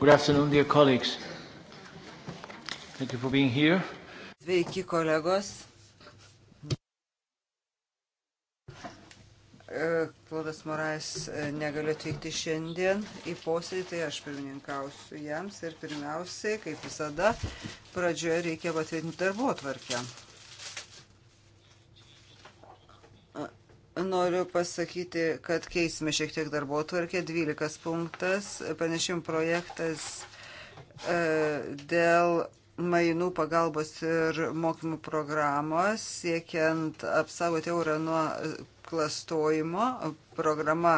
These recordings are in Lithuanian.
Good afternoon, dear colleagues. Thank you for being here. Sveiki, kolegos. E, Klodas Morais e, negaliu atvykti šiandien į posėdį, tai aš pirmininkausiu jiems ir pirmiausiai, kaip visada, pradžioje reikia patvirtinti darbo tvarkę. noriu pasakyti, kad keisime šiek tiek darbo tvarkę. 12 punktas, panešim projektas e, dėl mainų pagalbos ir mokymų programos, siekiant apsaugoti eurą nuo klastojimo. Programa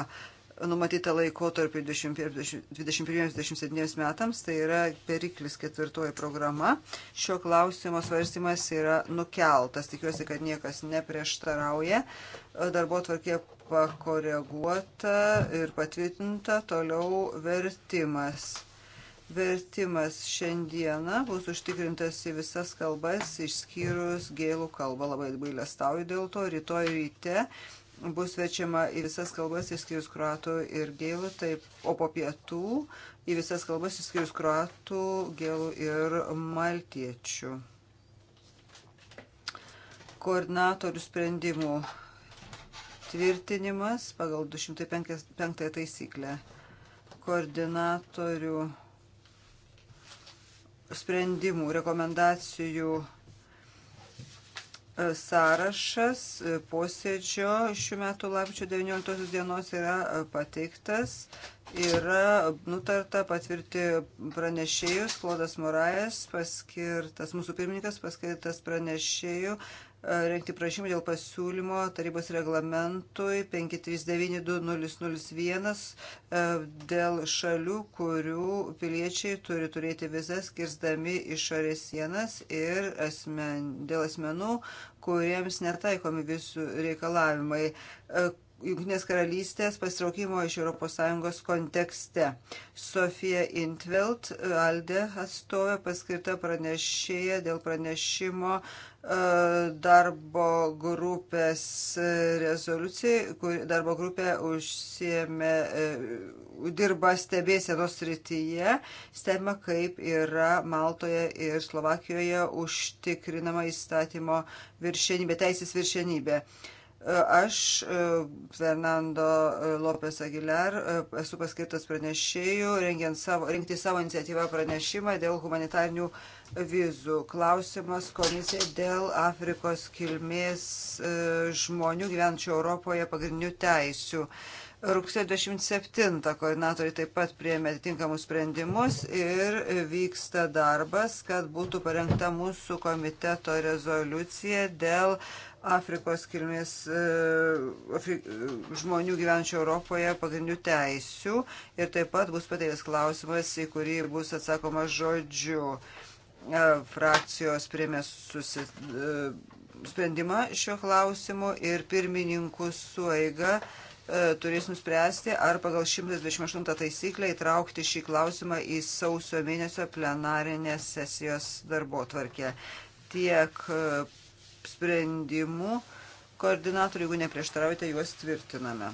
numatyta laikotarpį 21-27 metams, tai yra periklis ketvirtoji programa. Šio klausimo svarstymas yra nukeltas. Tikiuosi, kad niekas neprieštarauja. Darbo tvarkė pakoreguota ir patvirtinta toliau vertimas. Vertimas šiandieną bus užtikrintas į visas kalbas, išskyrus gėlų kalbą. Labai bailestauju dėl to. Rytoj ryte bus večiama į visas kalbas išskyrus kruatų ir gėlų, taip, o po pietų į visas kalbas išskyrus kruatų, gėlų ir maltiečių. Koordinatorių sprendimų tvirtinimas pagal 205 taisyklę. Koordinatorių sprendimų, rekomendacijų E, sąrašas e, posėdžio šių metų lapčio 19 dienos yra e, pateiktas. Yra nutarta patvirti pranešėjus. Klodas Morajas paskirtas, mūsų pirmininkas paskirtas pranešėjų E, rengti prašymą dėl pasiūlymo tarybos reglamentui 5392001 e, dėl šalių, kurių piliečiai turi turėti vizas kirsdami išorės sienas ir asmen, dėl asmenų, kuriems netaikomi visų reikalavimai. E, Junktinės karalystės pasitraukimo iš ES kontekste. Sofija Intvelt, Alde atstovė, paskirta pranešėja dėl pranešimo e, darbo grupės rezoliucijai, kur darbo grupė užsiemė, e, dirba stebėsienos rytyje, stebima, kaip yra Maltoje ir Slovakijoje užtikrinama įstatymo viršenybė, teisės viršenybė. Uh, Aš, e, Fernando e, Lopes Aguilar, e, esu paskirtas pranešėjų, savo, rinkti savo iniciatyvą pranešimą dėl humanitarnių vizų. Klausimas komisija dėl Afrikos kilmės žmonių gyvenčių Europoje pagrindinių teisių. Rugsėjo 27 koordinatoriai taip pat prieėmė atitinkamus sprendimus ir vyksta darbas, kad būtų parengta mūsų komiteto rezoliucija dėl uh, Afrikos kilmės e, Afri, e, žmonių gyvenčių Europoje pagrindinių teisių ir taip pat bus pateiktas klausimas, į kurį bus atsakoma žodžiu. E, frakcijos priemė susit, sprendimą šiuo klausimu ir pirmininkų suaiga turės nuspręsti, ar pagal 128 taisyklę įtraukti šį klausimą į sausio mėnesio plenarinės sesijos darbo tvarkę. Tiek sprendimų koordinatorių, jeigu neprieštaraujate, juos tvirtiname.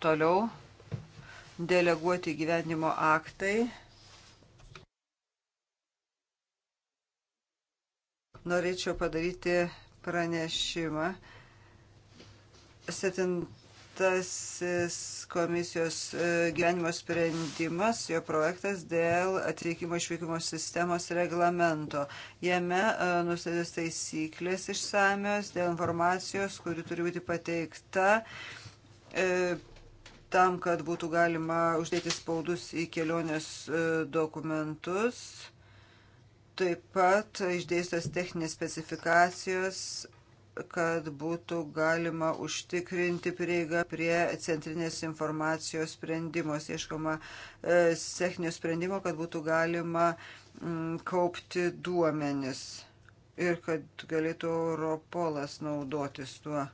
Toliau deleguoti gyvenimo aktai. Norėčiau padaryti pranešimą. 7 penktasis komisijos e, gyvenimo sprendimas, jo projektas dėl atvykimo išvykimo sistemos reglamento. Jame e, nustatės taisyklės išsamios dėl informacijos, kuri turi būti pateikta e, tam, kad būtų galima uždėti spaudus į kelionės dokumentus. Taip pat išdėstos techninės specifikacijos kad būtų galima užtikrinti prieigą prie centrinės informacijos sprendimos. Ieškoma e, techninio sprendimo, kad būtų galima mm, kaupti duomenis ir kad galėtų Europolas naudotis tuo.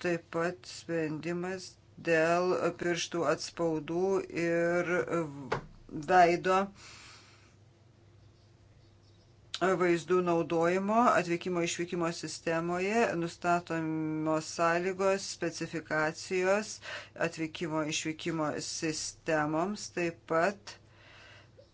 Taip pat sprendimas dėl pirštų atspaudų ir veido uh, vaizdų naudojimo atvykimo išvykimo sistemoje nustatomos sąlygos, specifikacijos atvykimo išvykimo sistemoms, taip pat e,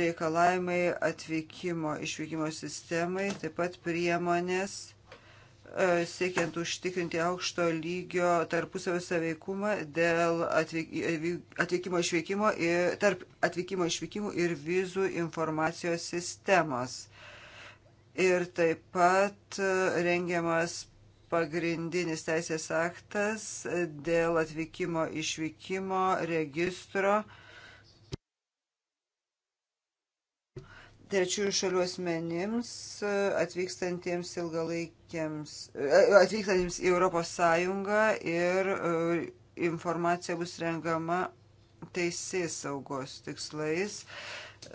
reikalavimai atvykimo išvykimo sistemai, taip pat priemonės e, siekiant užtikrinti aukšto lygio tarpusavio saveikumą dėl atvykimo išvykimo ir, tarp atvykimo išvykimų ir vizų informacijos sistemos ir taip pat e, rengiamas pagrindinis teisės aktas dėl atvykimo išvykimo registro trečiųjų šalių asmenims e, atvykstantiems ilgalaikiams, e, atvykstantiems į Europos Sąjungą ir informacija bus rengama teisės saugos tikslais.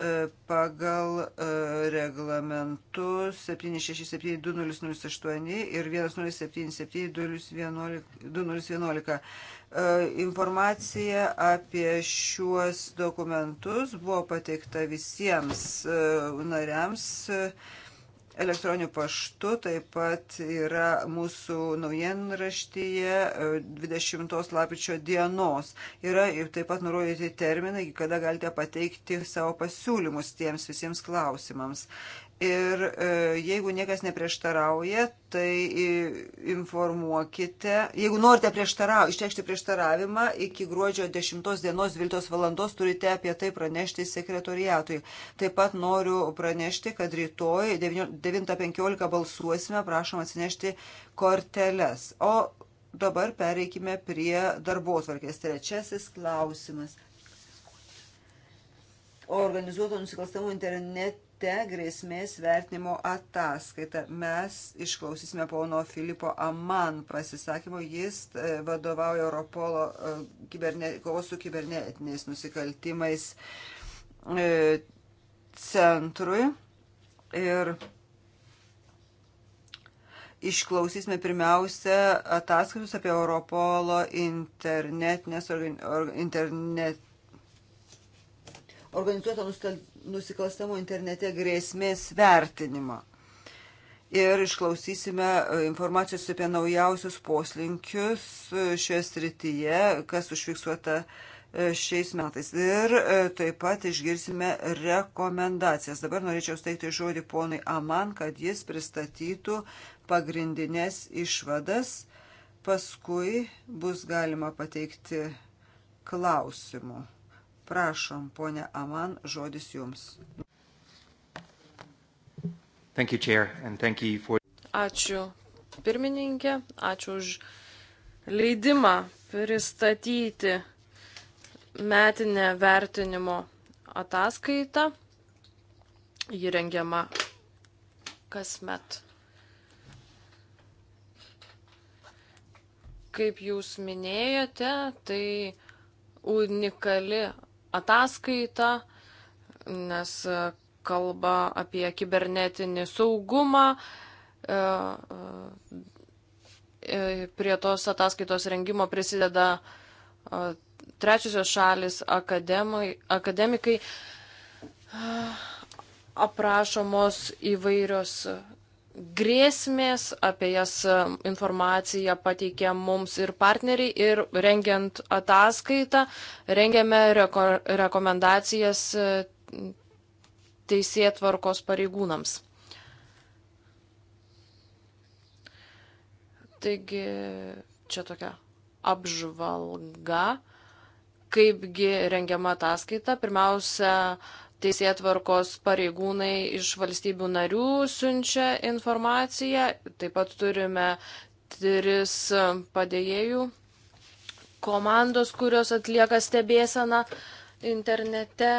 E, pagal e, reglamentus 767-2008 ir 1077-2011. E, informacija apie šiuos dokumentus buvo pateikta visiems nariams. Uh, elektroniniu paštu, taip pat yra mūsų naujienraštyje 20 e, lapičio dienos. Yra ir taip pat nurodyti terminai, kada galite pateikti savo pasiūlymus tiems visiems klausimams. Ir e, jeigu niekas neprieštarauja, tai informuokite. Jeigu norite prieštarau, išreikšti prieštaravimą, iki gruodžio 10 dienos 12 valandos turite apie tai pranešti sekretoriatui. Taip pat noriu pranešti, kad rytoj 9.15 balsuosime, prašom atsinešti korteles. O dabar pereikime prie darbos varkės. Trečiasis klausimas. Organizuoto nusikalstamų internetų rate grėsmės vertinimo ataskaita. Mes išklausysime pono Filipo Aman prasisakymo. Jis e, vadovauja Europolo e, kiberne, kovos su kibernetiniais nusikaltimais e, centrui. Ir išklausysime pirmiausia ataskaitus apie Europolo internetinės organi, or, internet, organizuotą nuskal, nusikalstamo internete grėsmės vertinimą. Ir išklausysime e, informacijos apie naujausius poslinkius e, šioje srityje, kas užfiksuota e, šiais metais. Ir taip pat išgirsime rekomendacijas. Dabar norėčiau steigti žodį ponui Aman, kad jis pristatytų pagrindinės išvadas. Paskui bus galima pateikti klausimų. Prašom, ponė Aman, žodis jums. Thank you, Chair, and thank you for... Ačiū pirmininkė, ačiū už leidimą pristatyti metinę vertinimo ataskaitą. Ji rengiama kasmet. Kaip jūs minėjote, tai unikali ataskaitą, nes kalba apie kibernetinį saugumą. E, e, prie tos ataskaitos rengimo prisideda e, trečiosios šalis akademai, akademikai aprašomos įvairios grėsmės, apie jas e, informaciją pateikė mums ir partneriai ir rengiant ataskaitą, rengiame reko rekomendacijas e, teisėtvarkos pareigūnams. Taigi čia tokia apžvalga, kaipgi rengiama ataskaita. Pirmiausia, teisėtvarkos pareigūnai iš valstybių narių siunčia informaciją. Taip pat turime tris padėjėjų komandos, kurios atlieka stebėseną internete.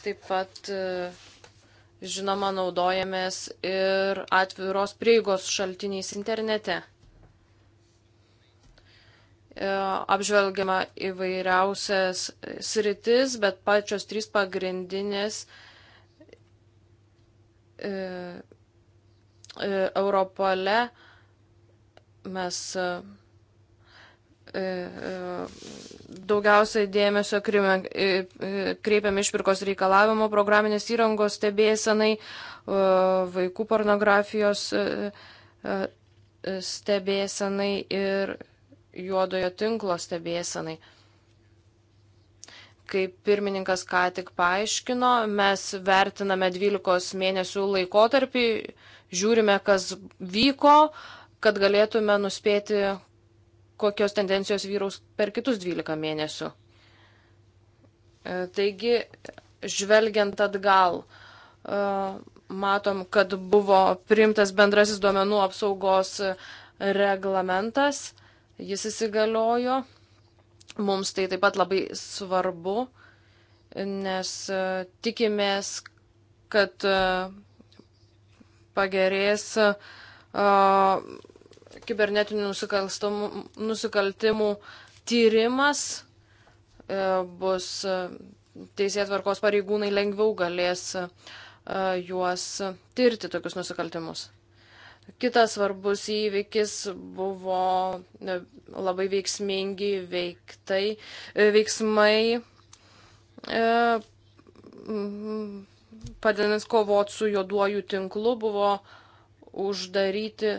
Taip pat, žinoma, naudojamės ir atviros prieigos šaltiniais internete. E, apžvelgiama įvairiausias sritis, bet pačios trys pagrindinės e, e, Europole mes daugiausiai dėmesio kreipiam išpirkos reikalavimo programinės įrangos stebėsenai, vaikų pornografijos stebėsenai ir juodojo tinklo stebėsenai. Kaip pirmininkas ką tik paaiškino, mes vertiname 12 mėnesių laikotarpį, žiūrime, kas vyko, kad galėtume nuspėti, kokios tendencijos vyraus per kitus 12 mėnesių. E, taigi, žvelgiant atgal, e, matom, kad buvo priimtas bendrasis duomenų apsaugos reglamentas jis įsigaliojo. Mums tai taip pat labai svarbu, nes e, tikimės, kad e, pagerės e, kibernetinių nusikaltimų tyrimas, bus teisėtvarkos pareigūnai lengviau galės juos tirti tokius nusikaltimus. Kitas svarbus įvykis buvo e, labai veiksmingi veiktai, e, veiksmai e, padedant kovoti su juoduoju tinklu buvo uždaryti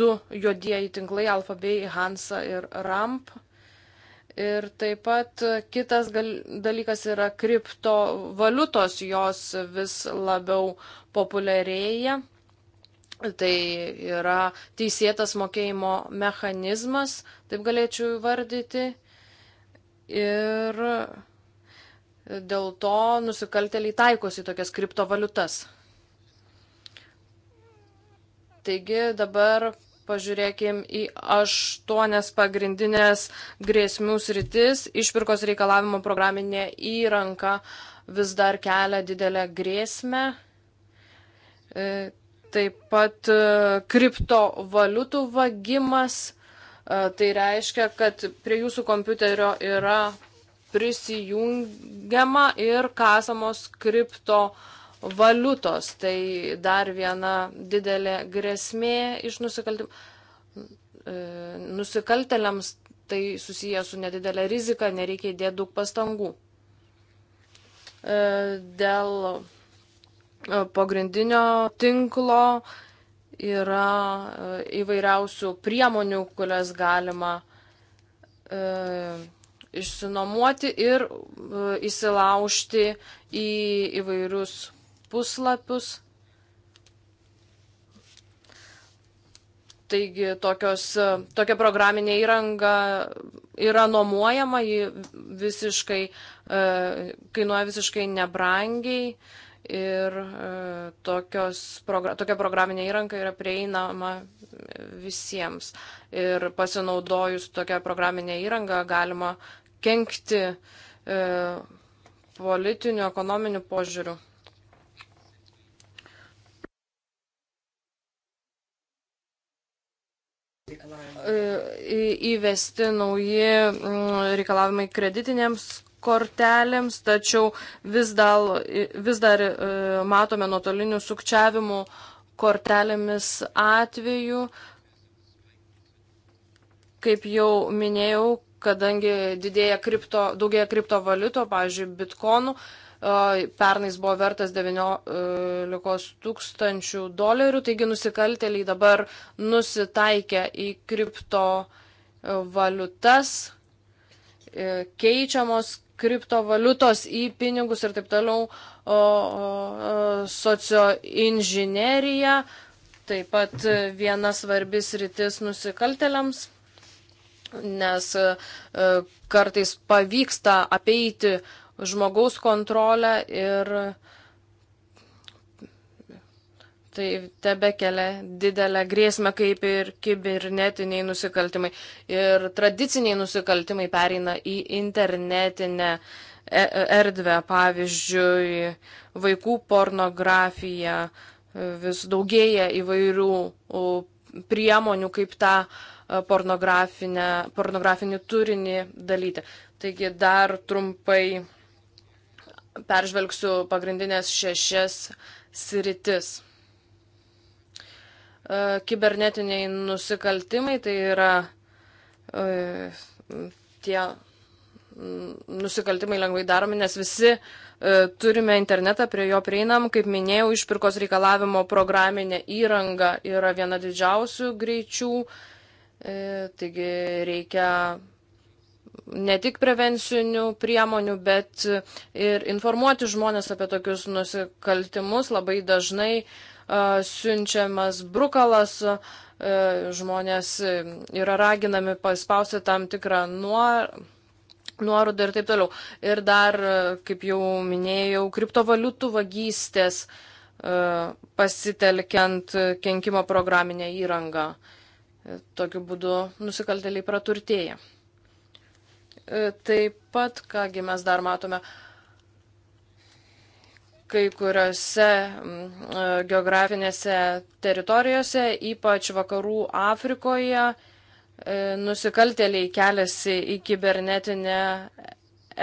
du juodieji tinklai - Alfa bei Hansa ir Ramp. Ir taip pat kitas gal, dalykas yra kriptovaliutos, jos vis labiau populiarėja. Tai yra teisėtas mokėjimo mechanizmas, taip galėčiau įvardyti. Ir dėl to nusikalteliai taikosi tokias kriptovaliutas. Taigi dabar pažiūrėkim į aštuonias pagrindinės grėsmių sritis. Išpirkos reikalavimo programinė įranka vis dar kelia didelę grėsmę. Taip pat e, kriptovaliutų vagimas. E, tai reiškia, kad prie jūsų kompiuterio yra prisijungiama ir kasamos kriptovaliutos. Tai dar viena didelė grėsmė iš nusikaltimų. E, nusikalteliams tai susiję su nedidelė rizika, nereikia įdėti daug pastangų. Dėl E, pagrindinio tinklo yra e, įvairiausių priemonių, kurias galima e, išsinomuoti ir e, įsilaužti į įvairius puslapius. Taigi tokios, e, tokia programinė įranga yra nuomojama, ji visiškai, e, kainuoja visiškai nebrangiai. E, ir e, progra tokia programinė įranka yra prieinama visiems. Ir pasinaudojus tokią programinę įrangą galima kenkti e, politiniu, ekonominiu požiūriu. E, į, įvesti nauji reikalavimai kreditinėms kortelėms, tačiau vis dar, vis dar e, matome nuotolinių sukčiavimų kortelėmis atveju. Kaip jau minėjau, kadangi didėja kripto, daugėja kriptovaliuto, pavyzdžiui, bitkonų, e, pernais buvo vertas 19 tūkstančių dolerių, taigi nusikaltėliai dabar nusitaikia į kriptovaliutas, e, keičiamos kriptovaliutos į pinigus ir taip toliau, o, o, socioinžinerija, taip pat viena svarbis rytis nusikaltelėms, nes e, kartais pavyksta apeiti žmogaus kontrolę ir tai tebe kelia didelę grėsmę, kaip ir kibernetiniai nusikaltimai. Ir tradiciniai nusikaltimai pereina į internetinę e, erdvę, pavyzdžiui, vaikų pornografija, vis daugėja įvairių priemonių, kaip tą e, pornografinį turinį dalyti. Taigi dar trumpai peržvelgsiu pagrindinės šešias sritis. E, kibernetiniai nusikaltimai, tai yra e, tie nusikaltimai lengvai daromi, nes visi e, turime internetą, prie jo prieinam. Kaip minėjau, išpirkos reikalavimo programinė įranga yra viena didžiausių greičių, e, taigi reikia ne tik prevencinių priemonių, bet ir informuoti žmonės apie tokius nusikaltimus. Labai dažnai e, siunčiamas brukalas, žmonės yra raginami paspausti tam tikrą nuorodą nuorodą ir taip toliau. Ir dar, kaip jau minėjau, kriptovaliutų vagystės pasitelkiant kenkimo programinę įrangą. Tokiu būdu nusikaltėliai praturtėja. E, taip pat, kągi mes dar matome, kai kuriuose mm, e, geografinėse teritorijose, ypač vakarų Afrikoje, e, nusikaltėliai keliasi į kibernetinę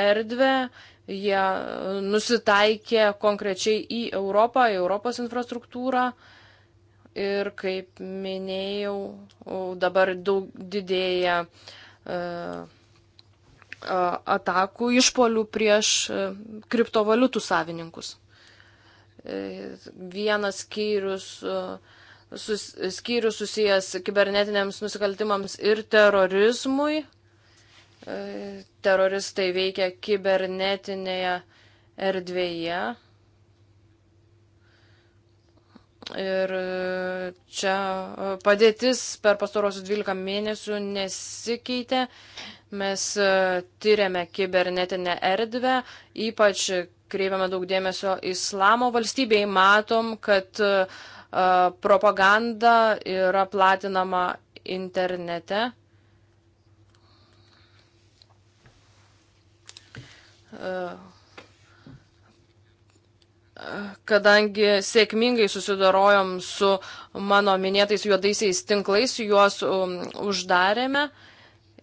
erdvę, jie nusitaikė konkrečiai į Europą, į Europos infrastruktūrą ir, kaip minėjau, dabar daug didėja e, atakų išpolių prieš kriptovaliutų savininkus. E, vienas skyrius, e, sus, skyrius susijęs kibernetiniams nusikaltimams ir terorizmui. E, teroristai veikia kibernetinėje erdvėje. Ir čia padėtis per pastarosius 12 mėnesių nesikeitė. Mes tyriame kibernetinę erdvę, ypač kreipiame daug dėmesio islamo valstybei, matom, kad e, propaganda yra platinama internete. E, kadangi sėkmingai susidarojom su mano minėtais juodaisiais tinklais, juos um, uždarėme,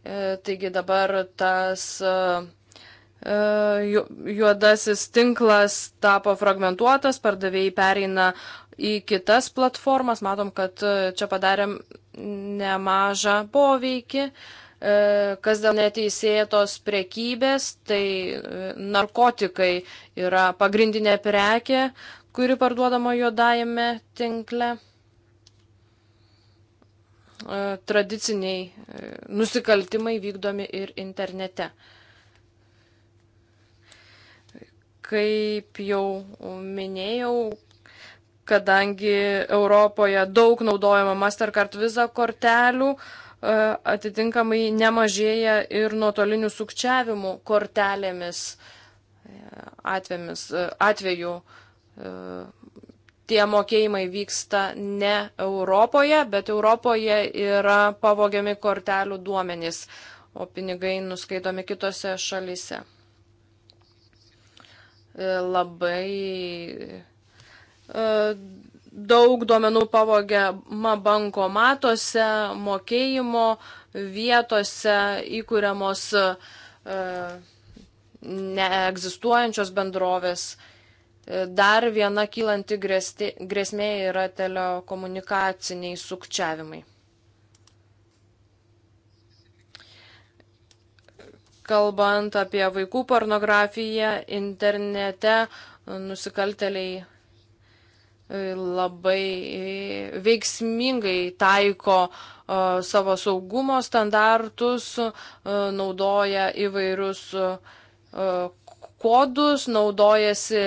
e, taigi dabar tas uh, E, juodasis tinklas tapo fragmentuotas, pardavėjai pereina į kitas platformas. Matom, kad e, čia padarėm nemažą poveikį. E, kas dėl neteisėtos prekybės, tai narkotikai yra pagrindinė prekė, kuri parduodama juodajame tinkle. Tradiciniai nusikaltimai vykdomi ir internete. Kaip jau minėjau, kadangi Europoje daug naudojama Mastercard Visa kortelių, e, atitinkamai nemažėja ir nuotolinių sukčiavimų kortelėmis e, atvėmis, e, atveju. Tie mokėjimai vyksta ne Europoje, bet Europoje yra pavogiami kortelių duomenys, o pinigai nuskaitomi kitose šalyse. E, labai e, daug duomenų pavogiama banko matuose, mokėjimo vietose įkūriamos e, neegzistuojančios bendrovės. Dar viena kylanti grėsmė yra telekomunikaciniai sukčiavimai. kalbant apie vaikų pornografiją internete, e, nusikalteliai e, labai e, veiksmingai taiko savo saugumo standartus, naudoja įvairius kodus, naudojasi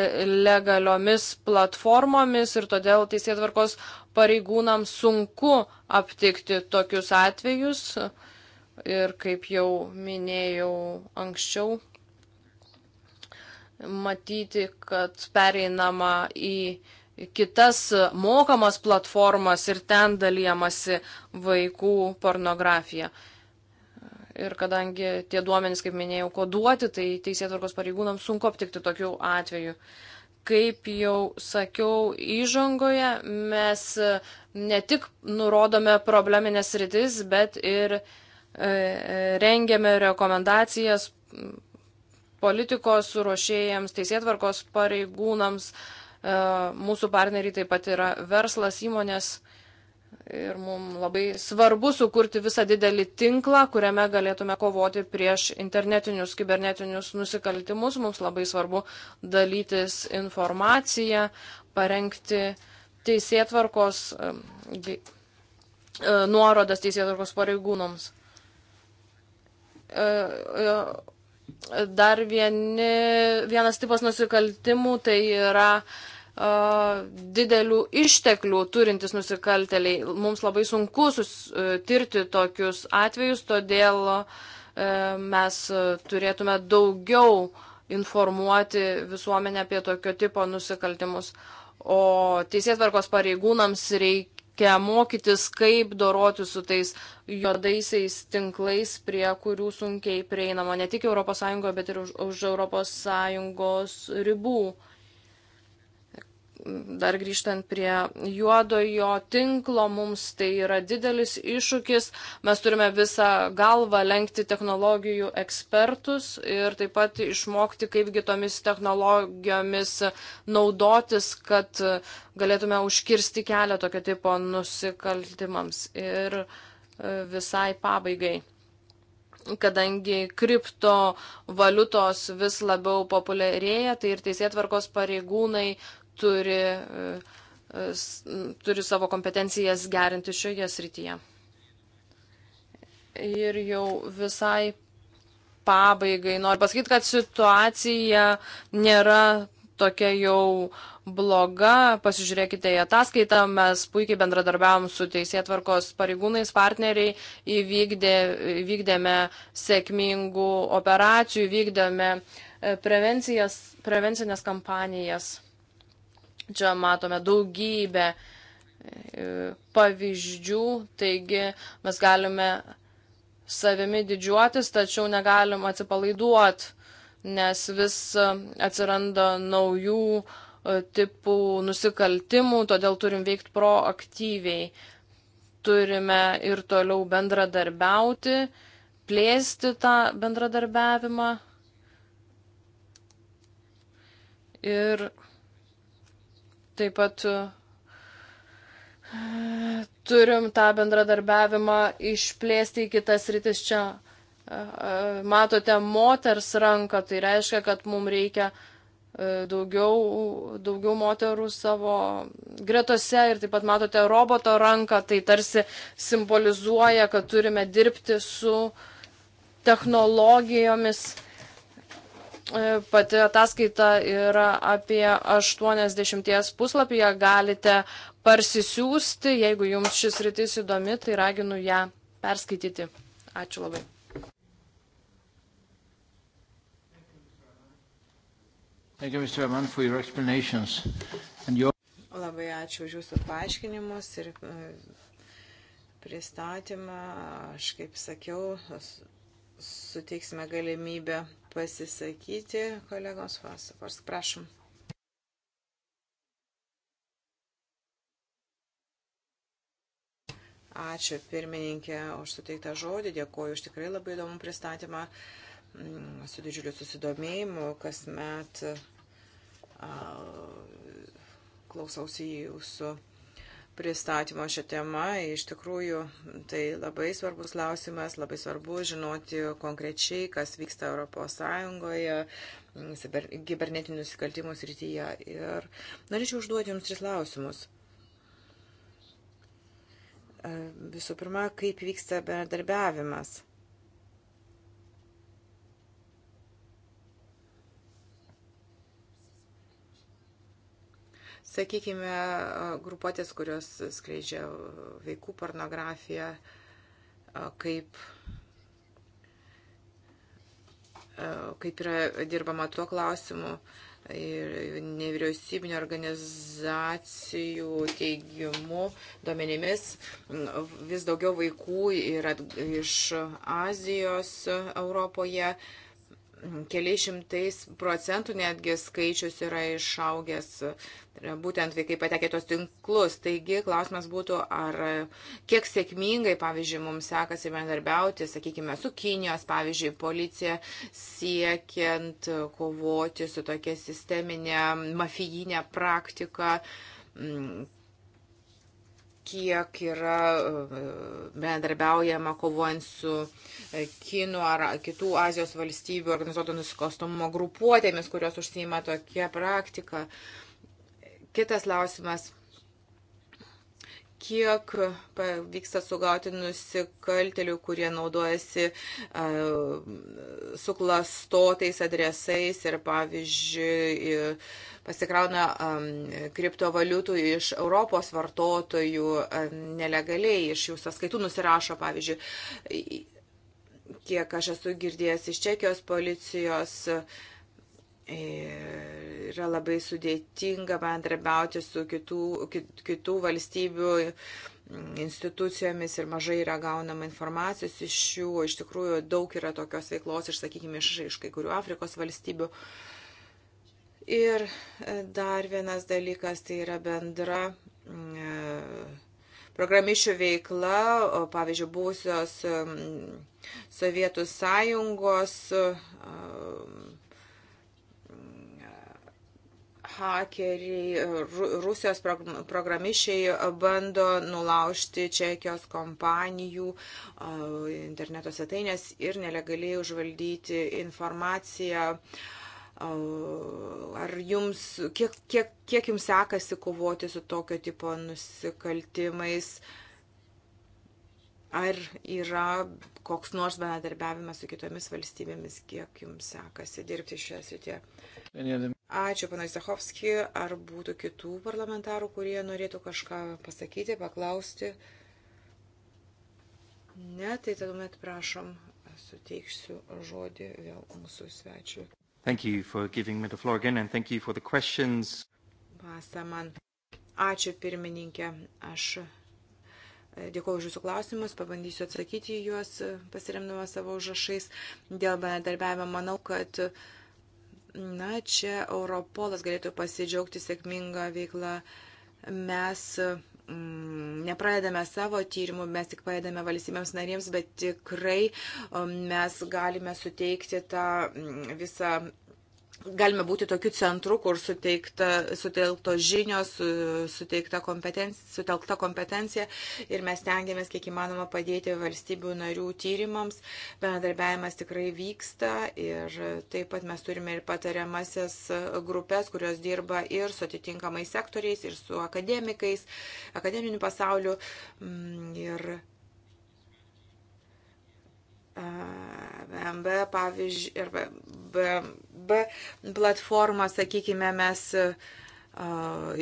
legaliomis platformomis ir todėl teisėtvarkos pareigūnams sunku aptikti tokius atvejus. Uh, ir kaip jau minėjau anksčiau, matyti, kad pereinama į kitas mokamas platformas ir ten dalyjamasi vaikų pornografija. Ir kadangi tie duomenys, kaip minėjau, koduoti, tai teisėtvarkos pareigūnams sunku aptikti tokių atvejų kaip jau sakiau įžangoje, mes ne tik nurodome probleminės rytis, bet ir E, e, rengiame rekomendacijas politikos ruošėjams, teisėtvarkos pareigūnams. E, mūsų partneriai taip pat yra verslas, įmonės ir mums labai svarbu sukurti visą didelį tinklą, kuriame galėtume kovoti prieš internetinius, kibernetinius nusikaltimus. Mums labai svarbu dalytis informaciją, parengti teisėtvarkos nuorodas teisėtvarkos pareigūnams. E, e, dar vieni, vienas tipas nusikaltimų tai yra uh, didelių išteklių turintis nusikalteliai. Mums labai sunku sustirti tokius atvejus, todėl uh, mes turėtume daugiau informuoti visuomenę apie tokio tipo nusikaltimus. O teisėtvarkos pareigūnams reik, reikia mokytis, kaip doroti su tais juodaisiais tinklais, prie kurių sunkiai prieinama ne tik ES, bet ir už, už ES ribų dar grįžtant prie juodojo tinklo, mums tai yra didelis iššūkis. Mes turime visą galvą lenkti technologijų ekspertus ir taip pat išmokti, kaipgi tomis technologijomis naudotis, kad galėtume užkirsti kelią tokio tipo nusikaltimams. Ir e, visai pabaigai kadangi kriptovaliutos vis labiau populiarėja, tai ir teisėtvarkos pareigūnai turi, e, turi savo kompetencijas gerinti šioje srityje. Ir jau visai pabaigai noriu pasakyti, kad situacija nėra tokia jau bloga. Pasižiūrėkite į ataskaitą, mes puikiai bendradarbiavom su teisėtvarkos pareigūnais, partneriai, įvykdė, įvykdėme sėkmingų operacijų, įvykdėme e, prevencinės kampanijas. Čia matome daugybę e, pavyzdžių, taigi mes galime savimi didžiuotis, tačiau negalim atsipalaiduoti, nes vis e, atsiranda naujų e, tipų nusikaltimų, todėl turim veikti proaktyviai. Turime ir toliau bendradarbiauti, plėsti tą bendradarbiavimą. Ir Taip pat e, turim tą bendradarbiavimą išplėsti į kitas rytis čia. E, e, matote moters ranką, tai reiškia, kad mums reikia daugiau, daugiau moterų savo gretose ir taip pat matote roboto ranką, tai tarsi simbolizuoja, kad turime dirbti su technologijomis E, pati ataskaita yra apie 80 puslapį, ją galite parsisiųsti, jeigu jums šis rytis įdomi, tai raginu ją perskaityti. Ačiū labai. Thank you, Mr. Aman, for your explanations. And your... Labai ačiū už jūsų paaiškinimus ir e, pristatymą. Aš kaip sakiau, suteiksime galimybę pasisakyti kolegos Vasavars. Prašom. Ačiū pirmininkė už suteiktą žodį, dėkoju už tikrai labai įdomų pristatymą mm, su didžiuliu susidomėjimu, kasmet klausausi jūsų. Su pristatymo šią temą. Iš tikrųjų, tai labai svarbus klausimas, labai svarbu žinoti konkrečiai, kas vyksta ES kibernetinių nusikaltimų srityje. Ir norėčiau užduoti Jums tris klausimus. Visų pirma, kaip vyksta bendradarbiavimas sakykime, grupuotės, kurios skleidžia vaikų pornografiją, kaip kaip yra dirbama tuo klausimu. Ir nevyriausybinio organizacijų teigimu duomenimis vis daugiau vaikų yra iš Azijos Europoje. Uh, keliais šimtais procentų netgi skaičius yra išaugęs, tai būtent vaikai patekė tos tinklus. Taigi klausimas būtų, ar kiek sėkmingai, pavyzdžiui, mums sekasi bendarbiauti, sakykime, su Kinijos, pavyzdžiui, policija siekiant kovoti su tokia sisteminė mafijinė praktika kiek yra e, bendarbiaujama kovojant su e, kinų ar kitų Azijos valstybių organizuoto nusikalstamumo grupuotėmis, kurios užsieima tokia praktika. Kitas klausimas kiek vyksta sugauti nusikaltelių, kurie naudojasi uh, suklastotais adresais ir, pavyzdžiui, pasikrauna um, kriptovaliutų iš Europos vartotojų um, nelegaliai, iš jų sąskaitų nusirašo, pavyzdžiui, kiek aš esu girdėjęs iš Čekijos policijos. Uh, yra labai sudėtinga bendrabiauti su kitų, kit, kitų valstybių institucijomis ir mažai yra gaunama informacijos iš jų. Iš tikrųjų, daug yra tokios veiklos, iš, sakykime, iš, iš kai kurių Afrikos valstybių. Ir e, dar vienas dalykas tai yra bendra. Mm, e, programišių veikla, pavyzdžiui, buvusios mm, Sovietų sąjungos e, hakeriai, Rusijos programišiai bando nulaužti Čekijos kompanijų interneto svetainės ir nelegaliai užvaldyti informaciją. Ar jums, kiek, kiek, kiek jums sekasi kovoti su tokio tipo nusikaltimais? Ar yra koks nors bendradarbiavimas su kitomis valstybėmis, kiek jums sekasi dirbti šioje srityje? Ačiū, panai Zachovski. Ar būtų kitų parlamentarų, kurie norėtų kažką pasakyti, paklausti? Ne, tai tuomet prašom, suteiksiu žodį vėl mūsų svečiui. Thank you for giving me the floor again and thank you for the questions. Pasaman. Ačiū pirmininkė. Aš e, Dėkuoju už Jūsų klausimus, pabandysiu atsakyti juos pasiremdama savo užrašais. Dėl bendarbiavimo manau, kad uh, Na, čia Europolas galėtų pasidžiaugti sėkmingą veiklą. Mes mm, nepradedame savo tyrimų, mes tik padedame valstybėms narėms, bet tikrai mm, mes galime suteikti tą mm, visą galime būti tokiu centru, kur suteikta, sutelkto žinios, suteikta kompetencija, sutelkta kompetencija ir mes tengiamės kiek įmanoma padėti valstybių narių tyrimams. Bendradarbiavimas tikrai vyksta ir taip pat mes turime ir patariamasias grupės, kurios dirba ir su atitinkamais sektoriais, ir su akademikais, akademiniu pasauliu. Mm, ir MB, pavyzdžiui, arba B, B platformą, sakykime, mes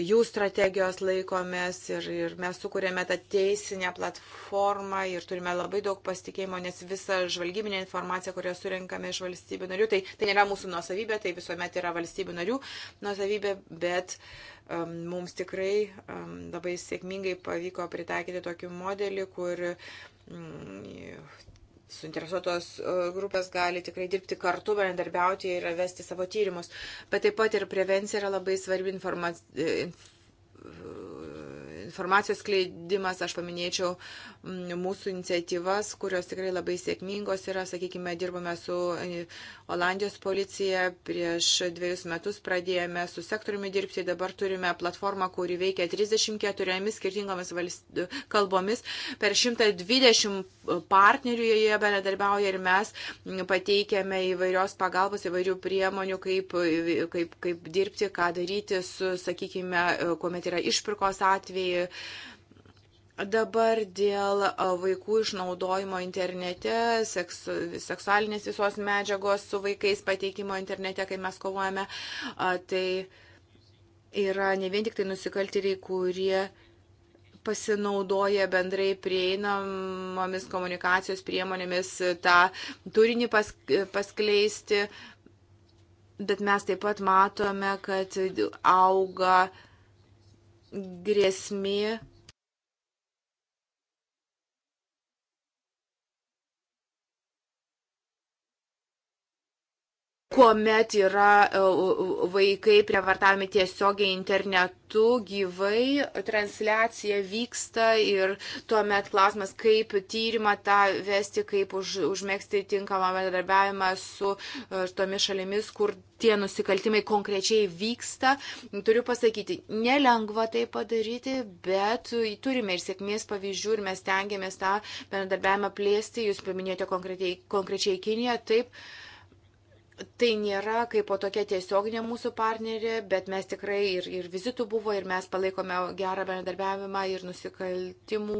jų strategijos laikomės ir, ir mes sukūrėme tą teisinę platformą ir turime labai daug pasitikėjimo, nes visa žvalgybinė informacija, kurią surinkame iš valstybių narių, tai, tai nėra mūsų nuosavybė, tai visuomet yra valstybių narių nuosavybė, bet um, mums tikrai um, labai sėkmingai pavyko pritaikyti tokį modelį, kur um, suinteresuotos e, grupės gali tikrai dirbti kartu, bendarbiauti ir vesti savo tyrimus. Bet taip pat ir prevencija yra labai svarbi informacija. E, e, informacijos skleidimas, aš paminėčiau Mm, mūsų iniciatyvas, kurios tikrai labai sėkmingos yra. Sakykime, dirbame su e, Olandijos policija, prieš dviejus metus pradėjome su sektoriumi dirbti, dabar turime platformą, kuri veikia 34 skirtingomis valst... kalbomis, per 120 partnerių joje bendradarbiauja ir mes mm, pateikėme įvairios pagalbos, įvairių priemonių, kaip, e, kaip, kaip dirbti, ką daryti su, sakykime, e, kuomet yra išpirkos atvejai Dabar dėl vaikų išnaudojimo internete, seksu, seksualinės visos medžiagos su vaikais pateikimo internete, kai mes kovojame, tai yra ne vien tik tai nusikaltėliai, kurie pasinaudoja bendrai prieinamomis komunikacijos priemonėmis tą turinį pas, paskleisti, bet mes taip pat matome, kad auga grėsmė kuomet yra e, vaikai prievartami tiesiogiai internetu, gyvai transliacija vyksta ir tuomet klausimas, kaip tyrimą tą vesti, kaip už, užmėgsti tinkamą bendradarbiavimą e, su tomis šalimis, kur tie nusikaltimai konkrečiai vyksta. Turiu pasakyti, nelengva tai padaryti, bet turime ir sėkmės pavyzdžių ir mes tengiamės tą bendradarbiavimą plėsti. Jūs paminėjote konkrečiai Kiniją, taip tai nėra kaip po tokia tiesioginė mūsų partnerė, bet mes tikrai ir, ir vizitų buvo, ir mes palaikome gerą bendradarbiavimą ir nusikaltimų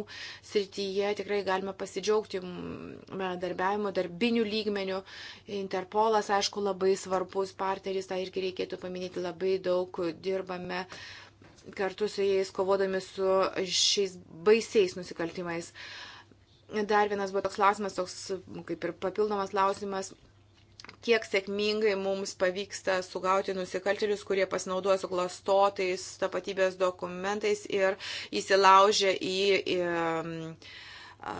srityje. Tikrai galime pasidžiaugti bendradarbiavimu darbinių lygmenių. Interpolas, aišku, labai svarbus partneris, tą irgi reikėtų paminėti, labai daug dirbame kartu su jais, kovodami su šiais baisiais nusikaltimais. Dar vienas buvo toks klausimas, toks kaip ir papildomas klausimas kiek sėkmingai mums pavyksta sugauti nusikaltelius, kurie pasinaudoja suklastotais tapatybės dokumentais ir įsilaužia į, į a,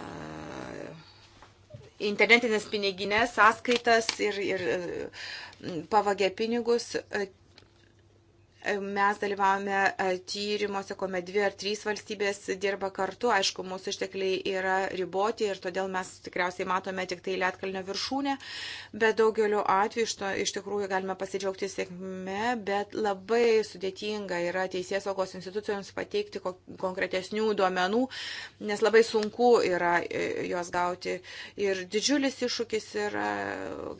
internetinės piniginės sąskaitas ir, ir e, pavagė pinigus. E, mes dalyvavome e, tyrimuose, kuomet dvi ar trys valstybės dirba kartu. Aišku, mūsų ištekliai yra riboti ir todėl mes tikriausiai matome tik tai lietkalnio viršūnę, bet daugeliu atveju iš, to, iš tikrųjų galime pasidžiaugti sėkme, bet labai sudėtinga yra teisės saugos institucijoms pateikti konkretesnių duomenų, nes labai sunku yra e, juos gauti. Ir didžiulis iššūkis yra,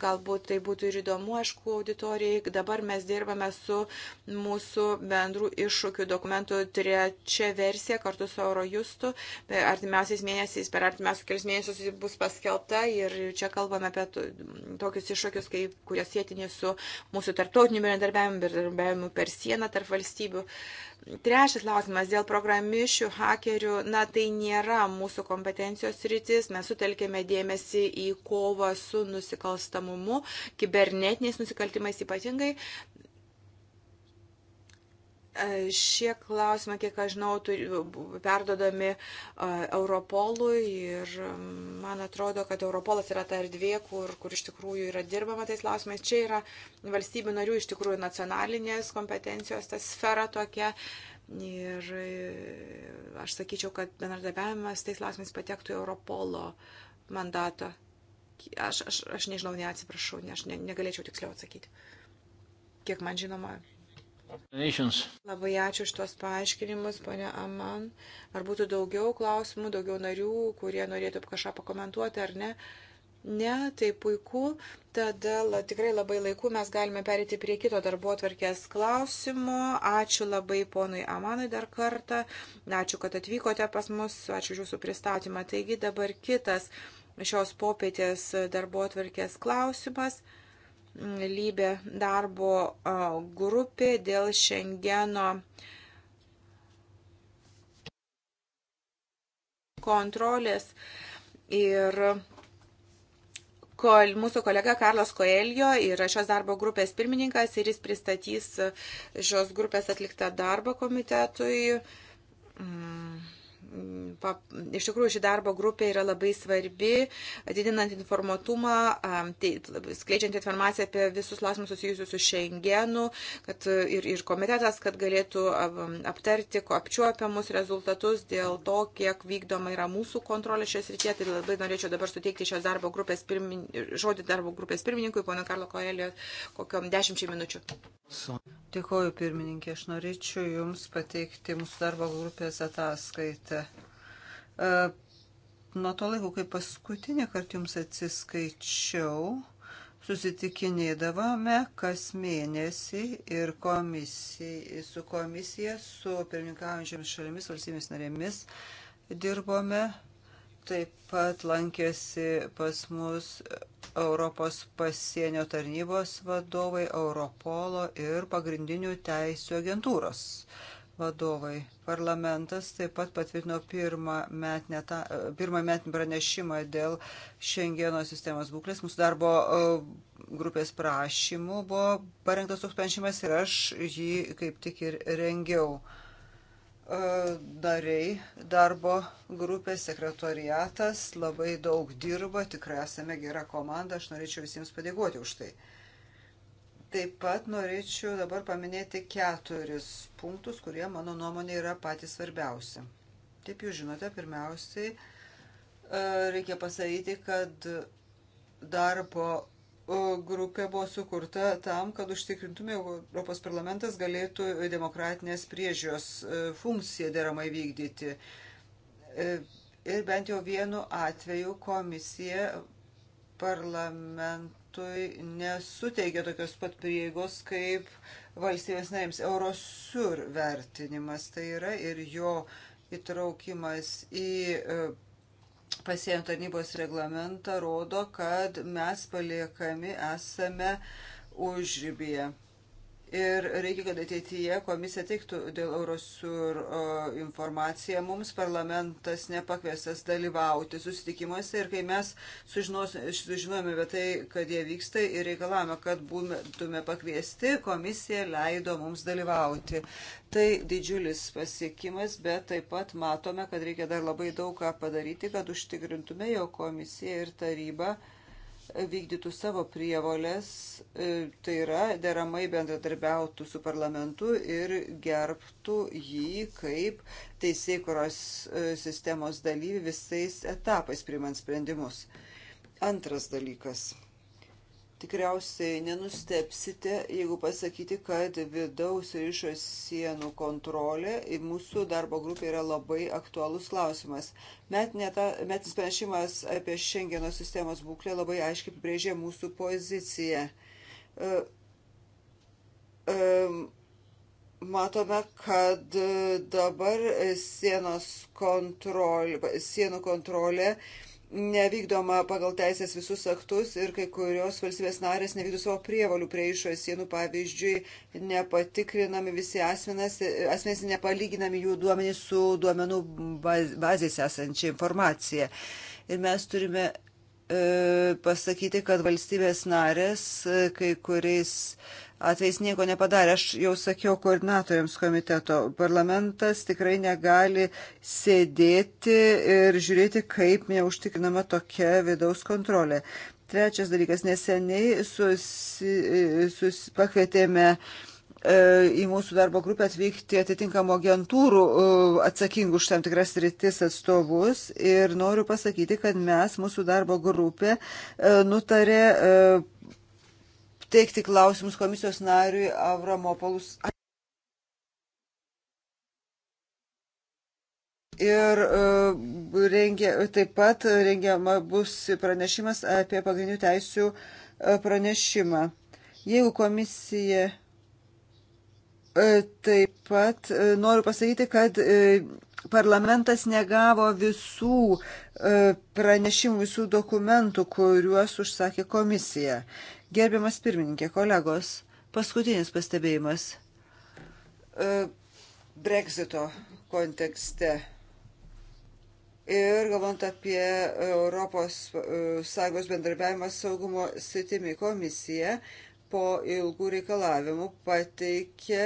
galbūt tai būtų ir įdomu, aišku, auditorijai. Dabar mes dirbame su mūsų mūsų bendrų iššūkių dokumentų trečia versija kartu su Eurojustu. Artimiausiais mėnesiais, per artimiausius kelias mėnesius jis bus paskelta ir čia kalbame apie tokius iššūkius, kaip, kurie sėtini su mūsų tarptautiniu bendradarbiavimu, bendradarbiavimu per sieną tarp valstybių. Trečias klausimas dėl programišių, hakerių. Na, tai nėra mūsų kompetencijos rytis. Mes sutelkėme dėmesį į kovą su nusikalstamumu, kibernetiniais nusikaltimais ypatingai. E, šie klausimai, kiek aš žinau, perdodami e, Europolui ir man atrodo, kad Europolas yra ta erdvė, kur, kur iš tikrųjų yra dirbama tais klausimais. Čia yra valstybių narių iš tikrųjų nacionalinės kompetencijos, ta sfera tokia. Ir e, aš sakyčiau, kad bendradarbiavimas tais klausimais patektų į Europolo mandatą. Aš, aš, aš nežinau, neatsiprašau, ne, aš ne, negalėčiau tiksliau atsakyti. Kiek man žinoma, Labai ačiū iš tuos paaiškinimus, ponia Aman. Ar būtų daugiau klausimų, daugiau narių, kurie norėtų kažką pakomentuoti ar ne? Ne, tai puiku. Tada la, tikrai labai laiku mes galime perėti prie kito darbo atvarkės klausimo. Ačiū labai ponui Amanui dar kartą. Ačiū, kad atvykote pas mus. Ačiū jūsų pristatymą. Taigi dabar kitas šios popietės darbo atvarkės klausimas lybė darbo grupė dėl Šengeno kontrolės ir kol mūsų kolega Karlas Koelio yra šios darbo grupės pirmininkas ir jis pristatys šios grupės atliktą darbą komitetui. Mm Iš tikrųjų, ši darbo grupė yra labai svarbi, didinant informatumą, skleidžiant informaciją apie visus klausimus susijusius su Schengenu, kad ir, ir komitetas, kad galėtų aptarti apčiuopiamus rezultatus dėl to, kiek vykdoma yra mūsų kontrolė šios rytie. Tai labai norėčiau dabar suteikti šios darbo grupės pirmin... žodį darbo grupės pirmininkui, pono Karlo Koelio, kokiam dešimčiai minučių. Dėkuoju, pirmininkė, aš norėčiau Jums pateikti mūsų darbo grupės ataskaitą sąskaitą. E, nuo to laiko, kai paskutinį kartą jums atsiskaičiau, susitikinėdavome kas mėnesį ir komisija, su komisija, su pirmininkaujančiamis šalimis, valstybės narėmis dirbome. Taip pat lankėsi pas mus Europos pasienio tarnybos vadovai, Europolo ir pagrindinių teisų agentūros vadovai. Parlamentas taip pat patvirtino pirmą metinį met pranešimą dėl Šengeno sistemos būklės. Mūsų darbo e, grupės prašymų buvo parengtas toks pranešimas ir aš jį kaip tik ir rengiau. Dariai e, darbo grupės, sekretoriatas labai daug dirba, tikrai esame gera komanda, aš norėčiau visiems padėkoti už tai. Taip pat norėčiau dabar paminėti keturis punktus, kurie mano nuomonė yra patys svarbiausi. Taip jūs žinote, pirmiausiai e, reikia pasakyti, kad darbo e, grupė buvo sukurta tam, kad užtikrintume, Europos parlamentas galėtų demokratinės priežios e, funkciją deramai vykdyti. Ir bent jau vienu atveju komisija parlament parlamentui nesuteikia tokios pat prieigos kaip valstybės narėms. Eurosur vertinimas tai yra ir jo įtraukimas į e, pasienio tarnybos reglamentą rodo, kad mes paliekami esame užrybėje. Ir reikia, kad ateityje komisija teiktų dėl Eurosur informaciją. Mums parlamentas nepakviestas dalyvauti susitikimuose ir kai mes sužinos, sužinojame apie tai, kad jie vyksta ir reikalavome, kad būtume pakviesti, komisija leido mums dalyvauti. Tai didžiulis pasiekimas, bet taip pat matome, kad reikia dar labai daug ką padaryti, kad užtikrintume jo komisiją ir tarybą. Uh, vykdytų savo prievolės, e, tai yra deramai bendradarbiautų su parlamentu ir gerbtų jį kaip teisėkuros e, sistemos dalyvi visais etapais primant sprendimus. Antras dalykas Tikriausiai nenustepsite, jeigu pasakyti, kad vidaus ir išorės sienų kontrolė mūsų darbo grupė yra labai aktualus klausimas. Metinis pranešimas apie Šengeno sistemos būklę labai aiškiai apibrėžė mūsų poziciją. E, e, matome, kad dabar sienos kontrolė, sienų kontrolė nevykdoma pagal teisės visus aktus ir kai kurios valstybės narės nevykdo savo prievalių prie išorės sienų, pavyzdžiui, nepatikrinami visi asmenys, asmenys nepalyginami jų duomenys su duomenų bazės esančia informacija. Ir mes turime e, pasakyti, kad valstybės narės e, kai kuriais atvejais nieko nepadarė. Aš jau sakiau koordinatoriams komiteto, parlamentas tikrai negali sėdėti ir žiūrėti, kaip neužtikrinama tokia vidaus kontrolė. Trečias dalykas, neseniai susi, sus, pakvietėme e, į mūsų darbo grupę atvykti atitinkamų agentūrų e, atsakingų už tam tikras rytis atstovus ir noriu pasakyti, kad mes, mūsų darbo grupė, e, nutarė teikti klausimus komisijos nariui Avramopolus. ir e, rengia, taip pat rengiama bus pranešimas apie pagrindinių teisių e, pranešimą. Jeigu komisija e, taip pat noriu pasakyti, kad parlamentas negavo visų pranešimų, visų dokumentų, kuriuos užsakė komisija. Gerbiamas pirmininkė, kolegos, paskutinis pastebėjimas. E, Brexito kontekste ir galvant apie Europos e, Sąjungos bendarbiavimą saugumo sritimi komisija po ilgų reikalavimų pateikė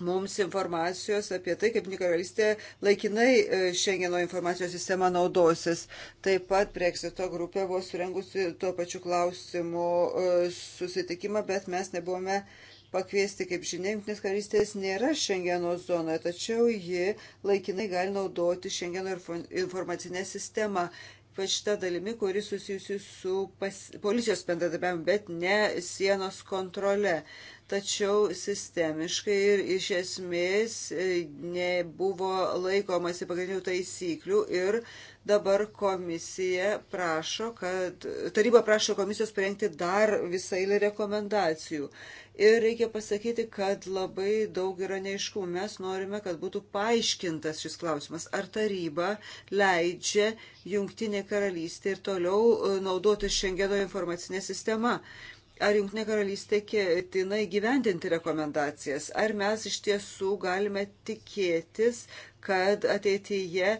mums informacijos apie tai, kaip Nikaralystė laikinai e, Šengeno informacijos sistema naudosis. Taip pat Brexito grupė buvo surengusi tuo pačiu klausimu e, susitikimą, bet mes nebuvome pakviesti, kaip žinia, Junktinės karalystės nėra Šengeno zonoje, tačiau ji laikinai gali naudoti Šengeno informacinę sistemą ypač šitą dalimi, kuri susijusi su pas, policijos bendradarbiavimu, bet ne sienos kontrole tačiau sistemiškai ir iš esmės e, nebuvo laikomasi pagrindinių taisyklių ir dabar komisija prašo, kad taryba prašo komisijos parengti dar visą eilę rekomendacijų. Ir reikia pasakyti, kad labai daug yra neiškumų. Mes norime, kad būtų paaiškintas šis klausimas. Ar taryba leidžia Jungtinė karalystė ir toliau e, naudoti Šengeno informacinę sistemą? Uh, ar Junktinė karalystė ketina įgyvendinti rekomendacijas, ar mes iš tiesų galime tikėtis, kad ateityje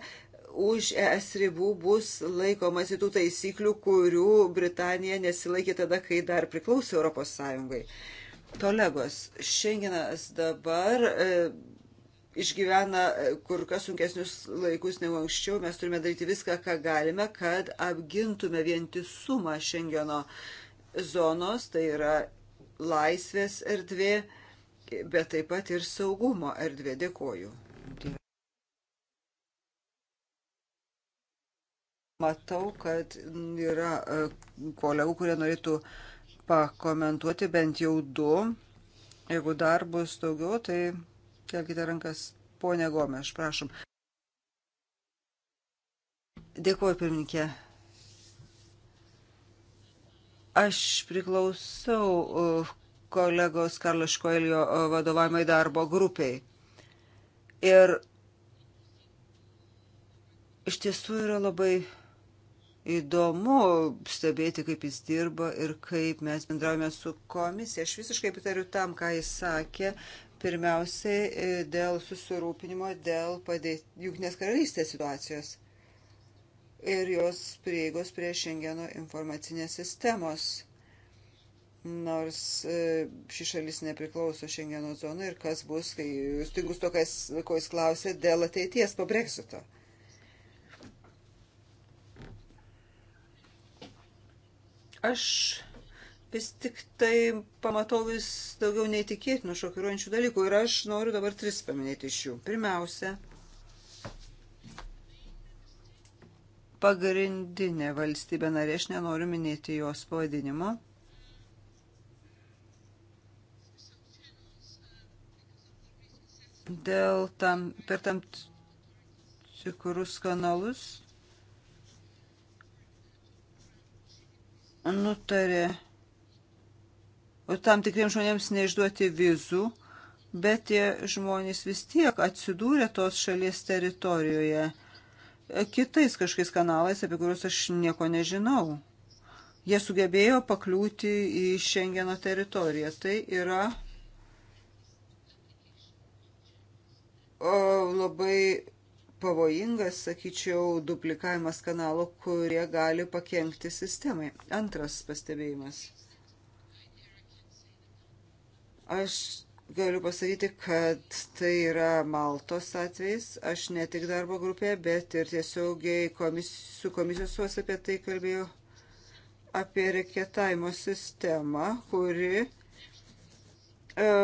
už ES ribų bus laikomasi tų taisyklių, kurių Britanija nesilaikė tada, kai dar priklausė Europos Sąjungai. Kolegos, Šengenas dabar e, išgyvena e, kur kas sunkesnius laikus negu anksčiau. Mes turime daryti viską, ką galime, kad apgintume vientisumą Šengeno. E, zonos, tai yra laisvės erdvė, bet taip pat ir saugumo erdvė. Dėkoju. Matau, kad yra e, kolegų, kurie norėtų pakomentuoti bent jau du. Jeigu dar bus daugiau, tai kelkite rankas. Pone Gome, aš prašom. Dėkuoju, pirmininkė. Aš priklausau uh, kolegos Karlo Škoelio uh, vadovavimai darbo grupiai. Ir iš tiesų yra labai įdomu stebėti, kaip jis dirba ir kaip mes bendraujame su komisija. Aš visiškai pritariu tam, ką jis sakė. Pirmiausiai e, dėl susirūpinimo, dėl padėti, jungtinės karalystės situacijos ir jos prieigos prie Šengeno informacinės sistemos. Nors e, ši šalis nepriklauso Šengeno zonai ir kas bus, kai jūs tingus to, kas, ko jūs klausė, dėl ateities po Brexito. Aš vis tik tai pamatau vis daugiau neįtikėtinų šokiruojančių dalykų ir aš noriu dabar tris paminėti iš jų. Pirmiausia, pagrindinė valstybė narė, aš nenoriu minėti jos pavadinimo. Dėl tam, per tam tikrus kanalus nutarė tam tikriems žmonėms neišduoti vizų, bet tie žmonės vis tiek atsidūrė tos šalies teritorijoje kitais kažkokiais kanalais, apie kuriuos aš nieko nežinau. Jie sugebėjo pakliūti į Šengeno teritoriją. Tai yra labai pavojingas, sakyčiau, duplikavimas kanalų, kurie gali pakengti sistemai. Antras pastebėjimas. Aš galiu pasakyti, kad tai yra Maltos atvejs. Aš ne tik darbo grupėje, bet ir tiesiogiai komis, su komisijos apie tai kalbėjau apie reketavimo sistemą, kuri, e,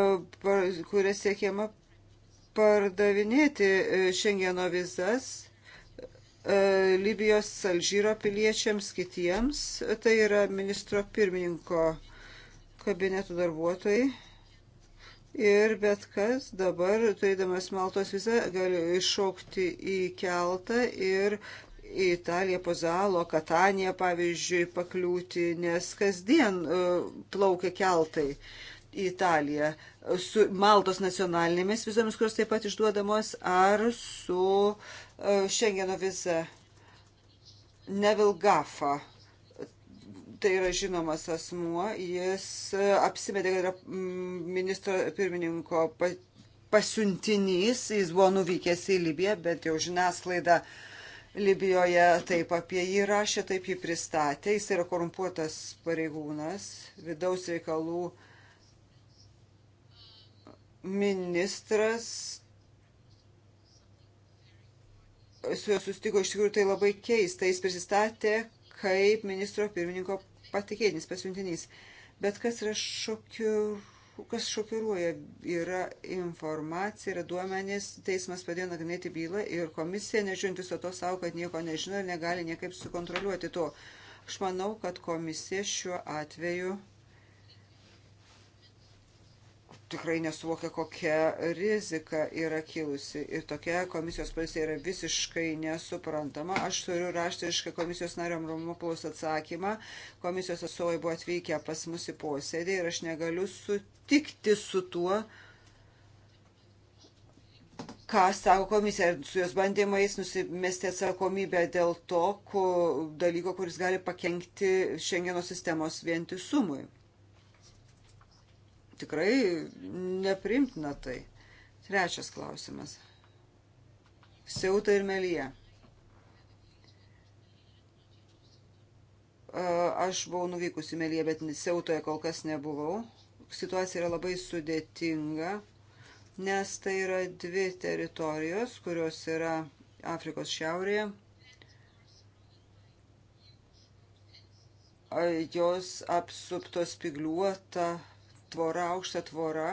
kuria siekiama pardavinėti e, Šengeno vizas e, Libijos Alžyro piliečiams kitiems. Tai yra ministro pirmininko kabineto darbuotojai Ir bet kas dabar, turėdamas Maltos vizą, gali iššokti į keltą ir į tą Liepozalo, Kataniją, pavyzdžiui, pakliūti, nes kasdien e, plaukia keltai į Italiją su Maltos nacionalinėmis vizomis, kurios taip pat išduodamos, ar su Šengeno e, viza Neville Gaffa tai yra žinomas asmuo, jis e, apsimetė, kad yra mm, ministro pirmininko pasiuntinys, jis buvo nuvykęs į Libiją, bet jau žiniasklaida Libijoje taip apie jį rašė, taip jį pristatė, jis yra korumpuotas pareigūnas, vidaus reikalų ministras, su juo sustiko iš tikrųjų tai labai keista, jis prisistatė kaip ministro pirmininko patikėtinis pasiuntinys. Bet kas yra šokiu, kas šokiruoja, yra informacija, yra duomenys, teismas padėjo nagrinėti bylą ir komisija, nežiūrint viso to savo, kad nieko nežino ir negali niekaip sukontroliuoti to. Aš manau, kad komisija šiuo atveju tikrai nesuvokia, kokia rizika yra kilusi. Ir tokia komisijos pozicija yra visiškai nesuprantama. Aš turiu raštišką komisijos nariam Romopulos atsakymą. Komisijos atstovai buvo atvykę pas mus į posėdį ir aš negaliu sutikti su tuo, ką sako komisija su jos bandymais nusimesti atsakomybę dėl to ko, dalyko, kuris gali pakengti Šengeno sistemos vientisumui tikrai neprimtina tai. Trečias klausimas. Siauta ir Melija. Aš buvau nuvykusi Meliją, bet siautoje kol kas nebuvau. Situacija yra labai sudėtinga, nes tai yra dvi teritorijos, kurios yra Afrikos šiaurėje. Jos apsuptos pigliuota tvora, aukšta tvora.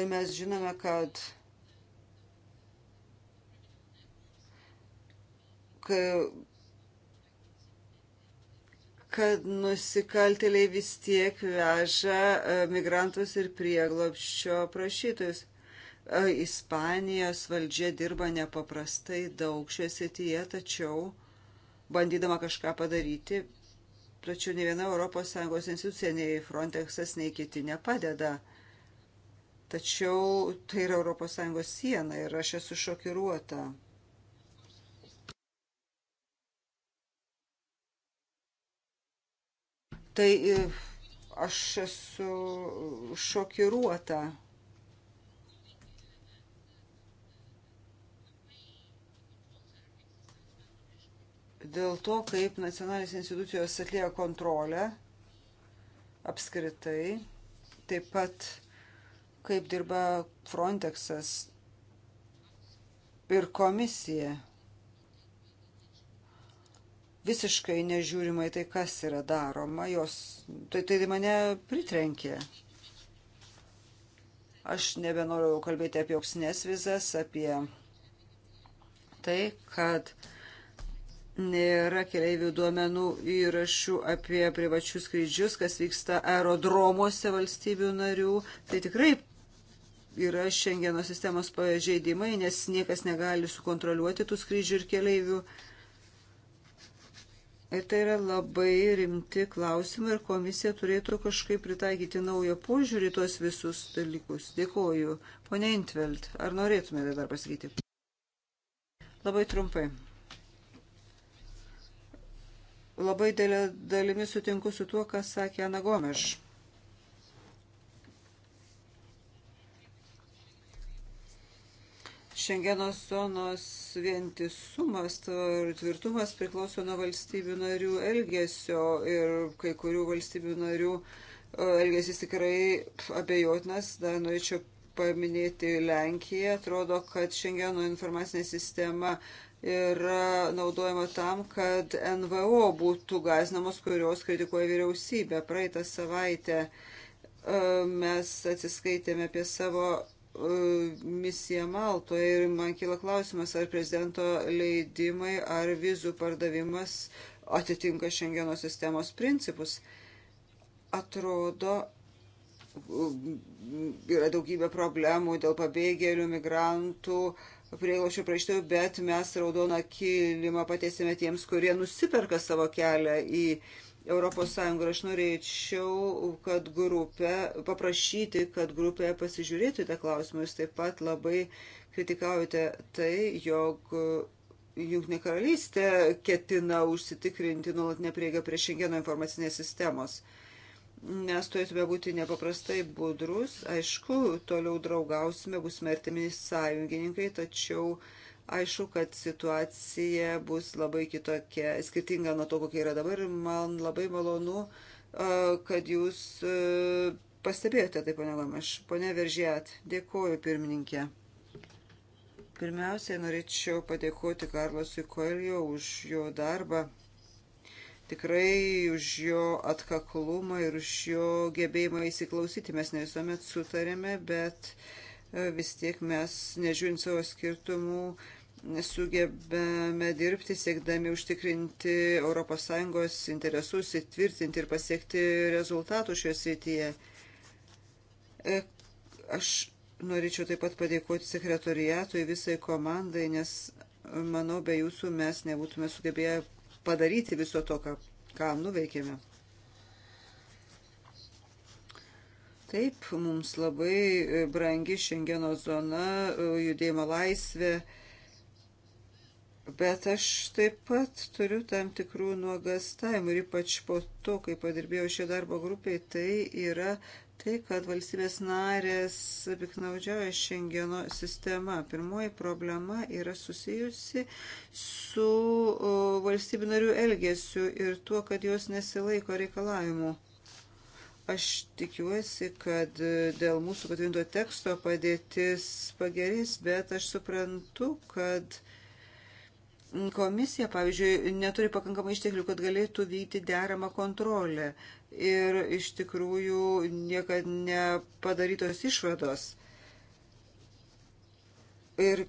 Ir mes žinome, kad kad nusikaltėliai vis tiek veža e, migrantus ir prieglopščio prašytojus. E, Ispanijos valdžia dirba nepaprastai daug šioje srityje, tačiau bandydama kažką padaryti, Tačiau ne viena ES institucija, nei Frontexas, nei kiti nepadeda. Tačiau tai yra ES siena ir aš esu šokiruota. Tai e, aš esu šokiruota. dėl to, kaip nacionalinės institucijos atlieka kontrolę apskritai, taip pat kaip dirba Frontexas ir komisija. Visiškai nežiūrima į tai, kas yra daroma, jos, tai, tai, tai mane pritrenkė. Aš nebenoriu kalbėti apie auksines vizas, apie tai, kad uh, nėra keliaivių duomenų įrašų apie privačius skrydžius, kas vyksta aerodromuose valstybių narių. Tai tikrai yra šiandieno sistemos pažeidimai, nes niekas negali sukontroliuoti tų skrydžių ir keliaivių. Ir tai yra labai rimti klausimai ir komisija turėtų kažkaip pritaikyti naują požiūrį tuos visus dalykus. Dėkoju. Pone Intveld, ar norėtumėte dar pasakyti? Labai trumpai. Labai dėlė dalimi sutinku su tuo, kas sakė Ana Gomeš. Šengeno zonos vientisumas ir tvirtumas priklauso nuo valstybių narių elgesio ir kai kurių valstybių narių e, elgesys tikrai abejotinas. Dar norėčiau paminėti Lenkiją. Atrodo, kad Šengeno informacinė sistema yra naudojama tam, kad NVO būtų gazinamos, kurios kritikuoja vyriausybę. Praeitą savaitę e, mes atsiskaitėme apie savo e, misiją Maltoje ir man kyla klausimas, ar prezidento leidimai ar vizų pardavimas atitinka Šengeno sistemos principus. Atrodo, e, yra daugybė problemų dėl pabėgėlių, migrantų, uh, prieglošio prašytojų, bet mes raudoną kilimą patiesime tiems, kurie nusiperka savo kelią į ES. Aš norėčiau, kad grupė, paprašyti, kad grupė pasižiūrėtų į tą klausimą. Jūs taip pat labai kritikaujate tai, jog Junknė karalystė ketina užsitikrinti nuolatinę prieigą prie Šengeno informacinės sistemos. Uh, Mes turėtume būti nepaprastai budrus. Aišku, toliau draugausime, busime artimi sąjungininkai, tačiau aišku, kad situacija bus labai kitokia, skirtinga nuo to, kokia yra dabar. Ir man labai malonu, kad jūs pastebėjote tai, ponia Gomaš. Pone Veržėt, dėkoju pirmininkė. Pirmiausiai norėčiau padėkoti Karlosui Koelio už jo darbą tikrai už jo atkaklumą ir už jo gebėjimą įsiklausyti. Mes ne visuomet sutarėme, bet e, vis tiek mes, nežiūrint savo skirtumų, sugebame dirbti, siekdami užtikrinti ES interesus, įtvirtinti ir pasiekti rezultatų šioje srityje. E, aš norėčiau taip pat padėkoti sekretoriatui, visai komandai, nes manau, be jūsų mes nebūtume sugebėję padaryti viso to, ką, ką nuveikėme. Taip, mums labai e, brangi Šengeno zona, e, judėjimo laisvė, bet aš taip pat turiu tam tikrų nuogastavimų ir ypač po to, kai padirbėjau šio darbo grupiai, tai yra tai, kad valstybės narės piknaudžiauja Šengeno sistema. Pirmoji problema yra susijusi su valstybių narių elgesiu ir tuo, kad jos nesilaiko reikalavimų. Aš tikiuosi, kad dėl mūsų patvinto teksto padėtis pagerės, bet aš suprantu, kad Komisija, pavyzdžiui, neturi pakankamai išteklių, kad galėtų vykti deramą kontrolę ir iš tikrųjų niekad nepadarytos išvados. Ir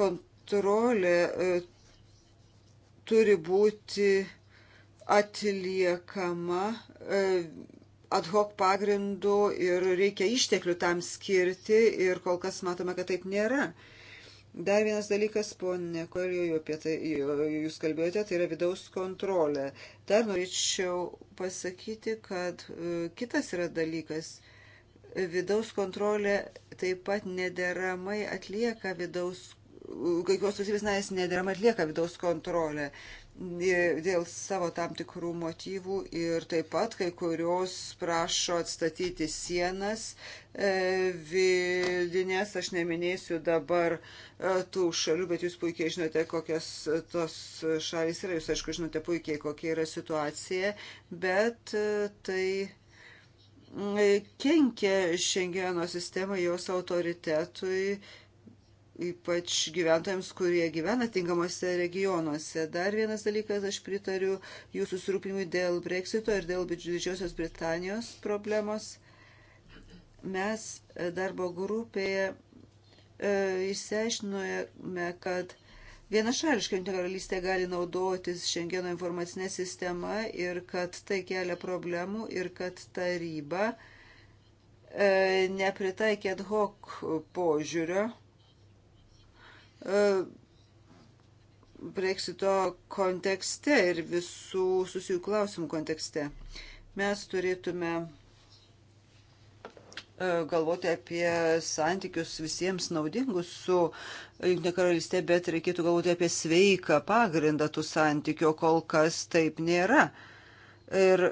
kontrolė e, turi būti atliekama e, ad hoc pagrindu ir reikia išteklių tam skirti ir kol kas matome, kad taip nėra. Dar vienas dalykas, ponė Korijoje, apie tai jūs kalbėjote, tai yra vidaus kontrolė. Dar norėčiau pasakyti, kad e, kitas yra dalykas. Vidaus kontrolė taip pat nederamai atlieka vidaus, e, kai kurios valstybės narės nederamai atlieka vidaus kontrolę. E, dėl savo tam tikrų motyvų ir taip pat kai kurios prašo atstatyti sienas e, vidinės, aš neminėsiu dabar e, tų šalių, bet jūs puikiai žinote, kokios e, tos šalis yra, jūs aišku žinote puikiai, kokia yra situacija, bet e, tai e, kenkia Šengeno sistemai jos autoritetui ypač gyventojams, kurie gyvena tinkamuose regionuose. Dar vienas dalykas, aš pritariu jūsų surūpinimui dėl Brexito ir dėl Didžiosios Britanijos problemos. Mes e, darbo grupėje e, išsiaiškinome, kad Vienašališkai Junktinė karalystė gali naudotis Šengeno informacinė sistema ir kad tai kelia problemų ir kad taryba e, nepritaikė ad hoc požiūrio E, breksito kontekste ir visų susijų klausimų kontekste. Mes turėtume e, galvoti apie santykius visiems naudingus su Junktinė karalystė, bet reikėtų galvoti apie sveiką pagrindą tų santykių, kol kas taip nėra. Ir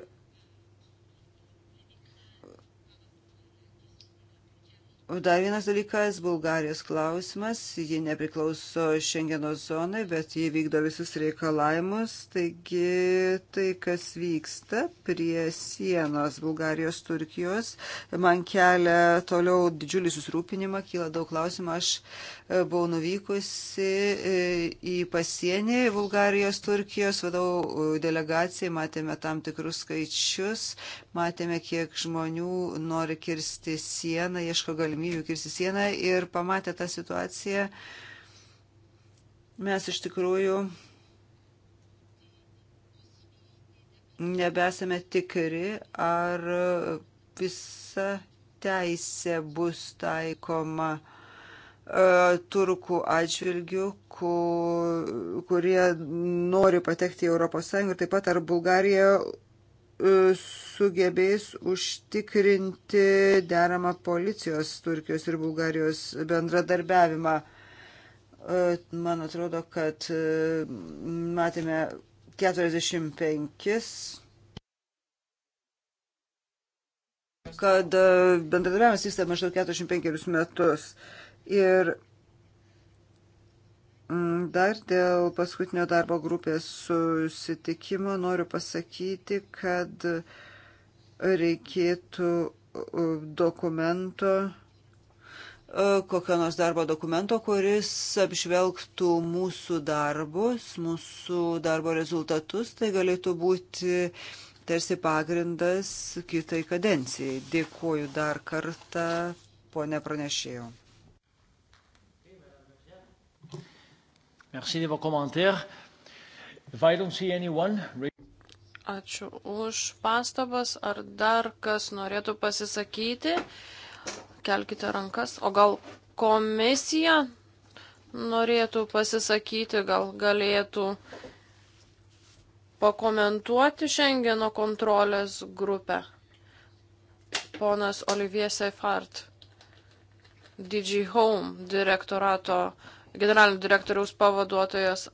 Dar vienas dalykas - Bulgarijos klausimas. Ji nepriklauso Šengeno zonai, bet ji vykdo visus reikalavimus. Taigi tai, kas vyksta prie sienos Bulgarijos Turkijos, man kelia toliau didžiulį susirūpinimą, kyla daug klausimų. Aš e, buvau nuvykusi e, į pasienį Bulgarijos Turkijos vadovų e, delegacijai, matėme tam tikrus skaičius, matėme, kiek žmonių nori kirsti sieną, ieško galimybę galimybių kirsti sieną ir pamatę tą situaciją, mes iš tikrųjų nebesame tikri, ar visa teisė bus taikoma e, turkų atžvilgių, kurie nori patekti į ES ir taip pat ar Bulgarija E, sugebės užtikrinti deramą policijos Turkijos ir Bulgarijos bendradarbiavimą. E, man atrodo, kad e, matėme 45 kad bendradarbiavimas vyksta maždaug 45 metus. Ir Mm, dar dėl paskutinio darbo grupės susitikimo noriu pasakyti, kad reikėtų dokumento, kokio nors darbo dokumento, kuris apžvelgtų mūsų darbus, mūsų darbo rezultatus, tai galėtų būti tarsi pagrindas kitai kadencijai. Dėkuoju dar kartą, ponė pranešėjau. Merci de vos commentaires. If I don't see anyone, Ačiū už pastabas. Ar dar kas norėtų pasisakyti? Kelkite rankas. O gal komisija norėtų pasisakyti, gal galėtų pakomentuoti Šengeno kontrolės grupę? Ponas Olivier Seifart, DG Home direktorato generalinio direktoriaus pavaduotojas,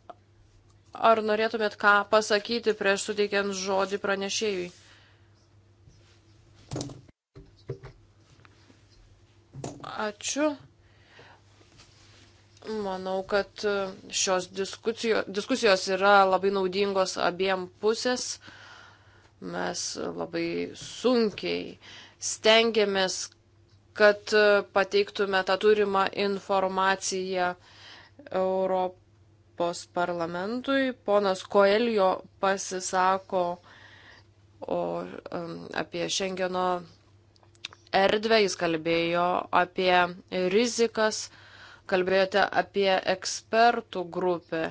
ar norėtumėt ką pasakyti prieš suteikiant žodį pranešėjui? Ačiū. Manau, kad šios diskusijos, diskusijos yra labai naudingos abiem pusės. Mes labai sunkiai stengiamės, kad pateiktume tą turimą informaciją Europos parlamentui. Ponas Koelio pasisako o, um, apie Šengeno erdvę, jis kalbėjo apie rizikas, kalbėjote apie ekspertų grupę.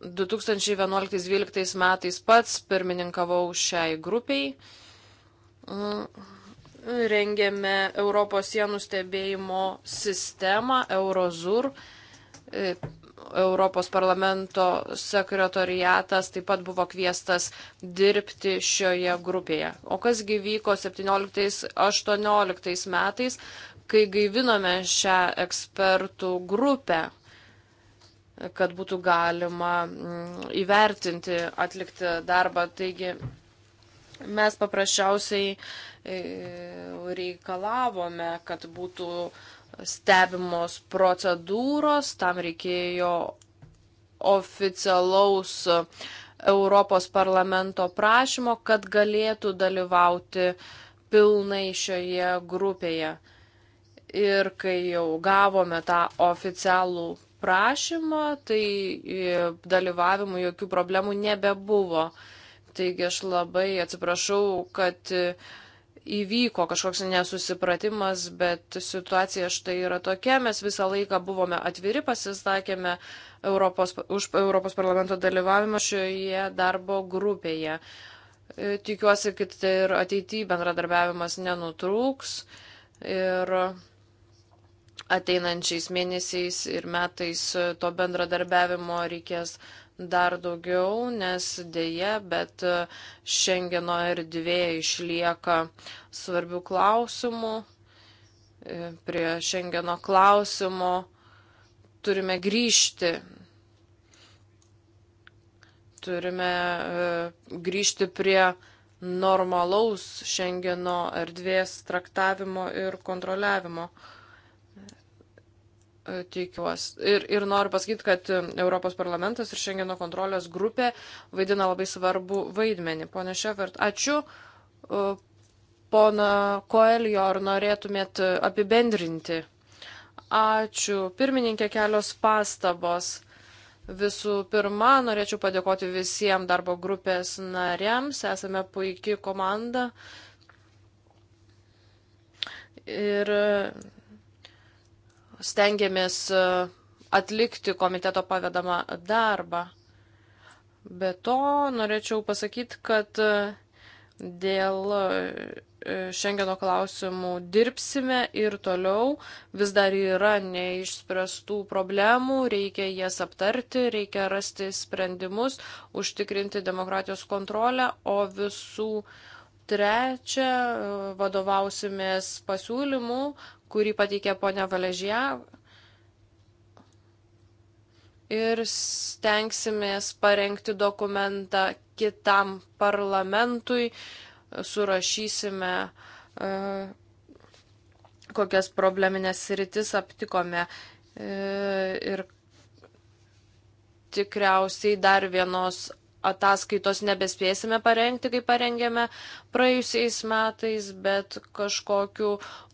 2011-2012 metais pats pirmininkavau šiai grupiai. Mm rengėme Europos sienų stebėjimo sistemą Eurozur. E, Europos parlamento sekretoriatas taip pat buvo kviestas dirbti šioje grupėje. O kas gyvyko 17-18 metais, kai gaivinome šią ekspertų grupę, kad būtų galima mm, įvertinti atlikti darbą. Taigi Mes paprasčiausiai e, reikalavome, kad būtų stebimos procedūros, tam reikėjo oficialaus Europos parlamento prašymo, kad galėtų dalyvauti pilnai šioje grupėje. Ir kai jau gavome tą oficialų prašymą, tai e, dalyvavimų jokių problemų nebebuvo. Taigi aš labai atsiprašau, kad įvyko kažkoks nesusipratimas, bet situacija štai yra tokia. Mes visą laiką buvome atviri, pasistakėme Europos, už Europos parlamento dalyvavimą šioje darbo grupėje. E, tikiuosi, kad ir ateityje bendradarbiavimas nenutrūks ir ateinančiais mėnesiais ir metais to bendradarbiavimo reikės dar daugiau, nes dėje, bet e, Šengeno erdvė išlieka svarbių klausimų. E, prie Šengeno klausimo turime grįžti. Turime e, grįžti prie normalaus Šengeno erdvės traktavimo ir kontroliavimo. E, teikiuos. Ir, ir noriu pasakyti, kad e, Europos parlamentas ir Šengeno kontrolės grupė vaidina labai svarbu vaidmenį. Pone Šefert, ačiū. E, pona Koelio, ar norėtumėt apibendrinti? Ačiū. Pirmininkė kelios pastabos. Visų pirma, norėčiau padėkoti visiems darbo grupės nariams. Esame puikiai komanda. Ir stengiamės e, atlikti komiteto pavedamą darbą. Be to, norėčiau pasakyti, kad e, dėl e, Šengeno klausimų dirbsime ir toliau. Vis dar yra neišspręstų problemų, reikia jas aptarti, reikia rasti sprendimus, užtikrinti demokratijos kontrolę, o visų trečia vadovausimės pasiūlymų, kurį pateikė ponia Valežia. Ir stengsimės parengti dokumentą kitam parlamentui, surašysime, e, kokias probleminės rytis aptikome e, ir tikriausiai dar vienos ataskaitos nebespėsime parengti, kaip parengėme praėjusiais metais, bet kažkokiu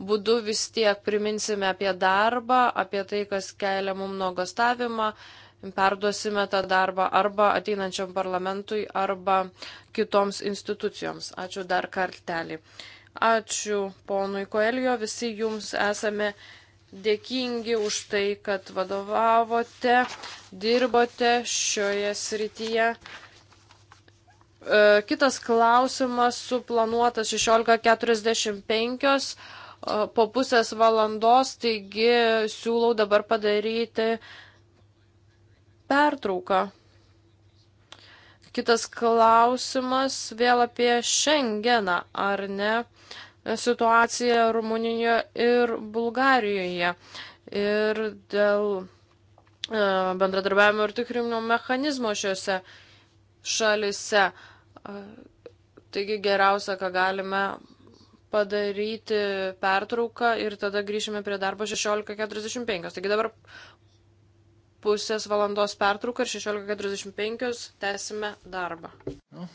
būdu vis tiek priminsime apie darbą, apie tai, kas kelia mum nuogastavimą, perduosime tą darbą arba ateinančiam parlamentui, arba kitoms institucijoms. Ačiū dar kartelį. Ačiū ponui Koelio, visi jums esame dėkingi už tai, kad vadovavote, dirbote šioje srityje. E, kitas klausimas suplanuotas 16.45 e, po pusės valandos, taigi siūlau dabar padaryti pertrauką. Kitas klausimas vėl apie Šengeną, ar ne, situaciją Rumunijoje ir Bulgarijoje. Ir dėl e, bendradarbiavimo ir tikrinimo mechanizmo šiuose šalise. Taigi geriausia, ką galime padaryti pertrauką ir tada grįšime prie darbo 16.45. Taigi dabar pusės valandos pertrauką ir 16.45 tęsime darbą. No. Nu.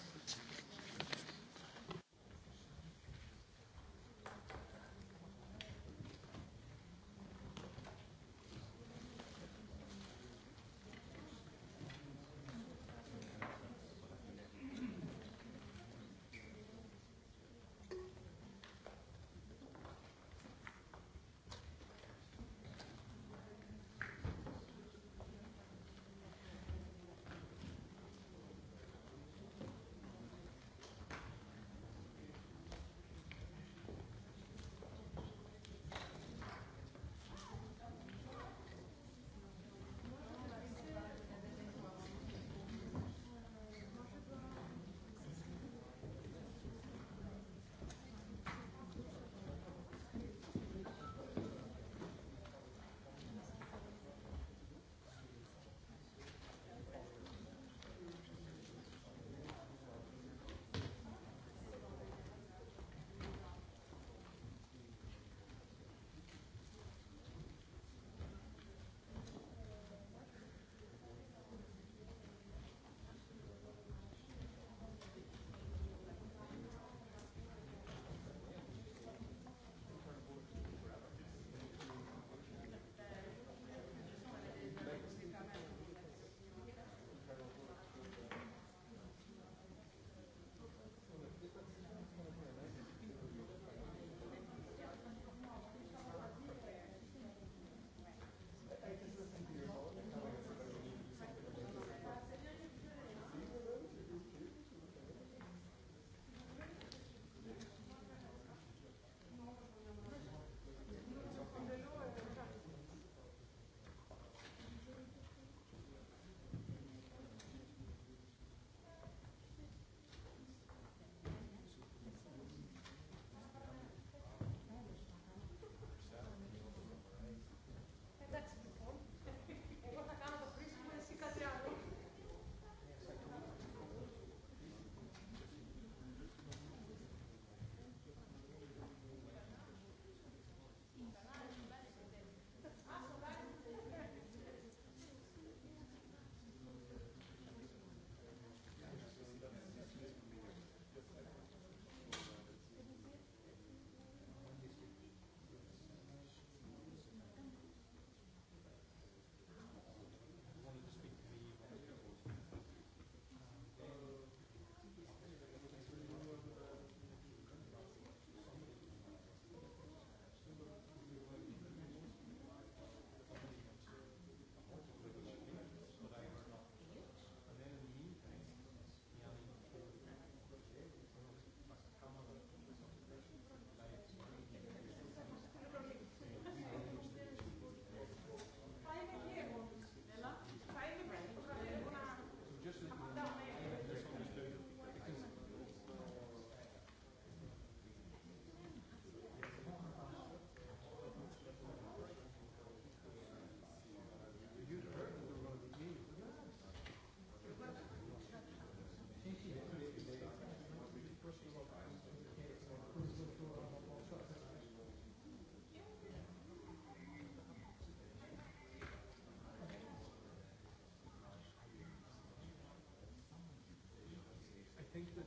think that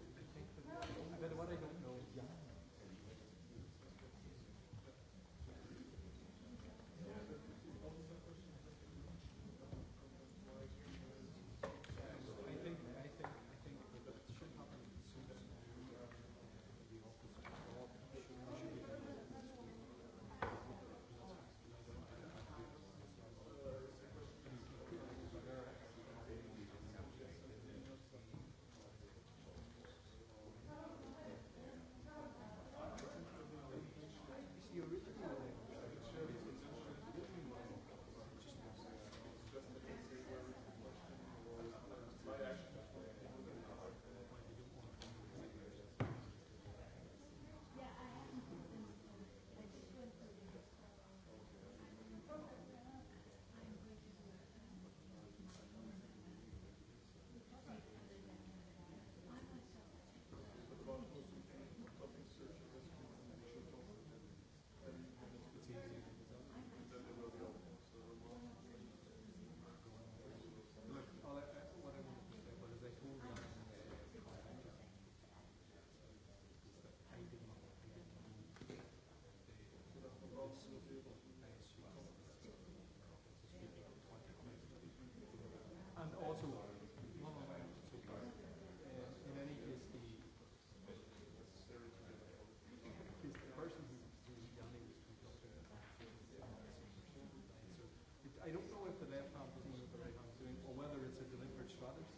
fathers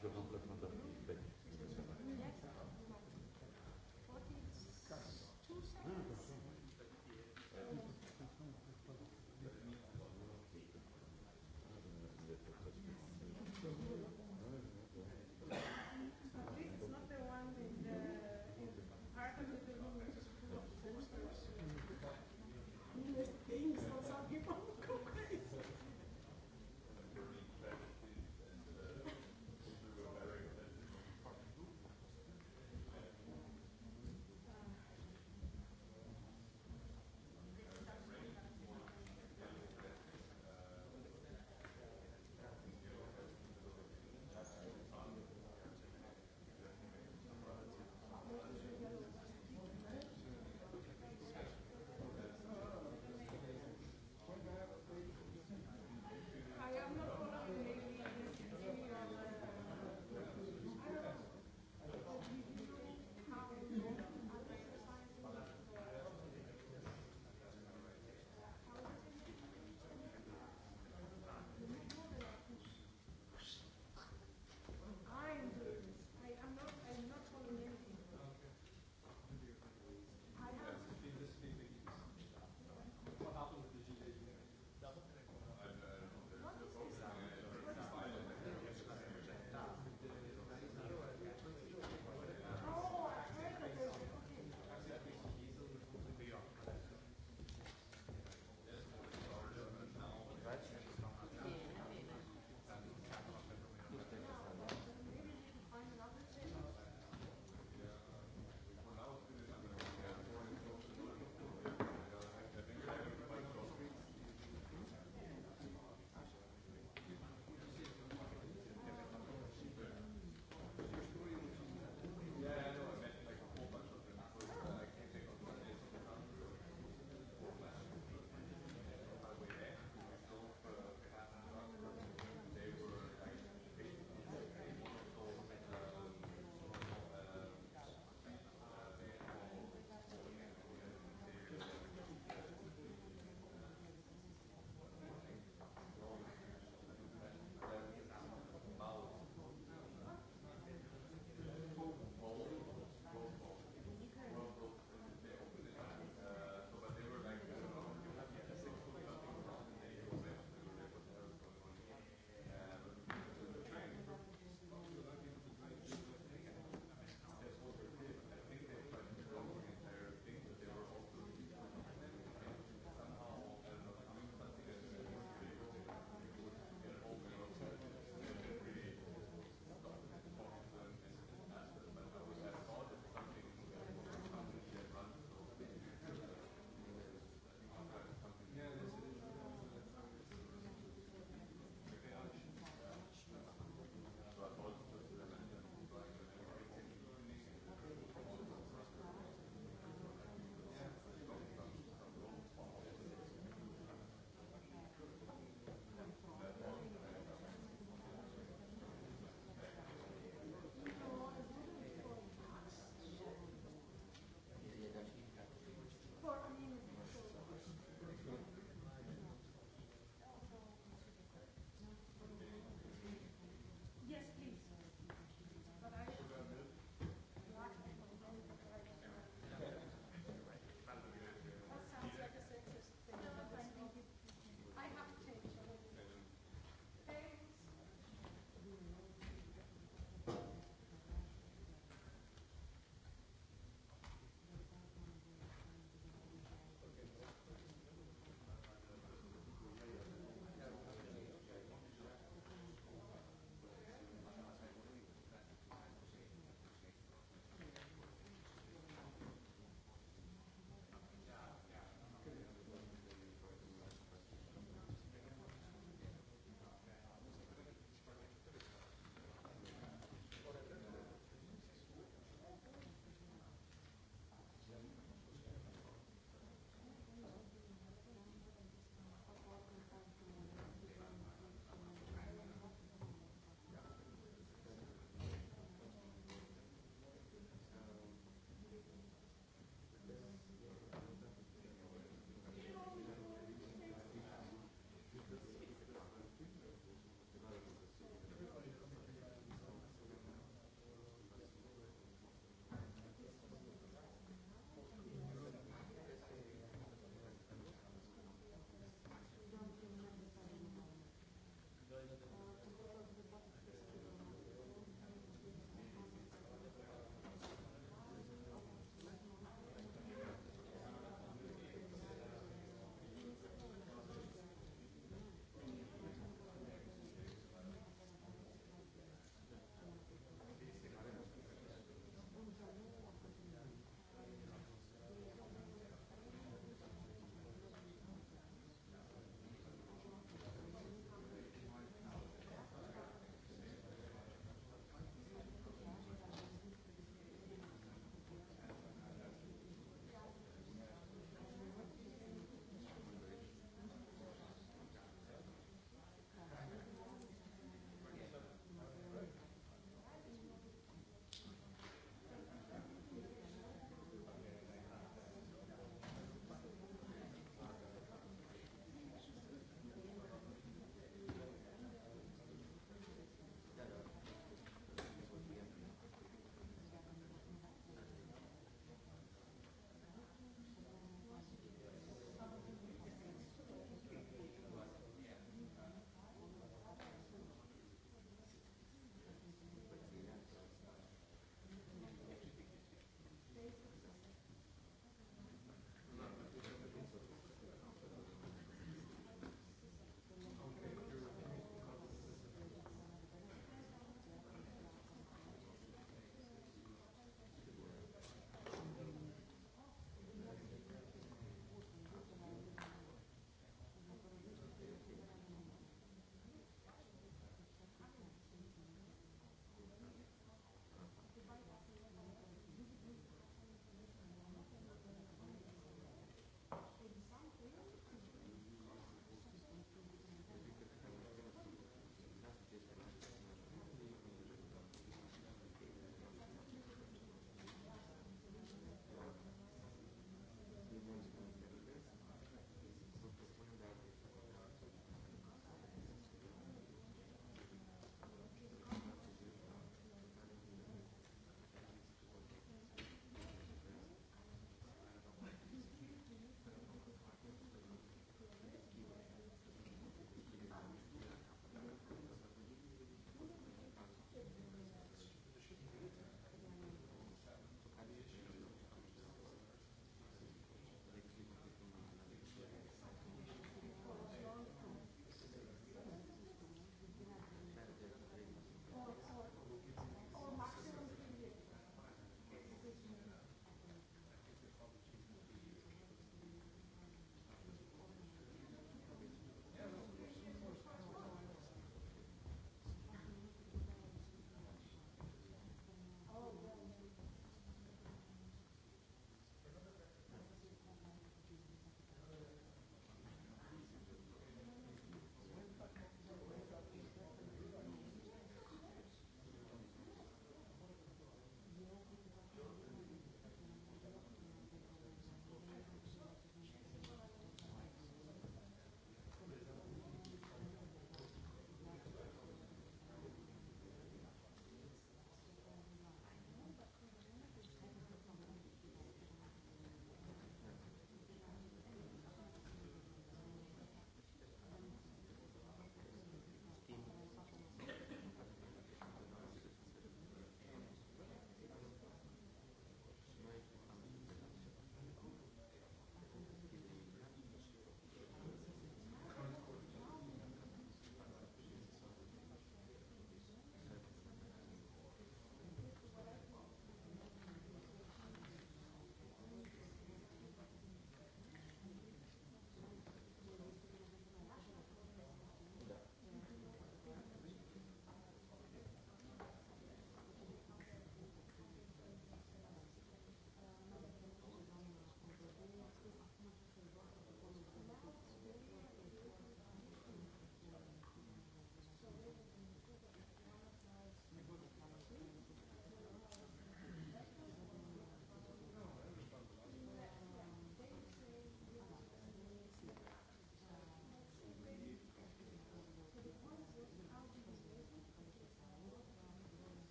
Versuch, das mal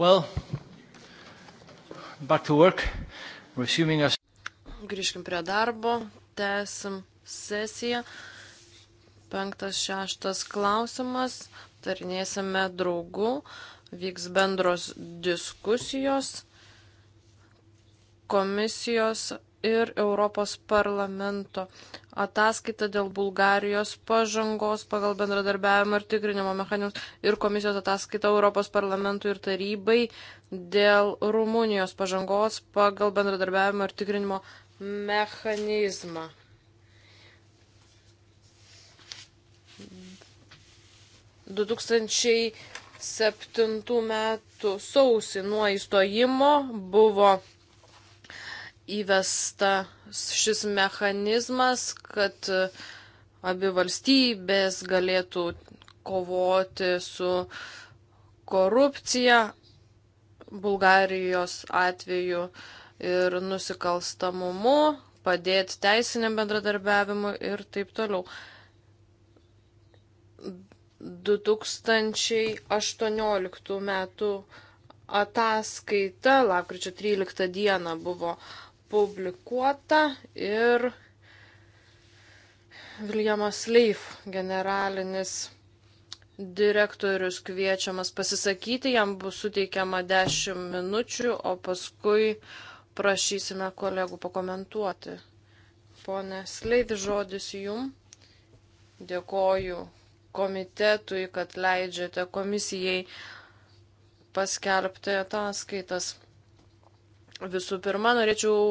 Well, back to work. Resuming us. Grįžkim prie darbo, tęsim sesiją. Penktas, šeštas klausimas. Tarinėsime draugų. Vyks bendros diskusijos komisijos ir Europos parlamento ataskaita dėl Bulgarijos pažangos pagal bendradarbiavimo ir tikrinimo mechanizmus ir komisijos ataskaita Europos parlamentui ir tarybai dėl Rumunijos pažangos pagal bendradarbiavimo ir tikrinimo mechanizmą. Du tūkstančiai septintų metų sausį nuo įstojimo buvo įvesta šis mechanizmas, kad e, abi valstybės galėtų kovoti su korupcija Bulgarijos atveju ir nusikalstamumu, padėti teisiniam bendradarbiavimui ir taip toliau. 2018 metų ataskaita, lapkričio 13 dieną buvo publikuota ir Viljamas Leif, generalinis direktorius kviečiamas pasisakyti, jam bus suteikiama 10 minučių, o paskui prašysime kolegų pakomentuoti. Pone Sleid, žodis jum. Dėkoju komitetui, kad leidžiate komisijai paskelbti ataskaitas. Visų pirma, norėčiau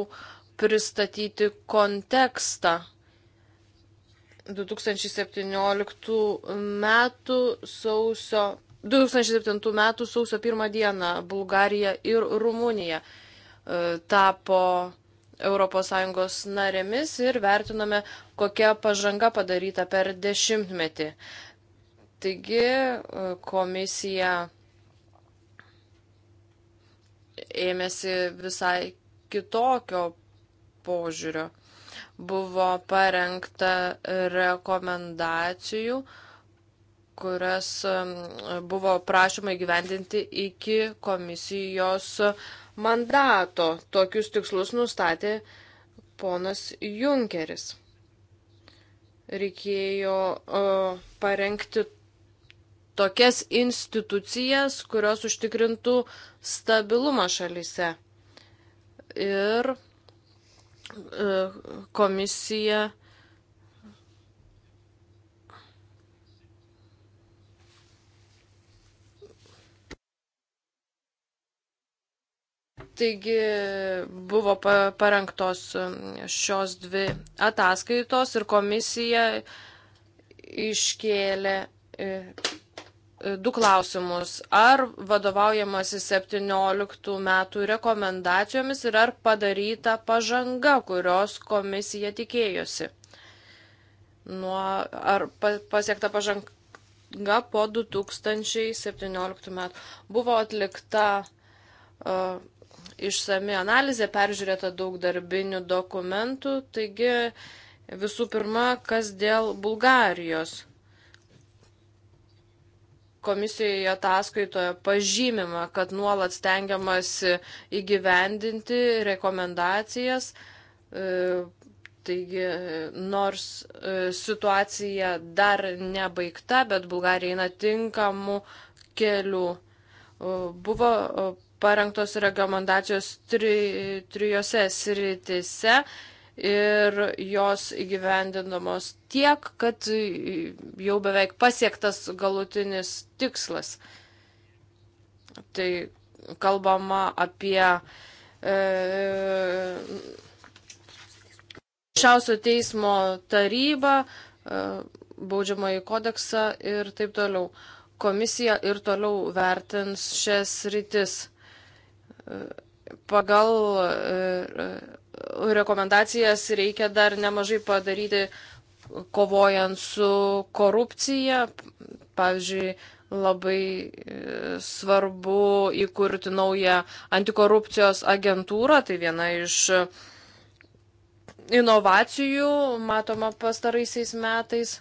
pristatyti kontekstą. 2017 metų sausio 2007 metų sausio 1 dieną Bulgarija ir Rumunija e, tapo ES narėmis ir vertiname, kokia pažanga padaryta per dešimtmetį. Taigi e, komisija ėmėsi visai kitokio požiūrio. Buvo parengta rekomendacijų, kurias buvo prašoma įgyvendinti iki komisijos mandato. Tokius tikslus nustatė ponas Junkeris reikėjo uh, parengti tokias institucijas, kurios užtikrintų stabilumą šalyse. Ir e, komisija Taigi buvo parengtos e, šios dvi ataskaitos ir komisija iškėlė e, E, du klausimus. Ar vadovaujamasi 17 metų rekomendacijomis ir ar padaryta pažanga, kurios komisija tikėjosi? Nuo, ar pasiekta pažanga po 2017 metų? Buvo atlikta uh, išsami analizė, peržiūrėta daug darbinių dokumentų, taigi visų pirma, kas dėl Bulgarijos komisijoje ataskaitoje pažymima, kad nuolat stengiamasi įgyvendinti rekomendacijas. E, taigi, nors e, situacija dar nebaigta, bet Bulgarija eina tinkamų kelių. Buvo parengtos rekomendacijos tri, trijose sritise ir jos įgyvendinamos tiek, kad jau beveik pasiektas galutinis tikslas. Tai kalbama apie e, aukščiausio e, teismo tarybą, e, baudžiamąjį kodeksą ir taip toliau. Komisija ir toliau vertins šias rytis. E, pagal e, rekomendacijas reikia dar nemažai padaryti kovojant su korupcija. Pavyzdžiui, labai e, svarbu įkurti naują antikorupcijos agentūrą, tai viena iš inovacijų matoma pastaraisiais metais.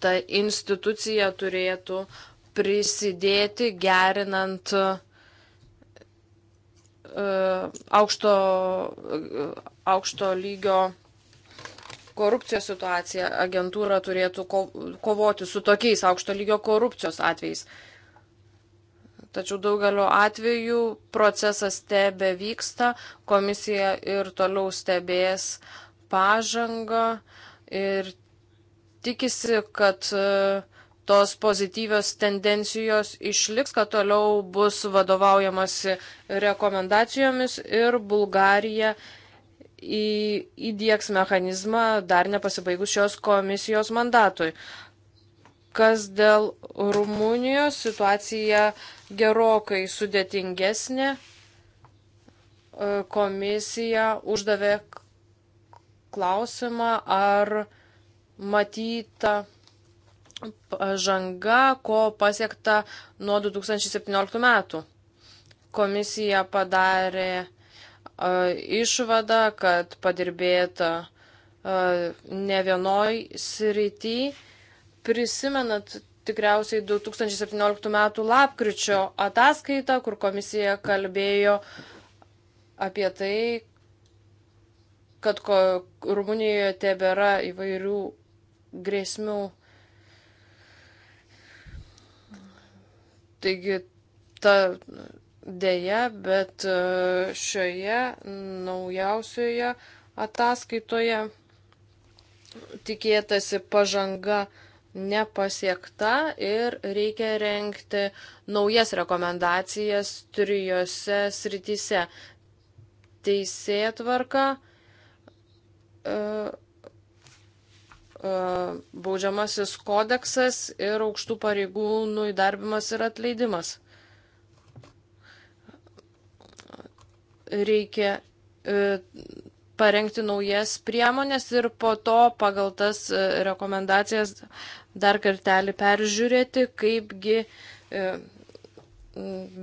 Ta institucija turėtų prisidėti gerinant uh, E, aukšto, e, aukšto lygio korupcijos situacija. Agentūra turėtų kovoti su tokiais aukšto lygio korupcijos atvejais. Tačiau daugeliu atveju procesas tebe vyksta, komisija ir toliau stebės pažangą ir tikisi, kad uh, tos pozityvios tendencijos išliks, kad toliau bus vadovaujamasi rekomendacijomis ir Bulgarija į, įdėks mechanizmą dar nepasibaigus šios komisijos mandatui. Kas dėl Rumunijos situacija gerokai sudėtingesnė, komisija uždavė klausimą, ar matyta pažanga, ko pasiekta nuo 2017 metų. Komisija padarė uh, išvadą, kad padirbėta uh, ne vienoj srity. Prisimenat tikriausiai 2017 metų lapkričio ataskaitą, kur komisija kalbėjo apie tai, kad Rumunijoje tebėra įvairių grėsmių Taigi, ta dėja, bet e, šioje naujausioje ataskaitoje tikėtasi pažanga nepasiekta ir reikia renkti naujas rekomendacijas trijose srityse. Teisėtvarka, e, E, baudžiamasis kodeksas ir aukštų pareigūnų įdarbimas ir atleidimas. Reikia e, parengti naujas priemonės ir po to pagal tas e, rekomendacijas dar kartelį peržiūrėti, kaipgi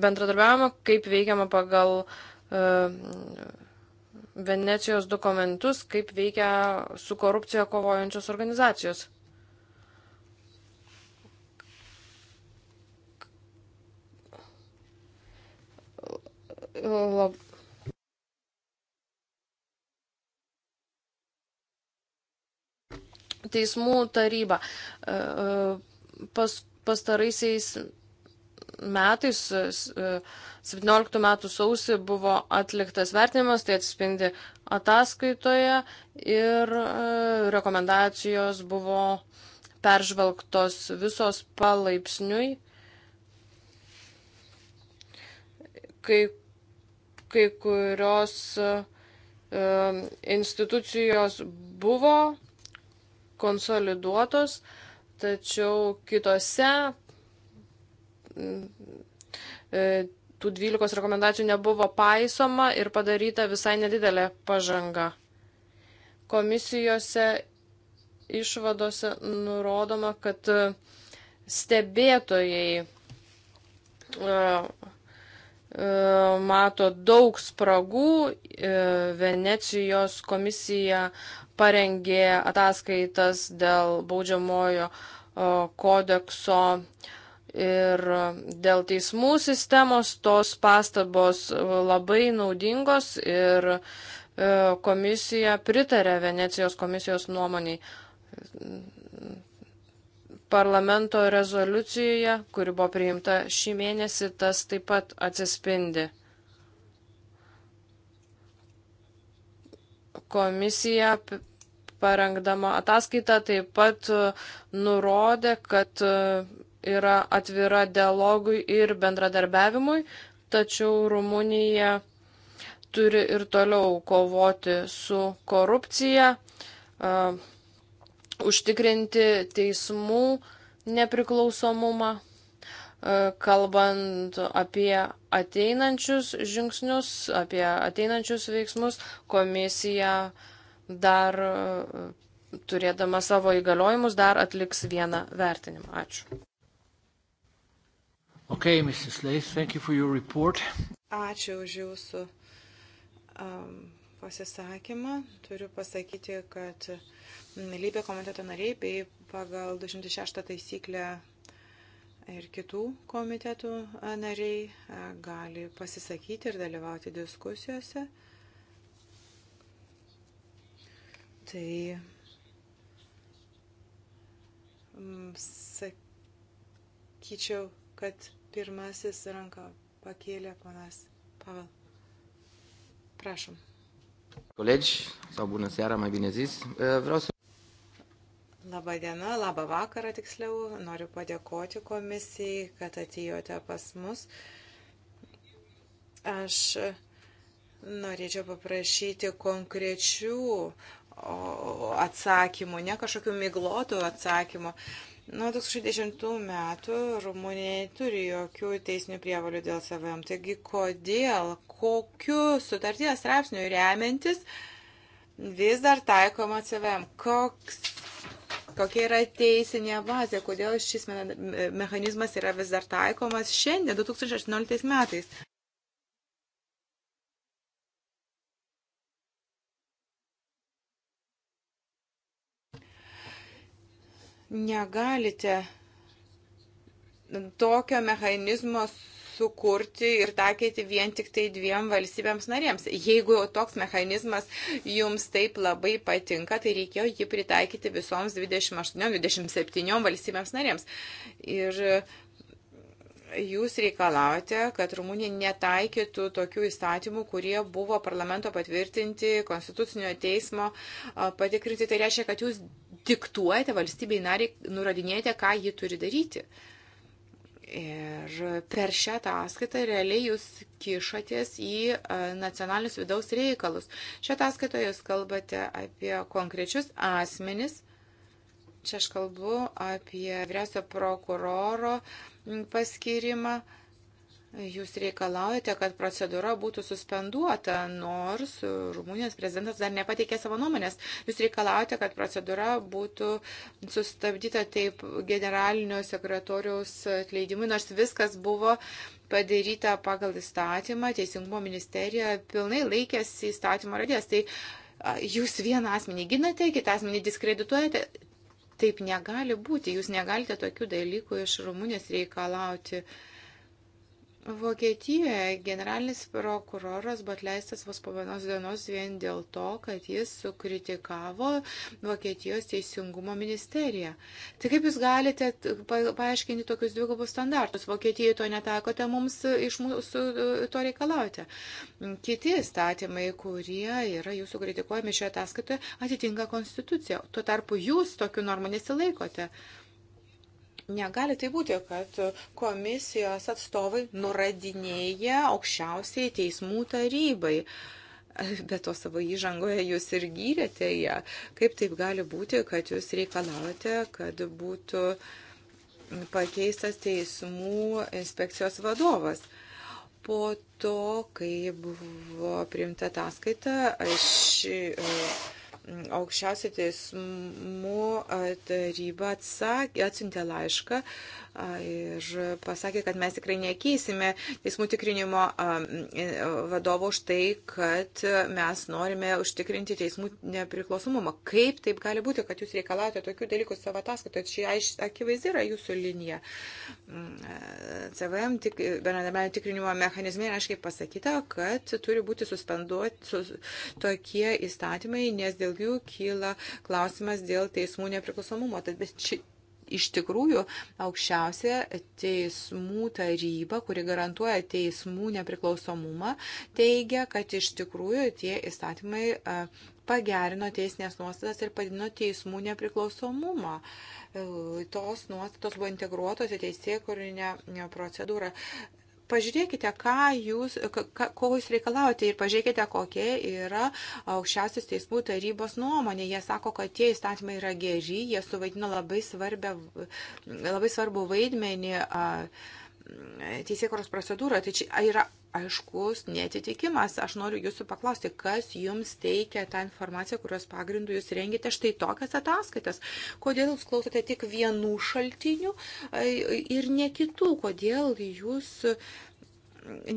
bendradarbiavimo, kaip veikiama pagal Venecijos dokumentus, kaip veikia su korupcija kovojančios organizacijos. Lab... Teismų taryba. E, e, pas, pastaraisiais metais, 17 e, metų sausi buvo atliktas vertinimas, tai atspindi ataskaitoje ir e, rekomendacijos buvo peržvelgtos visos palaipsniui. Kai, kai kurios e, institucijos buvo konsoliduotos, tačiau kitose E, tų 12 rekomendacijų nebuvo paisoma ir padaryta visai nedidelė pažanga. Komisijose išvadose nurodoma, kad e, stebėtojai e, mato daug spragų. Venecijos komisija parengė ataskaitas dėl baudžiamojo kodekso uh, Ir dėl teismų sistemos tos pastabos labai naudingos ir e, komisija pritarė Venecijos komisijos nuomoniai. Parlamento rezoliucijoje, kuri buvo priimta šį mėnesį, tas taip pat atsispindi. Komisija parengdama ataskaitą taip pat e, nurodė, kad e, yra atvira dialogui ir bendradarbiavimui, tačiau Rumunija turi ir toliau kovoti su korupcija, uh, užtikrinti teismų nepriklausomumą, uh, kalbant apie ateinančius žingsnius, apie ateinančius veiksmus, komisija dar uh, turėdama savo įgaliojimus dar atliks vieną vertinimą. Ačiū. Okay, Mrs. Leis, thank you for your report. Ačiū už jūsų um, pasisakymą. Turiu pasakyti, kad mm, lybė komiteto nariai bei pagal 206 taisyklę ir kitų komitetų nariai gali pasisakyti ir dalyvauti diskusijose. Tai mm, sakyčiau, kad Pirmasis ranką pakėlė ponas Pavel. Prašom. Colegi, sau bună seara, mai bine zis. E, vreau să... Labą dieną, labą vakarą tiksliau. Noriu padėkoti komisijai, kad atėjote pas mus. Aš norėčiau paprašyti konkrečių atsakymų, ne kažkokių miglotų atsakymų. Uh, Nuo 2010 metų Rumunija turi jokių teisinių prievalių dėl SVM. Taigi, kodėl, kokiu sutarties straipsniu remiantis vis dar taikoma SVM? Koks, kokia yra teisinė bazė, kodėl šis mechanizmas yra vis dar taikomas šiandien, 2018 metais? negalite tokio mechanizmo sukurti ir taikyti vien tik tai dviem valstybėms narėms. Jeigu toks mechanizmas jums taip labai patinka, tai reikėjo jį pritaikyti visoms 28-27 valstybėms narėms. Ir jūs reikalaujate, kad Rumunija netaikytų tokių įstatymų, kurie buvo parlamento patvirtinti, konstitucinio teismo patikrinti. Tai reiškia, kad jūs diktuojate valstybei nariai, nurodinėjate, ką ji turi daryti. Ir per šią ataskaitą realiai jūs kišatės į e, nacionalinius vidaus reikalus. Šią ataskaitą jūs kalbate apie konkrečius asmenis. Čia aš kalbu apie vyriausio prokuroro paskirimą. Jūs reikalaujate, kad procedūra būtų suspenduota, nors Rumunijos prezidentas dar nepateikė savo nuomonės. Jūs reikalaujate, kad procedūra būtų sustabdyta taip generalinio sekretoriaus atleidimui, nors viskas buvo padaryta pagal įstatymą, Teisingumo ministerija pilnai laikėsi įstatymo radės. Tai jūs vieną asmenį ginate, kitą asmenį diskredituojate. Taip negali būti. Jūs negalite tokių dalykų iš Rumunijos reikalauti. Uh, Vokietijoje generalinis prokuroras buvo atleistas vos po vienos dienos vien dėl to, kad jis sukritikavo Vokietijos teisingumo ministeriją. Tai kaip jūs galite paaiškinti tokius dvigubus standartus? Vokietijoje to netakote, mums iš mūsų to reikalavote. Kiti statymai, kurie yra jūsų kritikuojami šioje ataskaitoje, atitinka konstituciją. Tuo tarpu jūs tokių normų nesilaikote. Negali tai būti, kad komisijos atstovai nuradinėja aukščiausiai teismų tarybai. Bet to savo įžangoje jūs ir gyrėte ją. Kaip taip gali būti, kad jūs reikalaujate, kad būtų pakeistas teismų inspekcijos vadovas? Po to, kai buvo priimta ataskaita, aš aukščiausia teismų taryba atsakė, atsintė laišką ir pasakė, kad mes tikrai nekeisime teismų tikrinimo e, vadovo už tai, kad mes norime užtikrinti teismų nepriklausomumą. Kaip taip gali būti, kad jūs reikalavote tokių dalykų savo ataskaitoje? Čia akivaizdė yra jūsų linija. CVM mm, e, tik, bendradarbiavimo tikrinimo mechanizmai aiškiai pasakyta, kad turi būti suspenduoti su, tokie įstatymai, nes dėl jų kyla klausimas dėl teismų nepriklausomumo. Tad, bet ši, iš tikrųjų aukščiausia teismų taryba, kuri garantuoja teismų nepriklausomumą, teigia, kad iš tikrųjų tie įstatymai pagerino teisinės nuostatas ir padidino teismų nepriklausomumą. E, tos nuostatos buvo integruotos į teisėkurinę procedūrą pažiūrėkite, ką jūs, ka, ko jūs reikalaujate ir pažiūrėkite, kokia yra aukščiausios teismų tarybos nuomonė. Jie sako, kad tie įstatymai yra geri, jie suvaidino labai, svarbia, labai svarbu vaidmenį. Uh, teisėkoros procedūroje, tai čia yra aiškus netitikimas. Aš noriu jūsų paklausti, kas jums teikia tą informaciją, kurios pagrindų jūs rengite štai tokias ataskaitas. Kodėl jūs klausote tik vienų šaltinių e, ir ne kitų? Kodėl jūs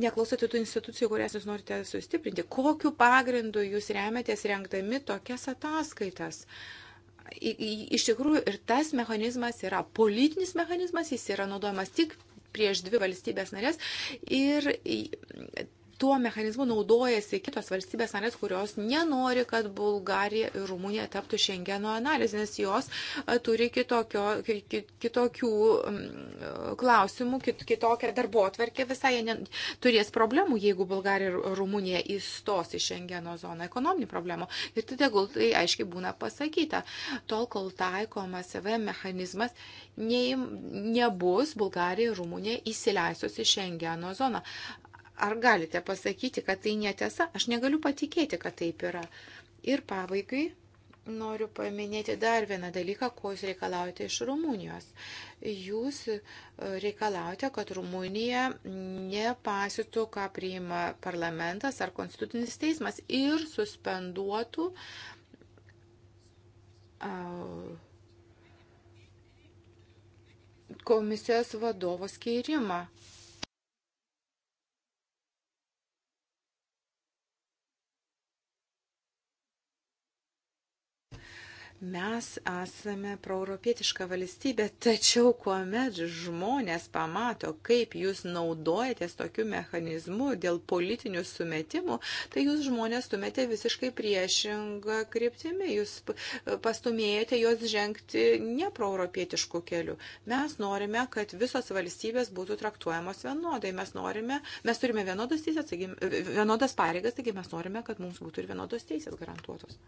neklausote tų institucijų, kurias jūs norite sustiprinti? Kokiu pagrindu jūs remiatės rengdami tokias ataskaitas? Iš tikrųjų, ir tas mechanizmas yra politinis mechanizmas, jis yra naudojamas tik prieš dvi valstybės narės ir tuo mechanizmu naudojasi kitos valstybės narės, kurios nenori, kad Bulgarija ir Rumunija taptų Schengeno analizės, nes jos turi kitokio, kitokių klausimų, kit, kitokią darbo atverkę visai. Jie ne, turės problemų, jeigu Bulgarija ir Rumunija įstos į Schengeno zoną ekonominių problemų. Ir tai tegul tai aiškiai būna pasakyta. Tol, kol taikomas CV mechanizmas, ne, nebus Bulgarija ir Rumunija įsileistos į Schengeno zoną. Ar galite pasakyti, kad tai netiesa? Aš negaliu patikėti, kad taip yra. Ir pabaigai noriu paminėti dar vieną dalyką, ko jūs reikalaujate iš Rumunijos. Jūs e, reikalaujate, kad Rumunija nepasitų, ką priima parlamentas ar konstitucinis teismas ir suspenduotų. komisijos vadovo skeirimą. Mes esame proeuropietiška valstybė, tačiau kuomet žmonės pamato, kaip jūs naudojatės tokiu mechanizmu dėl politinių sumetimų, tai jūs žmonės stumėte visiškai priešingą kryptimį, jūs pastumėjate juos žengti ne proeuropietiškų kelių. Mes norime, kad visos valstybės būtų traktuojamos vienodai, mes, norime, mes turime vienodas, teisės, taigi, vienodas pareigas, taigi mes norime, kad mums būtų ir vienodos teisės garantuotos.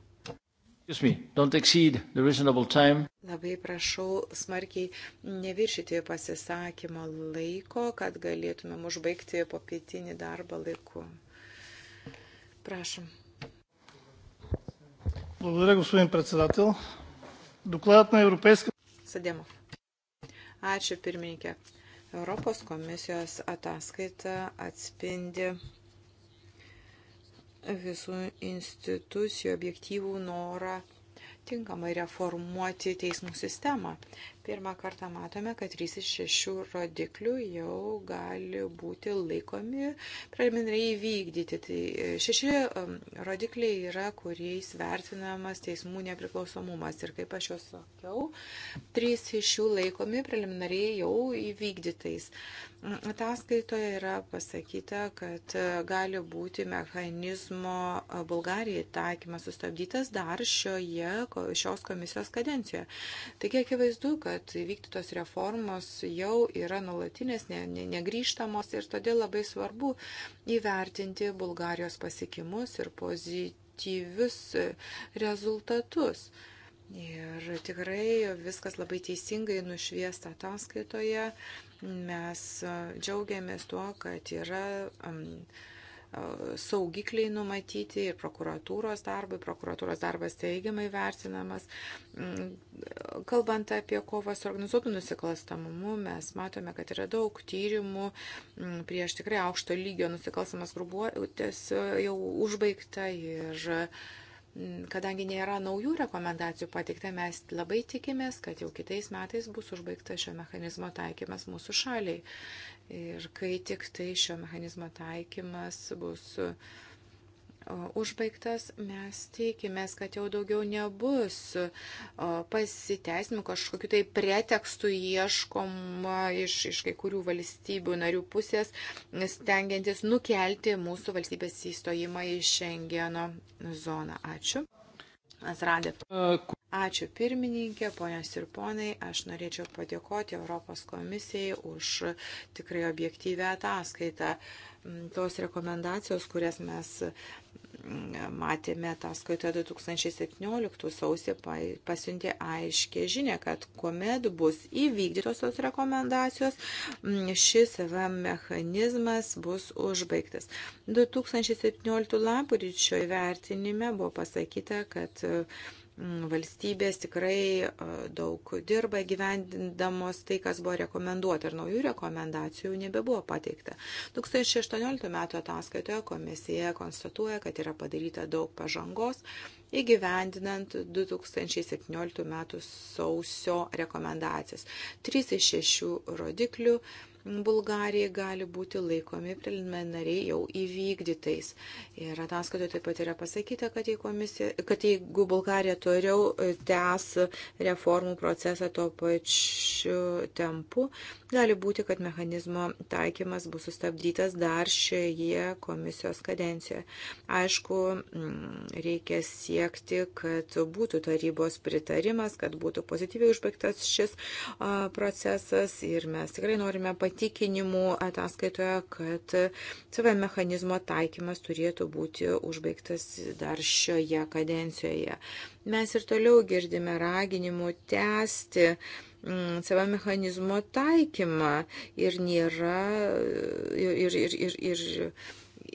Labai prašau smarkiai neviršyti pasisakymo laiko, kad galėtumėm užbaigti popietinį darbą laiku. Prašom. Благодаря, господин председател. Докладът на Европейска... Съдемов. Ačiū pirmininkė. Europos komisijos ataskaita atspindi visų institucijų objektyvų norą tinkamai reformuoti teismų sistemą. Pirmą kartą matome, kad 3 iš 6 rodiklių jau gali būti laikomi preliminariai įvykdyti. Tai e, šeši rodikliai yra, kuriais vertinamas teismų nepriklausomumas. Ir kaip aš jau sakiau, 3 iš jų laikomi preliminariai jau įvykdytais. Ataskaitoje yra pasakyta, kad e, gali būti mechanizmo e, Bulgarijai taikymas sustabdytas dar šioje, šios komisijos kadencijoje. Taigi akivaizdu, kad kad vykti tos reformos jau yra nulatinės, ne, ne, negryžtamos ir todėl labai svarbu įvertinti Bulgarijos pasiekimus ir pozityvius rezultatus. Ir tikrai viskas labai teisingai nušviesta ataskaitoje. Mes džiaugiamės tuo, kad yra. Um, saugikliai numatyti ir prokuratūros darbui. Prokuratūros darbas teigiamai vertinamas. Mm, kalbant apie kovą su organizuotų nusikalstamumu, mes matome, kad yra daug tyrimų mm, prieš tikrai aukšto lygio nusikalstamas grubuotės e, jau užbaigta ir mm, kadangi nėra naujų rekomendacijų pateikta, mes labai tikimės, kad jau kitais metais bus užbaigta šio mechanizmo taikymas mūsų šaliai. Ir kai tik tai šio mechanizmo taikymas bus užbaigtas, mes tikimės, kad jau daugiau nebus pasiteisimų kažkokiu tai pretekstu ieškoma iš, iš kai kurių valstybių narių pusės, stengiantis nukelti mūsų valstybės įstojimą į Šengeno zoną. Ačiū. Azradė. Uh, Ačiū pirmininkė, ponios ir ponai, aš norėčiau padėkoti Europos komisijai už tikrai objektyvę ataskaitą. Mm, tos rekomendacijos, kurias mes mm, matėme ataskaitoje 2017 sausį pasiuntė aiškę žinę, kad kuomet bus įvykdytosios rekomendacijos, mm, šis CVM mechanizmas bus užbaigtas. 2017 lapkričio įvertinime buvo pasakyta, kad Mm, valstybės tikrai daug dirba gyvendindamos tai, kas buvo rekomenduota ir naujų rekomendacijų nebebuvo pateikta. 2018 m. ataskaitoje komisija konstatuoja, kad yra padaryta daug pažangos įgyvendinant 2017 m. sausio rekomendacijas. Trys iš šešių rodiklių Bulgarijai gali būti laikomi preliminariai jau įvykdytais. Ir ataskaitoje taip pat yra pasakyta, kad, komisija, kad jeigu Bulgarija toliau e, tęs reformų procesą tuo pačiu tempu, gali būti, kad mechanizmo taikymas bus sustabdytas dar šioje komisijos kadencijoje. Aišku, reikia siekti, kad būtų tarybos pritarimas, kad būtų pozityviai užbaigtas šis procesas ir mes tikrai norime patikėti įsitikinimų ataskaitoje, kad CV mechanizmo taikymas turėtų būti užbaigtas dar šioje kadencijoje. Mes ir toliau girdime raginimų tęsti savo mm, mechanizmo taikymą ir nėra, ir, ir, ir, ir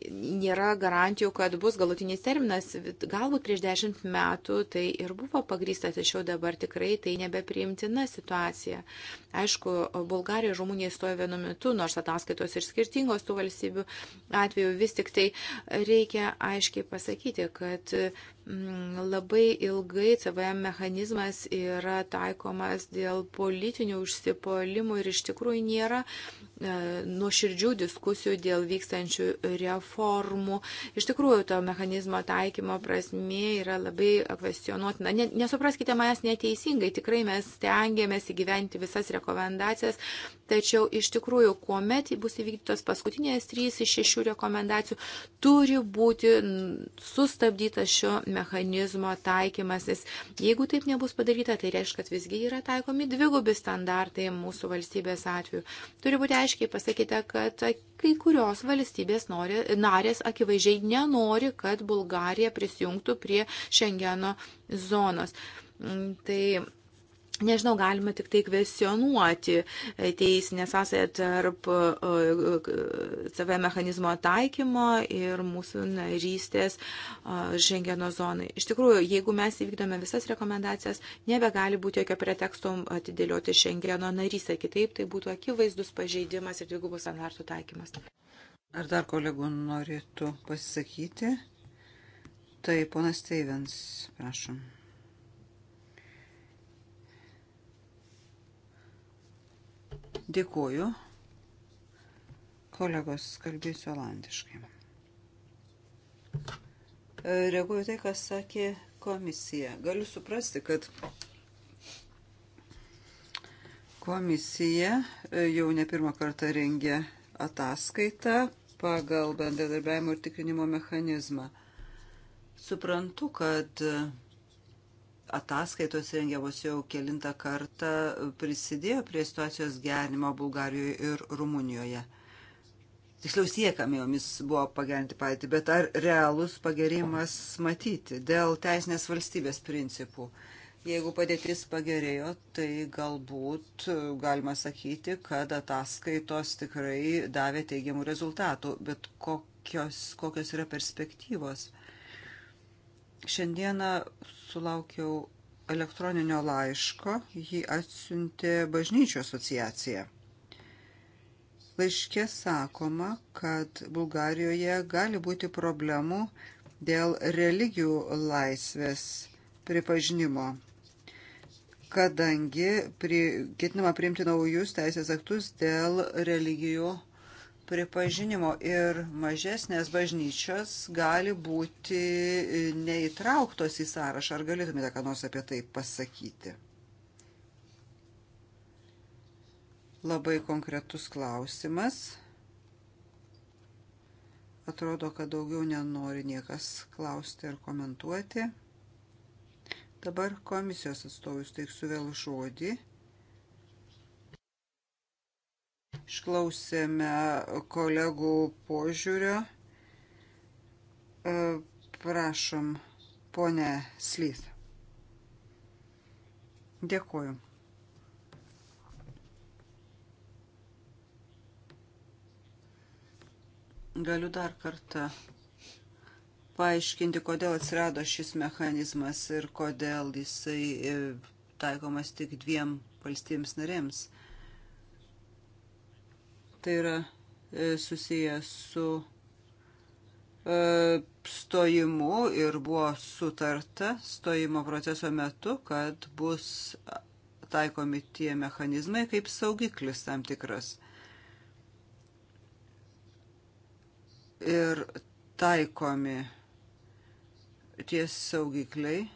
nėra garantijų, kad bus galutinis terminas. Galbūt prieš dešimt metų tai ir buvo pagrįsta, tačiau dabar tikrai tai nebepriimtina situacija. Aišku, Bulgarija ir Rumunija stoja vienu metu, nors ataskaitos ir skirtingos tų valstybių atveju, vis tik tai reikia aiškiai pasakyti, kad Mm, labai ilgai CVM mechanizmas yra taikomas dėl politinių užsipolimų ir iš tikrųjų nėra e, nuoširdžių diskusijų dėl vykstančių reformų. Iš tikrųjų, to mechanizmo taikymo prasme yra labai kvestionuotina. Nesupraskite manęs neteisingai, tikrai mes stengiamės įgyventi visas rekomendacijas, tačiau iš tikrųjų, kuomet bus įvykdytos paskutinės trys iš šešių rekomendacijų, turi būti sustabdytas šio mechanizmo mechanizmo taikymasis. Jeigu taip nebus padaryta, tai reiškia, kad visgi yra taikomi dvigubi standartai mūsų valstybės atveju. Turi būti aiškiai pasakyta, kad kai kurios valstybės nori, narės akivaizdžiai nenori, kad Bulgarija prisijungtų prie Šengeno zonos. Mm, tai Nežinau, galime tik tai kvesionuoti e, teisinę sąsąją tarp e, e, CV mechanizmo taikymo ir mūsų narystės Šengeno zonai. Iš tikrųjų, jeigu mes įvykdome visas rekomendacijas, nebegali būti jokio preteksto atidėlioti Šengeno narystę. Kitaip tai būtų akivaizdus pažeidimas ir dvigubų standartų taikymas. Ar dar kolegų norėtų pasisakyti? Tai ponas Stevens, prašom. Dėkuoju. Kolegos, kalbėsiu olandiškai. E, reaguoju tai, kas sakė komisija. Galiu suprasti, kad komisija e, jau ne pirmą kartą rengia ataskaitą pagal bendradarbiavimo ir tikrinimo mechanizmą. Suprantu, kad ataskaitos rengiamos jau kelintą kartą prisidėjo prie situacijos gerinimo Bulgarijoje ir Rumunijoje. Tiksliau siekam jomis buvo pagerinti patį, bet ar realus pagerimas matyti dėl teisinės valstybės principų? Jeigu padėtis pagerėjo, tai galbūt galima sakyti, kad ataskaitos tikrai davė teigiamų rezultatų, bet kokios, kokios yra perspektyvos? Šiandieną sulaukiau elektroninio laiško, jį atsiuntė bažnyčių asociacija. Laiške sakoma, kad Bulgarijoje gali būti problemų dėl religijų laisvės pripažinimo, kadangi pri, ketinama priimti naujus teisės aktus dėl religijų pripažinimo ir mažesnės bažnyčios gali būti e, neįtrauktos į sąrašą. Ar galėtumėte ką nors apie tai pasakyti? Labai konkretus klausimas. Atrodo, kad daugiau nenori niekas klausti ir komentuoti. Dabar komisijos atstovus teiksiu vėl žodį. Išklausėme kolegų požiūrio. E, prašom, ponė Slyth. Dėkuoju. Galiu dar kartą paaiškinti, kodėl atsirado šis mechanizmas ir kodėl jisai e, taikomas tik dviem valstybėms narėms. Tai yra e, susijęs su e, stojimu ir buvo sutarta stojimo proceso metu, kad bus taikomi tie mechanizmai kaip saugiklis tam tikras. Ir taikomi tie saugikliai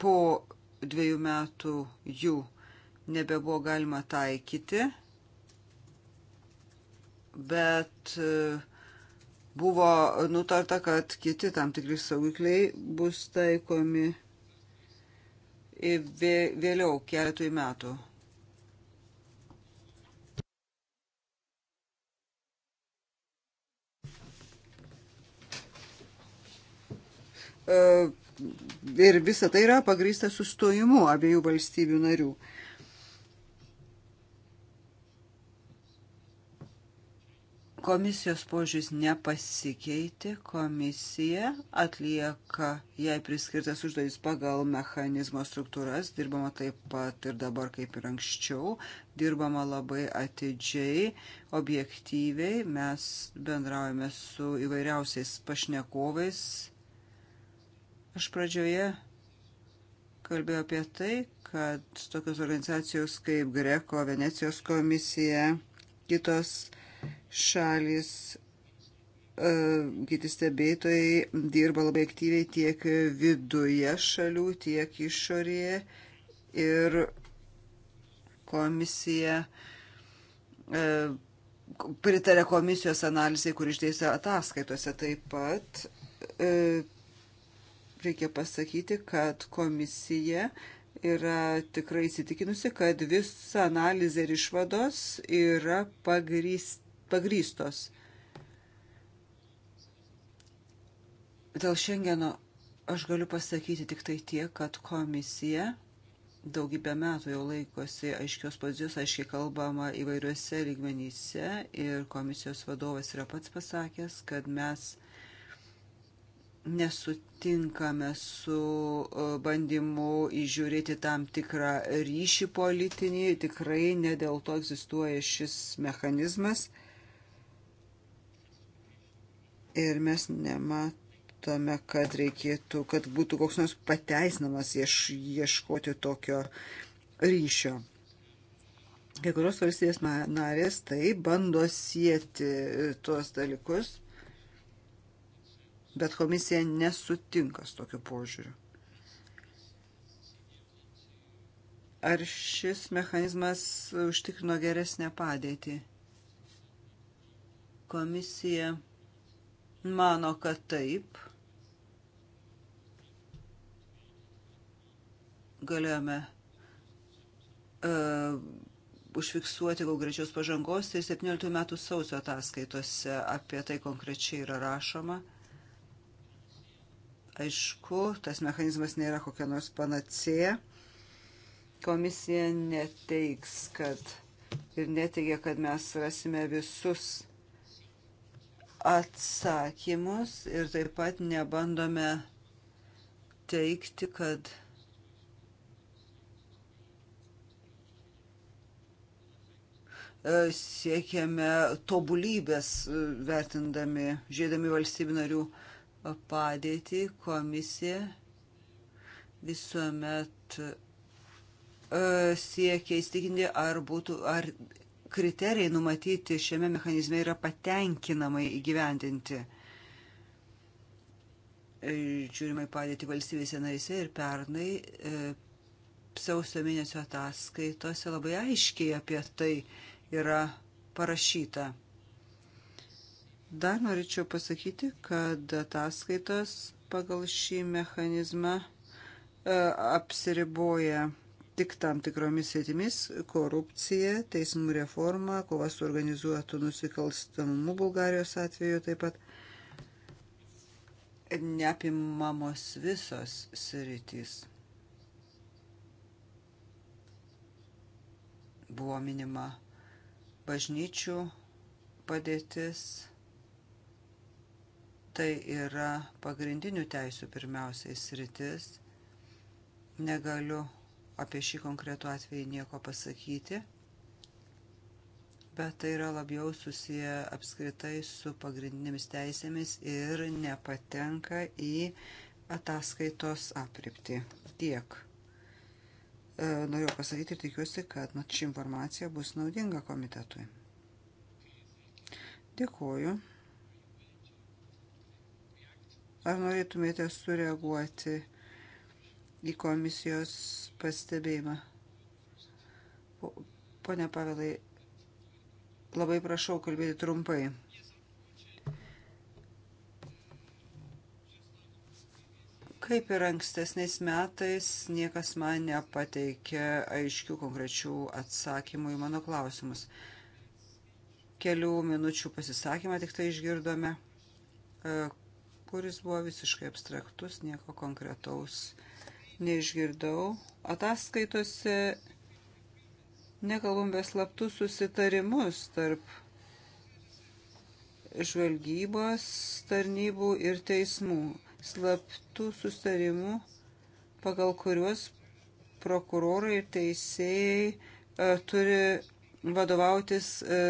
po dviejų metų jų nebebuvo galima taikyti bet e, buvo nutarta, kad kiti tam tikri saugikliai bus taikomi vėliau keletui metų. E, ir visa tai yra pagrįsta sustojimu abiejų valstybių narių. Komisijos požiūris nepasikeitė, komisija atlieka jai priskirtas užduotis pagal mechanizmo struktūras, dirbama taip pat ir dabar kaip ir anksčiau, dirbama labai atidžiai, objektyviai, mes bendraujame su įvairiausiais pašnekovais. Aš pradžioje kalbėjau apie tai, kad tokios organizacijos kaip Greko, Venecijos komisija, kitos organizacijos, šalis e, kiti stebėtojai dirba labai aktyviai tiek viduje šalių, tiek išorėje ir komisija e, pritarė komisijos analizai, kur išdėstė ataskaitose taip pat. E, reikia pasakyti, kad komisija yra tikrai įsitikinusi, kad visa analizė ir išvados yra pagrįsti pagrystos. Dėl šiandieno aš galiu pasakyti tik tai tiek, kad komisija daugybę metų jau laikosi aiškios pozicijos, aiškiai kalbama įvairiuose lygmenyse ir komisijos vadovas yra pats pasakęs, kad mes nesutinkame su e, bandymu įžiūrėti tam tikrą ryšį politinį, tikrai ne dėl to egzistuoja šis mechanizmas ir mes nematome, kad reikėtų, kad būtų koks nors pateisinamas ieš, ieškoti tokio ryšio. Kai kurios valstybės narės tai bando sieti e, tuos dalykus, bet komisija nesutinka su tokiu požiūriu. Ar šis mechanizmas užtikrino geresnę padėtį? Komisija mano, kad taip. Galėjome uh, užfiksuoti konkrečios pažangos, tai 17 metų sausio ataskaitose apie tai konkrečiai yra rašoma. Aišku, tas mechanizmas nėra kokia nors panacėja. Komisija neteiks, kad ir neteigia, kad mes rasime visus atsakymus ir taip pat nebandome teikti, kad e, siekiame tobulybės e, vertindami, žiūrėdami valstybių narių padėtį, komisija visuomet e, siekia įstikinti, ar, būtų, ar kriterijai numatyti šiame mechanizme yra patenkinamai įgyvendinti. E, Žiūrime padėti valstybėse narise ir pernai e, sausio mėnesio ataskaitose labai aiškiai apie tai yra parašyta. Dar norėčiau pasakyti, kad ataskaitos pagal šį mechanizmą e, apsiriboja tik tam tikromis sėtimis - korupcija, teismų reforma, kova su organizuotu nusikalstamumu Bulgarijos atveju taip pat neapimamos visos sritys. Buvo minima bažnyčių padėtis tai yra pagrindinių teisų pirmiausiai sritis. Negaliu apie šį konkretų atvejį nieko pasakyti, bet tai yra labiau susiję apskritai su pagrindinėmis teisėmis ir nepatenka į ataskaitos apripti. Tiek. E, Noriu pasakyti ir tikiuosi, kad mat ši informacija bus naudinga komitetui. Dėkuoju. Ar norėtumėte sureaguoti? į komisijos pastebėjimą. Pone Pavelai, labai prašau kalbėti trumpai. Kaip ir ankstesniais metais, niekas man nepateikė aiškių konkrečių atsakymų į mano klausimus. Kelių minučių pasisakymą tik tai išgirdome, e, kuris buvo visiškai abstraktus, nieko konkretaus neišgirdau. Ataskaitose nekalbam be slaptų susitarimus tarp žvalgybos tarnybų ir teismų. Slaptų susitarimų, pagal kuriuos prokurorai ir teisėjai e, turi vadovautis e,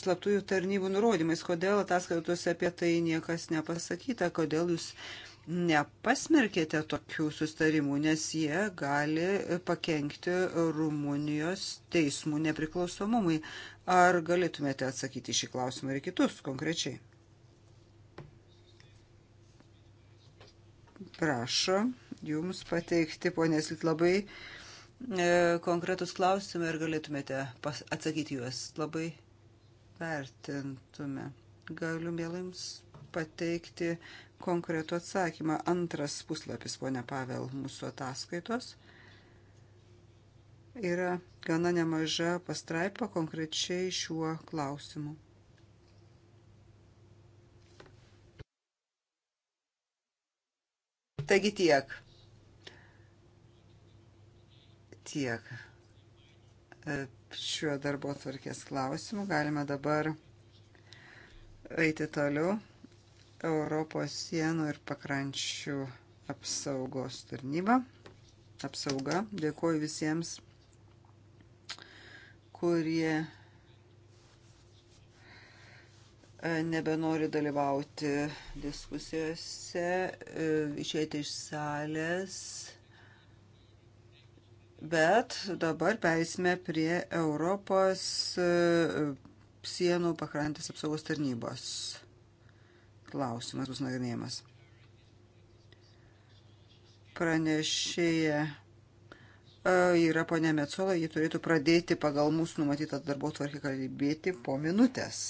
slaptųjų tarnybų nurodymais. Kodėl ataskaitose apie tai niekas nepasakyta, kodėl jūs nepasmerkėte tokių sustarimų, nes jie gali pakengti Rumunijos teismų nepriklausomumui. Ar galėtumėte atsakyti šį klausimą ir kitus konkrečiai? Prašo jums pateikti, ponės, labai e, konkretus klausimai ir galėtumėte atsakyti juos. Labai vertintume. Galiu mėlyms pateikti konkretų atsakymą. Antras puslapis, ponia Pavel, mūsų ataskaitos yra gana nemaža pastraipa konkrečiai šiuo klausimu. Taigi tiek. Tiek. Šiuo darbo tvarkės klausimu galime dabar eiti toliau. Europos sienų ir pakrančių apsaugos tarnyba. Apsauga. Dėkuoju visiems, kurie e, nebenori dalyvauti diskusijose, e, išėti iš salės. Bet dabar peisime prie Europos e, sienų pakrantės apsaugos tarnybos klausimas bus nagrinėjamas. Pranešėja e, yra ponė Metsola, ji turėtų pradėti pagal mūsų numatytą darbo tvarkį kalbėti po minutės.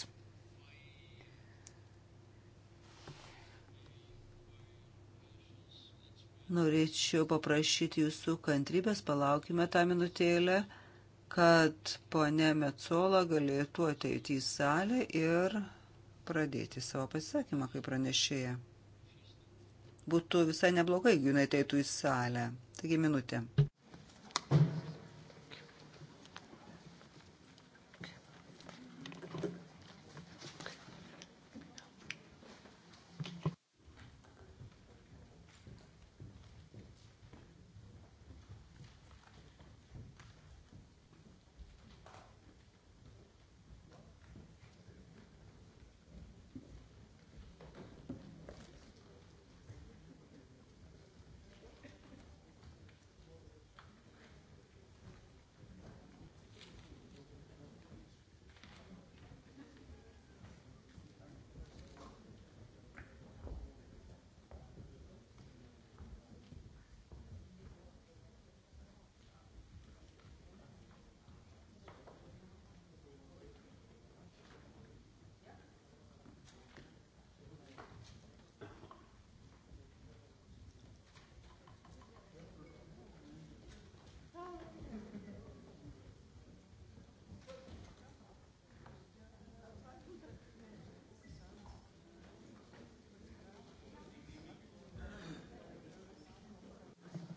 Norėčiau paprašyti jūsų kantrybės, palaukime tą minutėlę, kad ponė Metsola galėtų ateiti į salę ir pradėti savo pasisakymą kaip pranešėja. Būtų visai neblogai, jeigu jinai ateitų į salę. Taigi minutė.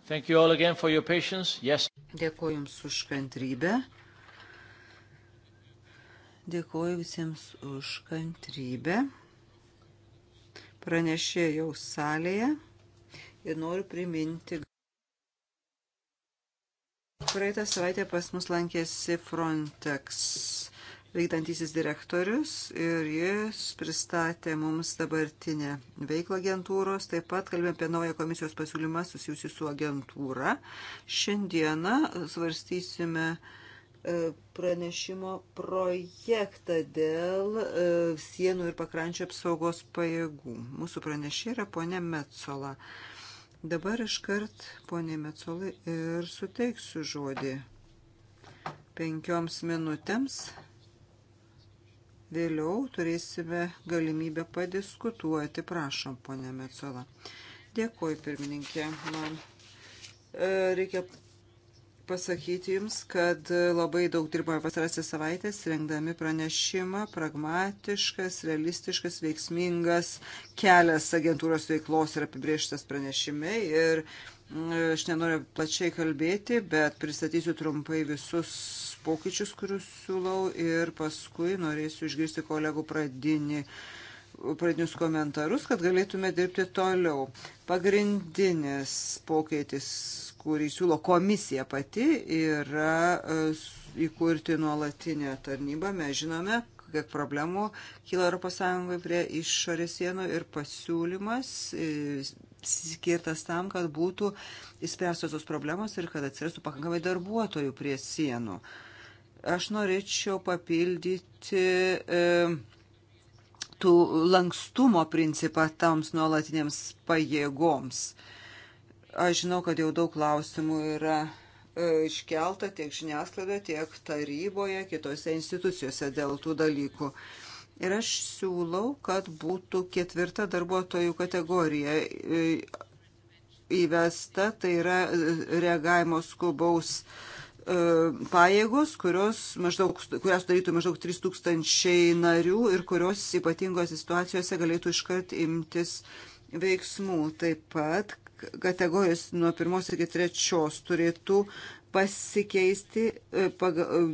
Yes. Dėkuoju Jums už kantrybę. Dėkuoju visiems už kantrybę. Pranešėjau salėje ir noriu priminti. Praeitą savaitę pas mus lankėsi Frontex vykdantysis direktorius ir jis pristatė mums dabartinę veiklą agentūros. Taip pat kalbėjome apie naują komisijos pasiūlymą susijusi su agentūra. Šiandieną svarstysime e, pranešimo projektą dėl e, sienų ir pakrančio apsaugos pajėgų. Mūsų pranešė yra ponė Metsola. Dabar iškart ponė Metsolai ir suteiksiu žodį penkioms minutėms vėliau turėsime galimybę padiskutuoti. Prašom, ponė Metsola. Dėkuoju, pirmininkė. Man e, reikia pasakyti Jums, kad labai daug dirbame pasarasią savaitės, rengdami pranešimą, pragmatiškas, realistiškas, veiksmingas kelias agentūros veiklos yra apibrieštas pranešime ir aš nenoriu plačiai kalbėti, bet pristatysiu trumpai visus pokyčius, kuriuos siūlau ir paskui norėsiu išgirsti kolegų pradinį pradinius komentarus, kad galėtume dirbti toliau. Pagrindinis pokytis, kurį siūlo komisija pati, yra e, įkurti nuolatinę tarnybą. Mes žinome, kiek problemų kyla ES prie išorės sienų ir pasiūlymas e, skirtas tam, kad būtų įspręstos tos problemos ir kad atsirastų pakankamai darbuotojų prie sienų. Uh, Aš norėčiau papildyti e, tų lankstumo principą toms nuolatinėms pajėgoms. Aš žinau, kad jau daug klausimų yra e, iškelta tiek žiniasklaidoje, tiek taryboje, kitose institucijose dėl tų dalykų. Ir aš siūlau, kad būtų ketvirta darbuotojų kategorija e, įvesta, tai yra reagavimo skubaus uh, E, pajėgos, kurios maždaug, kurias darytų maždaug 3000 narių ir kurios ypatingose situacijose galėtų iškart imtis veiksmų. Taip pat kategorijos nuo pirmos iki trečios turėtų pasikeisti e, pagal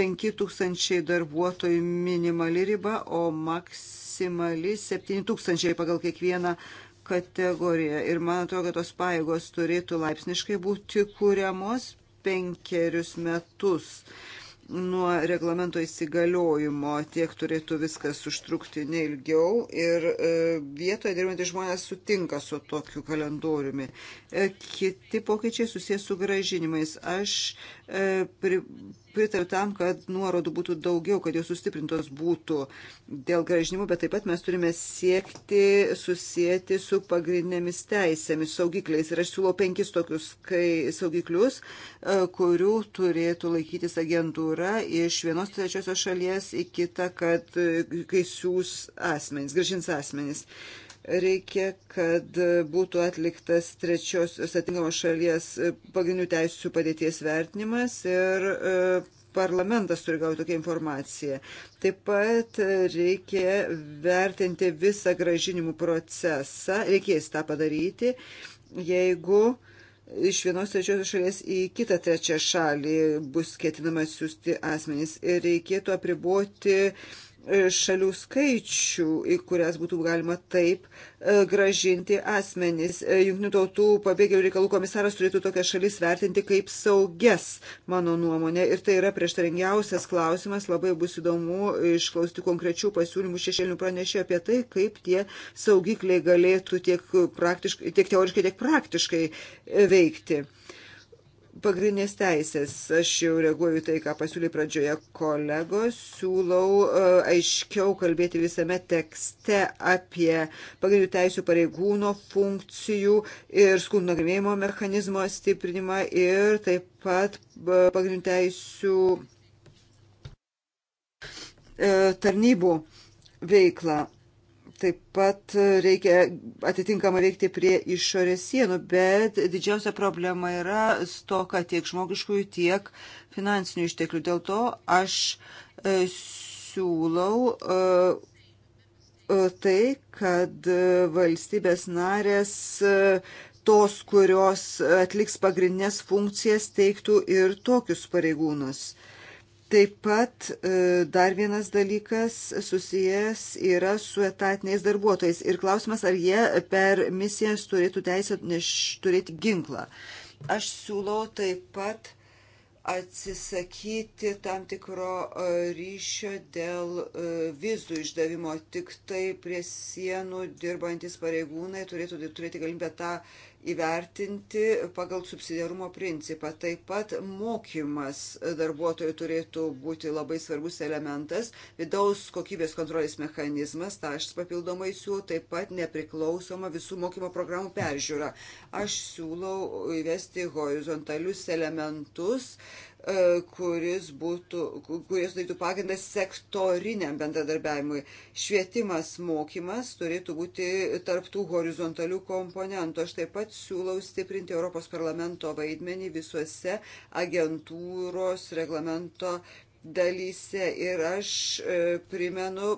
5000 e, darbuotojų minimali riba, o maksimali 7000 pagal kiekvieną kategoriją. Ir man atrodo, kad tos pajėgos turėtų laipsniškai būti kūriamos penkerius metus nuo reglamento įsigaliojimo tiek turėtų viskas užtrukti neilgiau ir e, vietoje dirbantys žmonės sutinka su tokiu kalendoriumi. E, kiti pokyčiai susijęs su gražinimais. Aš e, pri, pritariu tam, kad nuorodų būtų daugiau, kad jos sustiprintos būtų dėl gražinimų, bet taip pat mes turime siekti susijęti su pagrindinėmis teisėmis, saugikliais. Ir aš siūlau penkis tokius kai, saugiklius, e, kurių turėtų laikytis agentūra iš vienos trečiosios šalies į kitą, kad e, kai siūs asmenys, gražins asmenys reikia, kad būtų atliktas trečiosios atitinkamos šalies e, pagrindinių teisų padėties vertinimas ir e, parlamentas turi gauti tokią informaciją. Taip pat reikia vertinti visą gražinimų procesą, reikės tą padaryti, jeigu iš vienos trečiosios šalies į kitą trečią šalį bus ketinama siūsti asmenys ir reikėtų apriboti uh, E, šalių skaičių, į kurias būtų galima taip e, gražinti asmenys. E, Junktinių tautų pabėgėlių reikalų komisaras turėtų tokias šalis vertinti kaip saugias, mano nuomonė. Ir tai yra prieštaringiausias klausimas. Labai bus įdomu išklausyti konkrečių pasiūlymų šešėlinių pranešė apie tai, kaip tie saugikliai galėtų tiek, tiek teoriškai, tiek praktiškai veikti. Uh, Pagrindinės teisės, aš jau reaguoju tai, ką pasiūlė pradžioje kolegos, siūlau e, aiškiau kalbėti visame tekste apie pagrindinių teisų pareigūno funkcijų ir skundų nagrinėjimo mechanizmo stiprinimą ir taip pat e, pagrindinių teisų e, tarnybų veiklą. Taip pat reikia atitinkamai veikti prie išorės sienų, bet didžiausia problema yra stoka tiek žmogiškųjų, tiek finansinių išteklių. Dėl to aš e, siūlau e, e, tai, kad valstybės narės tos, kurios atliks pagrindinės funkcijas, teiktų ir tokius pareigūnus. Uh, Taip pat e, dar vienas dalykas susijęs yra su etatiniais darbuotojais ir klausimas, ar jie per misijas turėtų teisę turėti ginklą. Aš siūlau taip pat atsisakyti tam tikro e, ryšio dėl e, vizų išdavimo. Tik tai prie sienų dirbantis pareigūnai turėtų turėti galimybę tą įvertinti pagal subsidiarumo principą. Taip pat mokymas darbuotojų turėtų būti labai svarbus elementas, vidaus kokybės kontrolės mechanizmas, tą aš papildomai siūlau, taip pat nepriklausoma visų mokymo programų peržiūra. Aš siūlau įvesti horizontalius elementus, uh, E, kuris būtų, kuris darytų pagrindą sektoriniam bendradarbiavimui. Švietimas, mokymas turėtų būti tarptų horizontalių komponentų. Aš taip pat siūlau stiprinti Europos parlamento vaidmenį visuose agentūros reglamento dalyse. Ir aš e, primenu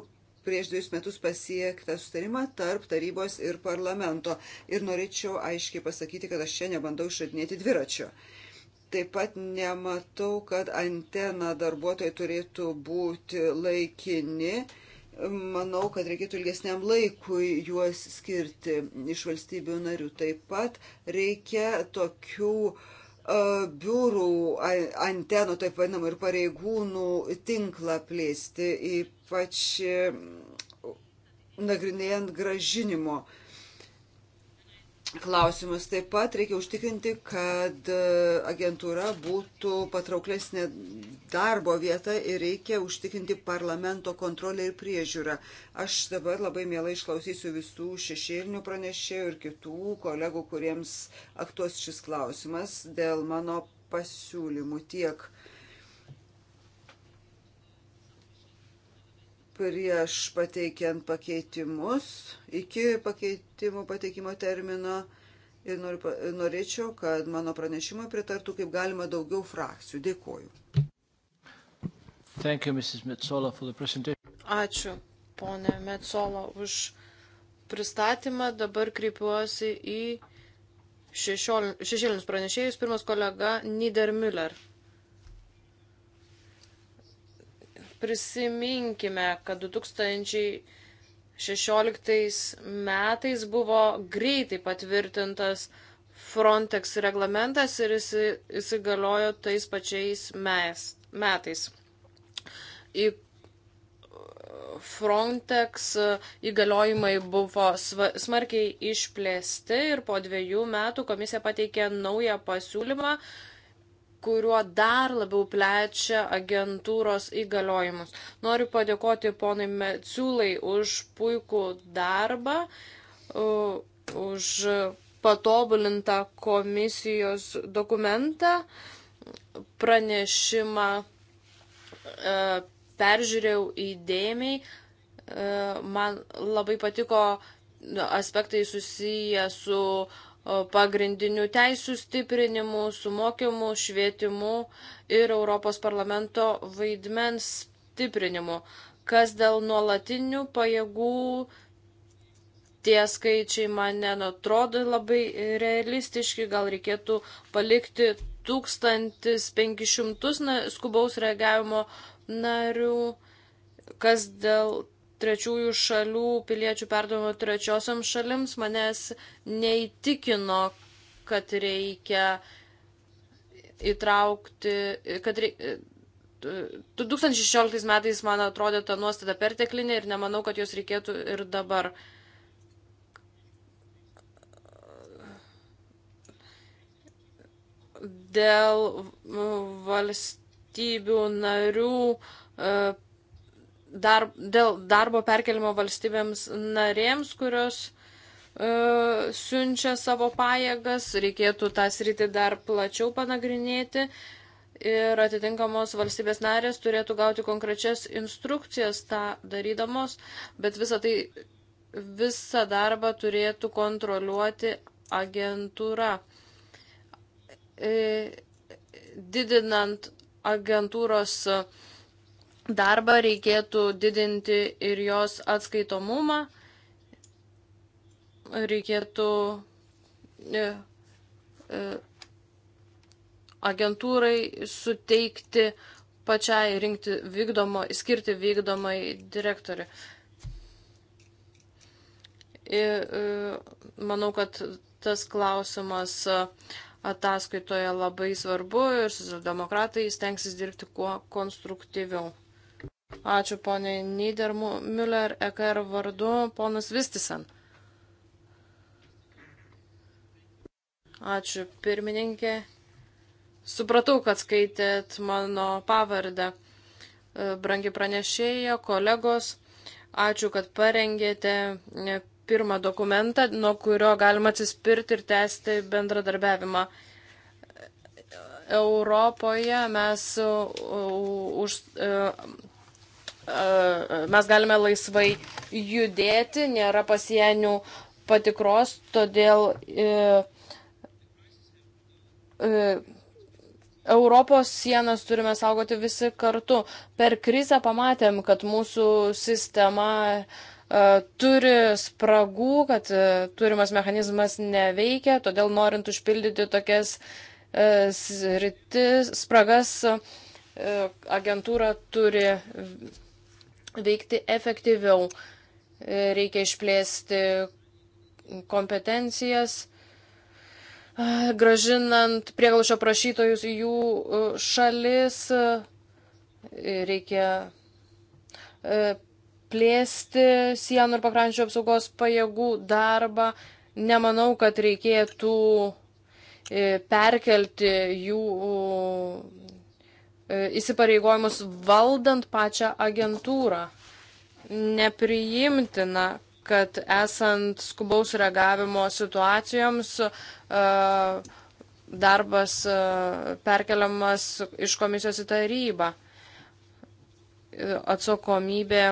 prieš dviejus metus pasiektą sustarimą tarp tarybos ir parlamento. Ir norėčiau aiškiai pasakyti, kad aš čia nebandau išradinėti dviračio. Uh, Taip pat nematau, kad antena darbuotojai turėtų būti laikini. Manau, kad reikėtų ilgesniam laikui juos skirti iš valstybių narių. Taip pat reikia tokių uh, biurų antenų, taip vadinamų, ir pareigūnų tinklą plėsti, ypač e, nagrinėjant gražinimo uh, klausimus. Taip pat reikia užtikrinti, kad e, agentūra būtų patrauklesnė darbo vieta ir reikia užtikrinti parlamento kontrolę ir priežiūrą. Aš dabar labai mielai išklausysiu visų šešėlinių pranešėjų ir kitų kolegų, kuriems aktuos šis klausimas dėl mano pasiūlymų tiek prieš pateikiant pakeitimus iki pakeitimų pateikimo termino ir noriu, norėčiau, kad mano pranešimui pritartų kaip galima daugiau frakcijų. Dėkuoju. Thank you, Mrs. Metzola, for the presentation. Ačiū, ponė Metzola, už pristatymą. Dabar kreipiuosi į šešėlinius pranešėjus. Pirmas kolega Niedermüller. Müller. prisiminkime, kad 2016 metais buvo greitai patvirtintas Frontex reglamentas ir jis įsigaliojo tais pačiais mes, metais. Į Frontex įgaliojimai buvo smarkiai išplėsti ir po dviejų metų komisija pateikė naują pasiūlymą, kuriuo dar labiau plečia agentūros įgaliojimus. Noriu padėkoti ponai Metsiulai už puikų darbą, už patobulintą komisijos dokumentą, pranešimą e, peržiūrėjau įdėmiai. E, man labai patiko aspektai susiję su uh, pagrindinių teisų stiprinimu, su mokymu, švietimu ir Europos parlamento vaidmens stiprinimu. Kas dėl nuolatinių pajėgų, tie skaičiai mane atrodo labai realistiški, gal reikėtų palikti 1500 skubaus reagavimo narių, kas dėl trečiųjų šalių piliečių perdavimo trečiosiam šalims, manęs neįtikino, kad reikia įtraukti, kad reikia. 2016 metais man atrodė ta nuostata perteklinė ir nemanau, kad jos reikėtų ir dabar. Dėl valstybių narių e, dar, dėl darbo perkelimo valstybėms narėms, kurios e, siunčia savo pajėgas, reikėtų tą sritį dar plačiau panagrinėti ir atitinkamos valstybės narės turėtų gauti konkrečias instrukcijas tą darydamos, bet visą tai, visą darbą turėtų kontroliuoti agentūra. E, didinant agentūros uh, darbą, reikėtų didinti ir jos atskaitomumą, reikėtų e, e, agentūrai suteikti pačiai rinkti vykdomo, skirti vykdomai direktoriui. Ir e, manau, kad tas klausimas ataskaitoje labai svarbu ir socialdemokratai stengsis dirbti kuo konstruktyviau. Ačiū poniai Niedermüller, EKR vardu, ponas Vistisen. Ačiū pirmininkė. Supratau, kad skaitėt mano pavardę. E, brangi pranešėja, kolegos, ačiū, kad parengėte e, pirmą dokumentą, nuo kurio galima atsispirti ir tęsti bendradarbiavimą. Europoje mes e, už. Uh, mes galime laisvai judėti, nėra pasienių patikros, todėl e, e, Europos sienas turime saugoti visi kartu. Per krizę pamatėm, kad mūsų sistema e, turi spragų, kad turimas mechanizmas neveikia, todėl norint užpildyti tokias sritis, spragas, agentūra turi veikti efektyviau. E, Reikia išplėsti kompetencijas, e, gražinant prieglaušio prašytojus į jų e, šalis. Reikia plėsti sienų ir pakrančių apsaugos pajėgų darbą. Nemanau, kad reikėtų perkelti jų E, įsipareigojimus valdant pačią agentūrą. Nepriimtina, kad esant skubaus reagavimo situacijoms e, darbas e, perkeliamas iš komisijos į tarybą. Atsakomybė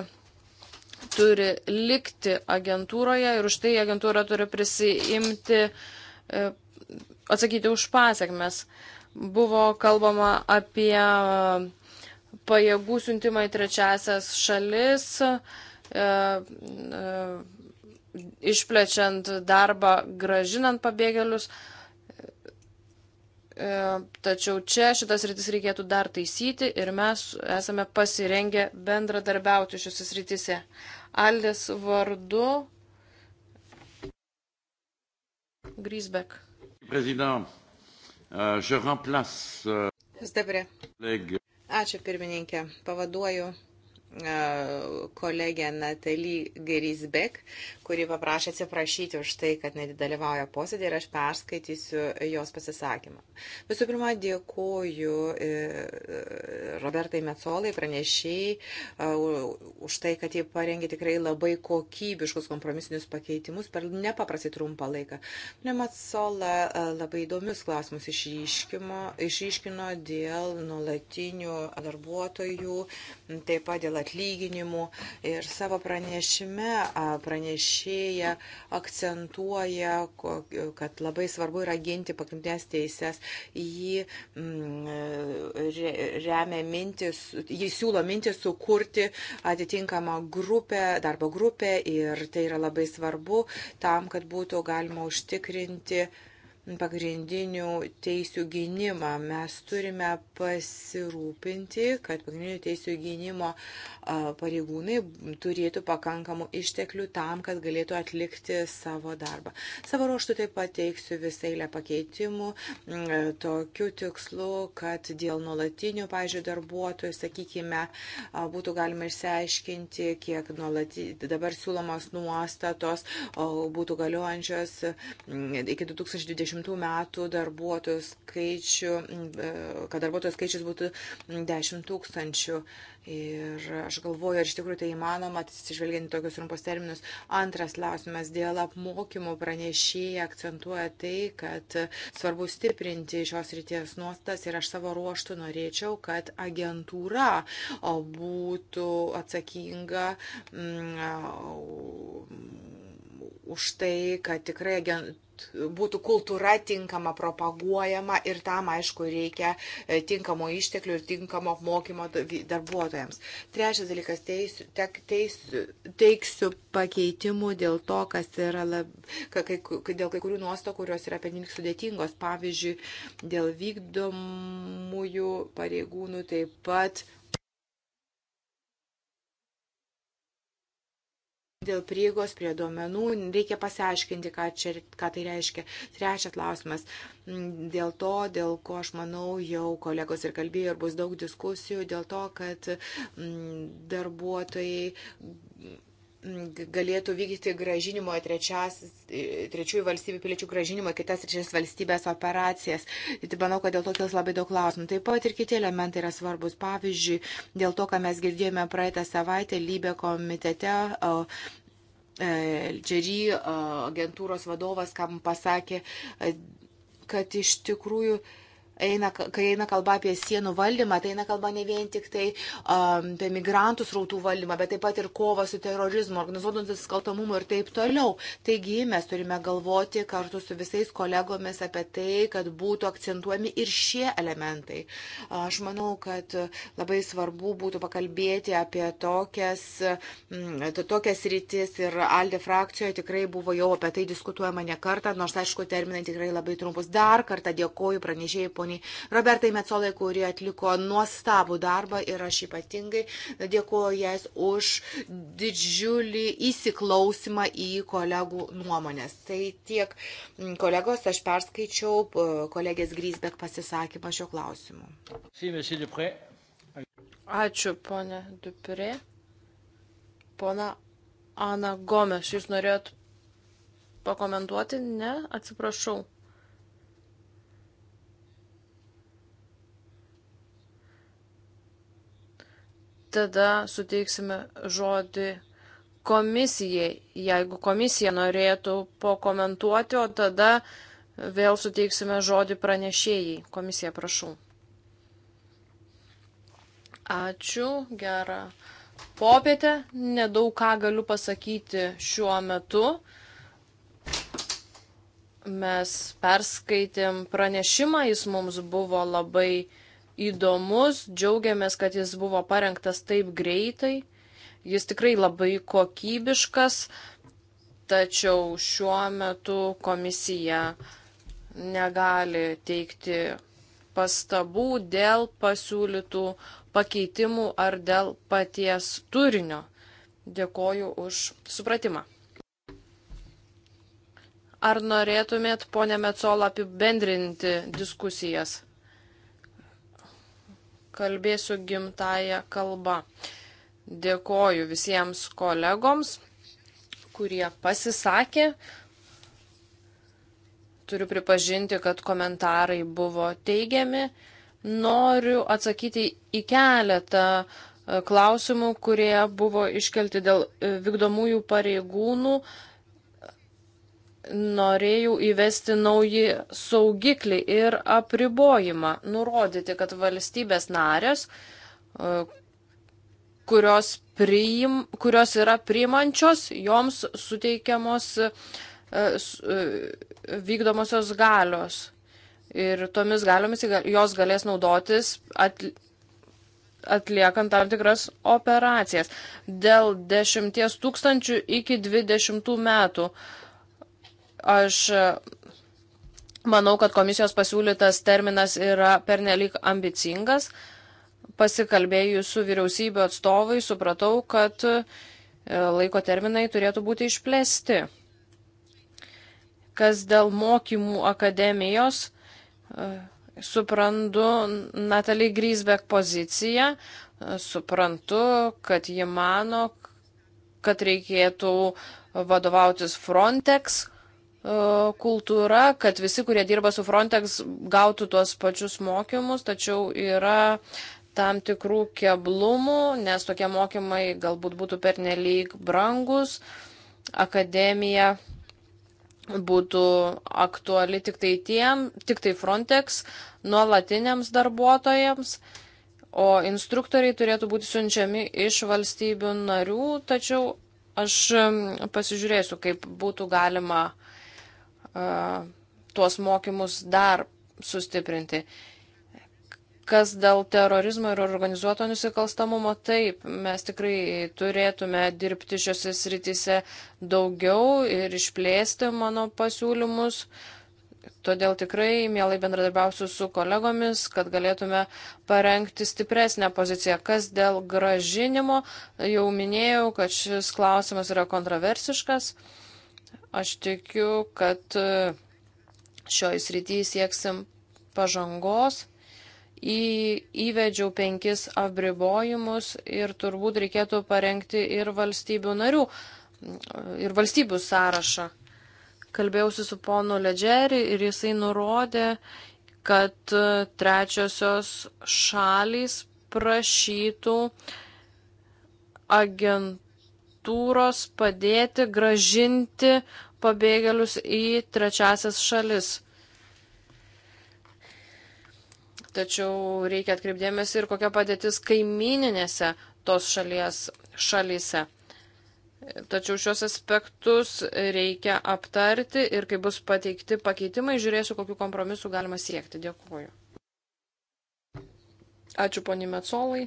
turi likti agentūroje ir už tai agentūra turi prisiimti, atsakyti už pasiekmes buvo kalbama apie e, pajėgų siuntimą į trečiasias šalis, e, e, išplečiant darbą, gražinant pabėgėlius. Tačiau čia šitas rytis reikėtų dar taisyti ir mes esame pasirengę bendradarbiauti šiuose rytise. Aldės vardu. Grisbek. Prezident. Euh, je remplace. Jūs euh, dabar. Ačiū pirmininkė. Pavaduoju kolegė Natalie Grisbek, kuri paprašė atsiprašyti už tai, kad nedalyvauja posėdė ir aš perskaitysiu jos pasisakymą. Visų pirma, dėkuoju e, Robertai Metsolai, pranešiai, už tai, kad jie parengė tikrai labai kokybiškus kompromisinius pakeitimus per nepaprastai trumpą laiką. Metsola labai įdomius klausimus išryškino dėl nuolatinių darbuotojų, taip pat dėl atlyginimų. Ir savo pranešime pranešėja akcentuoja, kad labai svarbu yra ginti pagrindinės teisės. Ji mm, remia mintis, ji siūlo mintis sukurti atitinkamą grupę, darbo grupę ir tai yra labai svarbu tam, kad būtų galima užtikrinti pagrindinių teisių gynimą. Mes turime pasirūpinti, kad pagrindinių teisių gynimo pareigūnai turėtų pakankamų išteklių tam, kad galėtų atlikti savo darbą. Savo ruoštų taip pat teiksiu visą eilę pakeitimų, e, tokiu tikslu, kad dėl nuolatinių, pažiūrėjau, darbuotojų, sakykime, būtų galima išsiaiškinti, kiek nuolati, dabar siūlomos nuostatos būtų galiojančios iki 2020 2020 metų darbuotojų skaičių, e, kad darbuotojų skaičius būtų 10 tūkstančių. Ir aš galvoju, ar iš tikrųjų tai įmanoma, tai atsižvelgiant į tokius trumpus terminus. Antras klausimas dėl apmokymų pranešėjai akcentuoja tai, kad svarbu stiprinti šios ryties nuostas ir aš savo ruoštų norėčiau, kad agentūra būtų atsakinga. Mm, už tai, kad tikrai agent, būtų kultūra tinkama, propaguojama ir tam, aišku, reikia e, tinkamo išteklių ir tinkamo apmokymo darbuotojams. Trečias dalykas, teisiu, tek, teisiu, teiksiu pakeitimų dėl to, kas yra, lab, kai, dėl kai kurių nuostatų, kurios yra pernelyg sudėtingos, pavyzdžiui, dėl vykdomųjų pareigūnų taip pat Dėl prieigos prie duomenų reikia pasiaiškinti, ką, čia, ką tai reiškia. Trečias klausimas. Mm, dėl to, dėl ko aš manau, jau kolegos ir kalbėjo ir bus daug diskusijų, dėl to, kad mm, darbuotojai galėtų vykdyti gražinimo trečias, trečiųjų valstybių piliečių gražinimo į kitas trečias valstybės operacijas. Tai manau, kad dėl to kils labai daug klausimų. Taip pat ir kiti elementai yra svarbus. Pavyzdžiui, dėl to, ką mes girdėjome praeitą savaitę Lybė komitete. Džerį e, agentūros vadovas, kam pasakė, kad iš tikrųjų uh, eina, kai eina kalba apie sienų valdymą, tai eina kalba ne vien tik tai um, apie migrantų srautų valdymą, bet taip pat ir kovą su terorizmu, organizuotų nusikaltamumu ir taip toliau. Taigi mes turime galvoti kartu su visais kolegomis apie tai, kad būtų akcentuojami ir šie elementai. Aš manau, kad labai svarbu būtų pakalbėti apie tokias, m, mm, tokias rytis ir Alde frakcijoje tikrai buvo jau apie tai diskutuojama ne kartą, nors aišku, terminai tikrai labai trumpus. Dar kartą dėkoju pranešėjai poniai poniai Robertai Metsolai, kuri atliko nuostabų darbą ir aš ypatingai dėkuoju jas už didžiulį įsiklausimą į kolegų nuomonės. Tai tiek kolegos, aš perskaičiau kolegės Grysbek pasisakymą šio klausimu. Ačiū, ponė Dupre. Pona Ana Gomes, jūs norėjot pakomentuoti? Ne, atsiprašau. tada suteiksime žodį komisijai, jeigu komisija norėtų pakomentuoti, o tada vėl suteiksime žodį pranešėjai. Komisija, prašau. Ačiū, gerą popietę. Nedaug ką galiu pasakyti šiuo metu. Mes perskaitėm pranešimą, jis mums buvo labai įdomus, džiaugiamės, kad jis buvo parengtas taip greitai, jis tikrai labai kokybiškas, tačiau šiuo metu komisija negali teikti pastabų dėl pasiūlytų pakeitimų ar dėl paties turinio. Dėkoju už supratimą. Ar norėtumėt, ponė Metzola, apibendrinti diskusijas? kalbėsiu gimtają kalbą. Dėkoju visiems kolegoms, kurie pasisakė. Turiu pripažinti, kad komentarai buvo teigiami. Noriu atsakyti į keletą e, klausimų, kurie buvo iškelti dėl e, vykdomųjų pareigūnų norėjau įvesti naują saugiklį ir apribojimą, nurodyti, kad valstybės narės, e, kurios, priim, kurios yra priimančios, joms suteikiamos e, e, vykdomosios galios. Ir tomis galiomis jos galės naudotis atliekant tam tikras operacijas. Dėl 10 tūkstančių iki 20 metų Aš e, manau, kad komisijos pasiūlytas terminas yra pernelyg ambicingas. Pasikalbėjus su vyriausybių atstovai, supratau, kad e, laiko terminai turėtų būti išplėsti. Kas dėl mokymų akademijos, e, suprantu Natalie Grisbeck poziciją, suprantu, kad ji mano, kad reikėtų vadovautis Frontex E, kultūra, kad visi, kurie dirba su Frontex, gautų tuos pačius mokymus, tačiau yra tam tikrų keblumų, nes tokie mokymai galbūt būtų pernelyg brangus, akademija būtų aktuali tik tai tiem, tik tai Frontex, nuolatiniams darbuotojams, o instruktoriai turėtų būti siunčiami iš valstybių narių, tačiau aš pasižiūrėsiu, kaip būtų galima uh, tuos mokymus dar sustiprinti. Kas dėl terorizmo ir organizuoto nusikalstamumo, taip, mes tikrai turėtume dirbti šiuose srityse daugiau ir išplėsti mano pasiūlymus. Todėl tikrai mielai bendradarbiausiu su kolegomis, kad galėtume parengti stipresnę poziciją. Kas dėl gražinimo, jau minėjau, kad šis klausimas yra kontroversiškas. Uh, Aš tikiu, kad e, šioj srityje sieksim pažangos. Į, įvedžiau penkis apribojimus ir turbūt reikėtų parengti ir valstybių narių, e, ir valstybių sąrašą. Kalbėjausi su ponu Ledžeri ir jisai nurodė, kad e, trečiosios šalys prašytų agent agentūros padėti gražinti pabėgėlius į trečiasias šalis. Tačiau reikia atkreipdėmės ir kokia padėtis kaimininėse tos šalies šalyse. Tačiau šios aspektus reikia aptarti ir kai bus pateikti pakeitimai, žiūrėsiu, kokiu kompromisu galima siekti. Dėkuoju. Ačiū poniai Metsolai.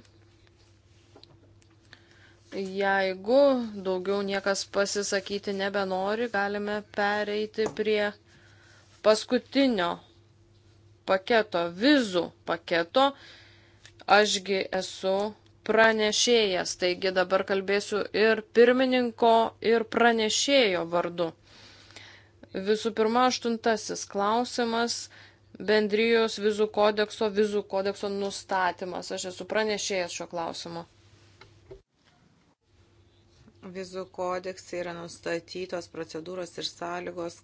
Jeigu daugiau niekas pasisakyti nebenori, galime pereiti prie paskutinio paketo, vizų paketo. Ašgi esu pranešėjas, taigi dabar kalbėsiu ir pirmininko, ir pranešėjo vardu. Visų pirma, aštuntasis klausimas - bendrijos vizų kodekso, vizų kodekso nustatymas. Aš esu pranešėjas šio klausimu. Vizų kodeksai yra nustatytos procedūros ir sąlygos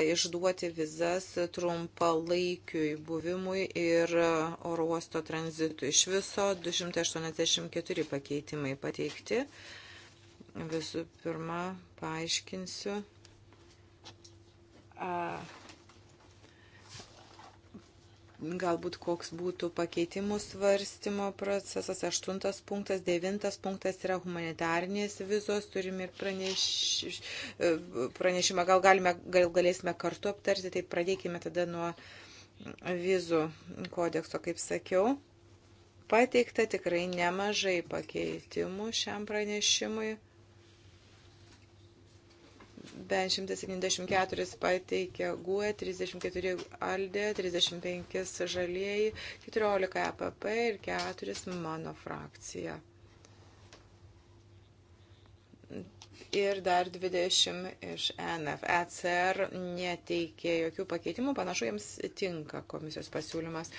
išduoti vizas trumpalaikiui buvimui ir oro uosto tranzitui. Iš viso 284 pakeitimai pateikti. Visų pirma, paaiškinsiu. Uh galbūt koks būtų pakeitimų svarstymo procesas. Aštuntas punktas, devintas punktas yra humanitarnės vizos, turim ir praneš, pranešimą, gal, galime, gal galėsime kartu aptarti, tai pradėkime tada nuo vizų kodekso, kaip sakiau. Pateikta tikrai nemažai pakeitimų šiam pranešimui bent 174 pateikė GUE, 34 ALDE, 35 žalieji, 14 EPP ir 4 mano frakcija. Ir dar 20 iš e NF. ECR neteikė jokių pakeitimų, panašu, jiems tinka komisijos pasiūlymas.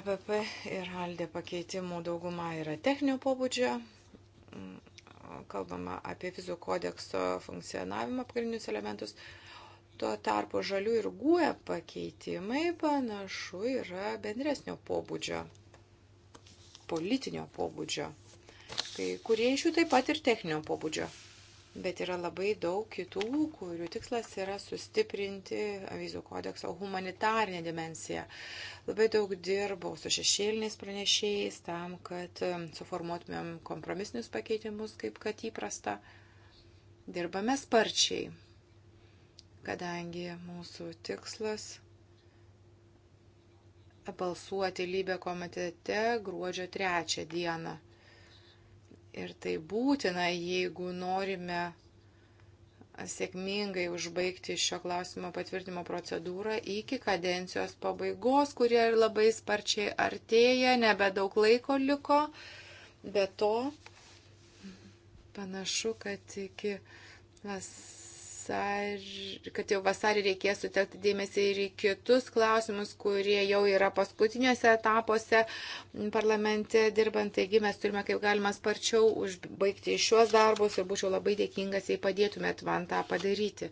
EPP ir ALDE pakeitimų dauguma yra techninio pobūdžio kalbama apie vizų kodekso funkcionavimo pagrindinius elementus. Tuo tarpu žalių ir guė pakeitimai panašu yra bendresnio pobūdžio, politinio pobūdžio. Kai kurie iš jų taip pat ir techninio pobūdžio bet yra labai daug kitų, kurių tikslas yra sustiprinti vizų kodekso humanitarinę dimensiją. Labai daug dirbau su šešėliniais pranešėjais tam, kad um, suformuotumėm kompromisinius pakeitimus, kaip kad įprasta. Dirbame sparčiai, kadangi mūsų tikslas balsuoti lybė komitete gruodžio trečią dieną. Ir tai būtina, jeigu norime sėkmingai užbaigti šio klausimo patvirtimo procedūrą iki kadencijos pabaigos, kurie ir labai sparčiai artėja, nebedaug laiko liko. Be to, panašu, kad iki mes vasarį, kad jau vasarį reikės sutelkti dėmesį ir į kitus klausimus, kurie jau yra paskutiniuose etapuose parlamente dirbant. Taigi mes turime kaip galima sparčiau užbaigti šiuos darbus ir būčiau labai dėkingas, jei padėtumėt man tą padaryti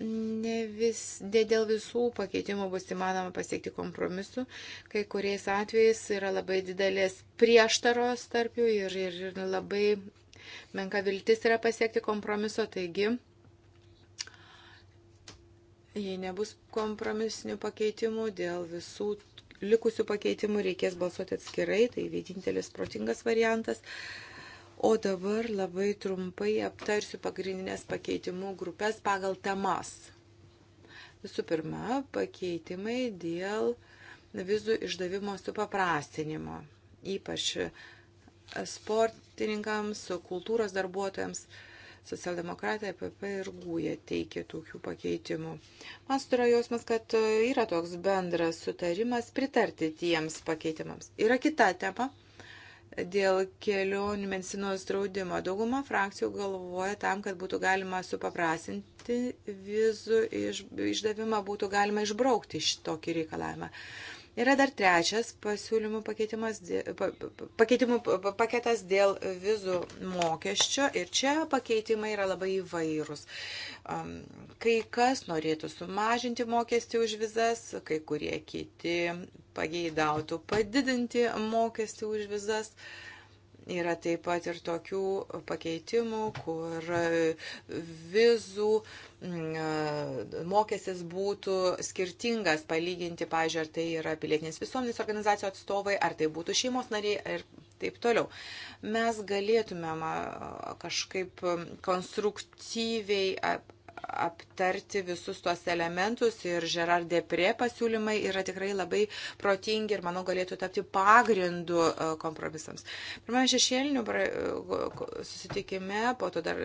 ne, vis, ne dėl visų pakeitimų bus įmanoma pasiekti kompromisu. Kai kuriais atvejais yra labai didelės prieštaros tarp jų ir, ir, ir labai menka viltis yra pasiekti kompromiso. Taigi Jei nebus kompromisinių pakeitimų, dėl visų likusių pakeitimų reikės balsuoti atskirai, tai vienintelis protingas variantas. O dabar labai trumpai aptarsiu pagrindinės pakeitimų grupės pagal temas. Visų pirma, pakeitimai dėl vizų išdavimo supaprastinimo, ypač sportininkams, kultūros darbuotojams socialdemokratai, e PP ir Gūja teikia tokių pakeitimų. Man sutura jausmas, kad e, yra toks bendras sutarimas pritarti tiems pakeitimams. Yra kita tema dėl kelionių medicinos draudimo. Dauguma frakcijų galvoja tam, kad būtų galima supaprasinti vizų iš, išdavimą, būtų galima išbraukti šitokį reikalavimą. Yra dar trečias pasiūlymų pakeitimų paketas dėl vizų mokesčio ir čia pakeitimai yra labai įvairūs. Kai kas norėtų sumažinti mokestį už vizas, kai kurie kiti pageidautų padidinti mokestį už vizas. Yra taip pat ir tokių pakeitimų, kur vizų uh, Mm, e, mokestis būtų skirtingas palyginti, pažiūrėjau, ar tai yra pilietinės visuomenės organizacijų atstovai, ar tai būtų šeimos nariai ir taip toliau. Mes galėtumėm kažkaip konstruktyviai aptarti visus tuos elementus ir Gerard Deprė pasiūlymai yra tikrai labai protingi ir, manau, galėtų tapti pagrindu e, kompromisams. Pirmąjį šešėlinių susitikime, po to dar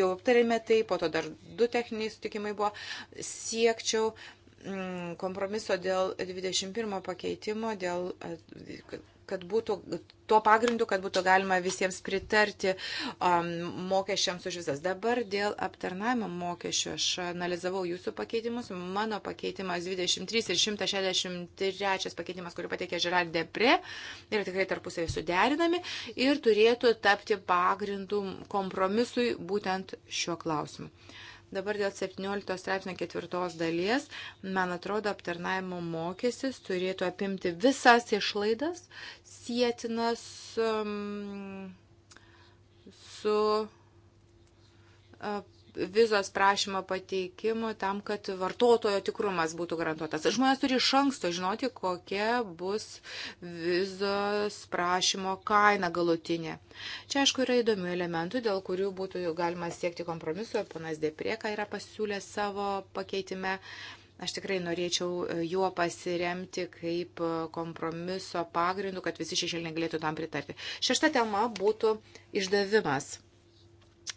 jau aptarėme tai, po to dar du techniniai susitikimai buvo, siekčiau mm, kompromiso dėl 21 pakeitimo, dėl e, kad būtų tuo pagrindu, kad būtų galima visiems pritarti um, mokesčiams už visas. Dabar dėl aptarnavimo mokesčio aš analizavau jūsų pakeitimus. Mano pakeitimas 23 ir 163 pakeitimas, kurį pateikė Žerald Depre, yra tikrai tarpusai suderinami ir turėtų tapti pagrindu kompromisui būtent šiuo klausimu. Uh, Dabar dėl 17 straipsnio ketvirtos dalies, man atrodo, aptarnaimo mokestis turėtų apimti visas išlaidas sėtinas um, su uh, vizos prašymo pateikimo tam, kad vartotojo tikrumas būtų garantuotas. Žmonės turi iš anksto žinoti, kokia bus vizos prašymo kaina galutinė. Čia, aišku, yra įdomių elementų, dėl kurių būtų galima siekti kompromiso. Ponas Deprieka yra pasiūlęs savo pakeitime. Aš tikrai norėčiau e, juo pasiremti kaip e, kompromiso pagrindu, kad visi šešėliniai galėtų tam pritarti. Šešta tema būtų išdavimas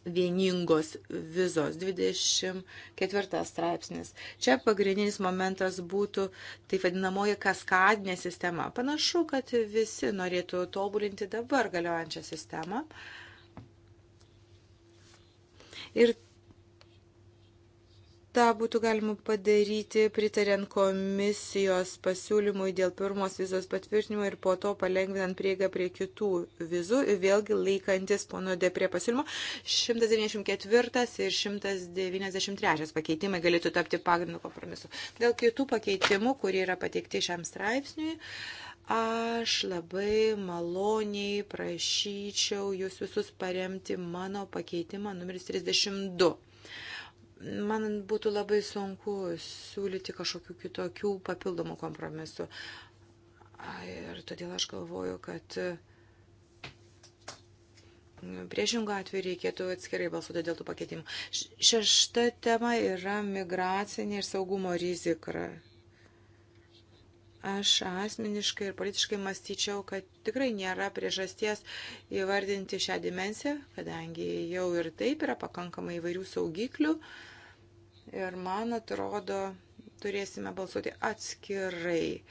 vieningos vizos 24 straipsnis. Čia pagrindinis momentas būtų tai vadinamoji kaskadinė sistema. Panašu, kad visi norėtų tobulinti dabar galiojančią sistemą. Ir Ta būtų galima padaryti pritariant komisijos pasiūlymui dėl pirmos vizos patvirtinimo ir po to palengvinant prieigą prie kitų vizų, vėlgi laikantis pono Deprė pasiūlymo. 194 ir 193 pakeitimai galėtų tapti pagrindų kompromisu. Dėl kitų pakeitimų, kurie yra pateikti šiam straipsniui, aš labai maloniai prašyčiau jūs visus paremti mano pakeitimą numeris 32 man būtų labai sunku siūlyti kažkokių kitokių papildomų kompromisų. Ir todėl aš galvoju, kad nu, priešingų atveju reikėtų atskirai balsuoti dėl tų pakeitimų. Šešta tema yra migracinė ir saugumo rizika. Aš asmeniškai ir politiškai mąstyčiau, kad tikrai nėra priežasties įvardinti šią dimensiją, kadangi jau ir taip yra pakankamai įvairių saugiklių. Ir man atrodo, turėsime balsuoti atskirai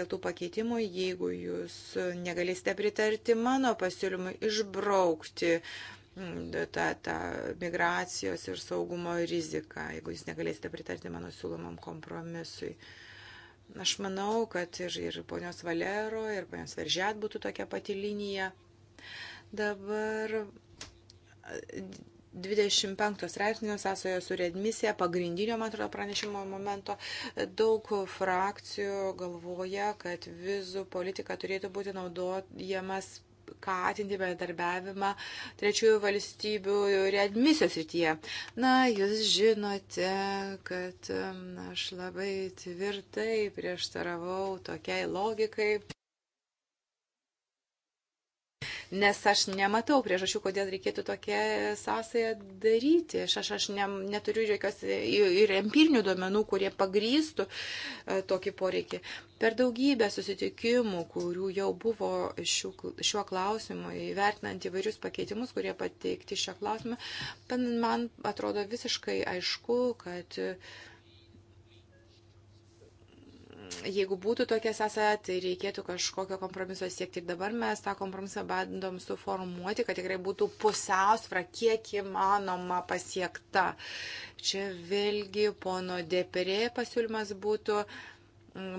dėl tų pakeitimų, jeigu jūs negalėsite pritarti mano pasiūlymui išbraukti mm, tą, tą migracijos ir saugumo riziką, jeigu jūs negalėsite pritarti mano siūlomam kompromisui. Uh, Aš manau, kad ir, ir ponios Valero, ir ponios Veržet būtų tokia pati linija. Dabar 25 e, straipsnio sąsojo su redmisija, pagrindinio, man atrodo, pranešimo momento, daug frakcijų galvoja, kad vizų politika turėtų būti naudojamas skatinti bendarbiavimą trečiųjų valstybių readmisijos rytyje. Na, jūs žinote, kad aš labai tvirtai prieštaravau tokiai logikai nes aš nematau priežasčių, kodėl reikėtų tokią sąsąją daryti. Aš, aš, aš ne, neturiu jokios ir empirinių duomenų, kurie pagrystų e, tokį poreikį. Per daugybę susitikimų, kurių jau buvo šiu, šiuo klausimu, įvertinant įvairius pakeitimus, kurie pateikti šio klausimu, man atrodo visiškai aišku, kad uh, jeigu būtų tokia sąsaja, tai reikėtų kažkokio kompromiso siekti. Ir dabar mes tą kompromisą bandom suformuoti, kad tikrai būtų pusiausvra, kiek įmanoma pasiekta. Čia vėlgi pono Deperė pasiūlymas būtų.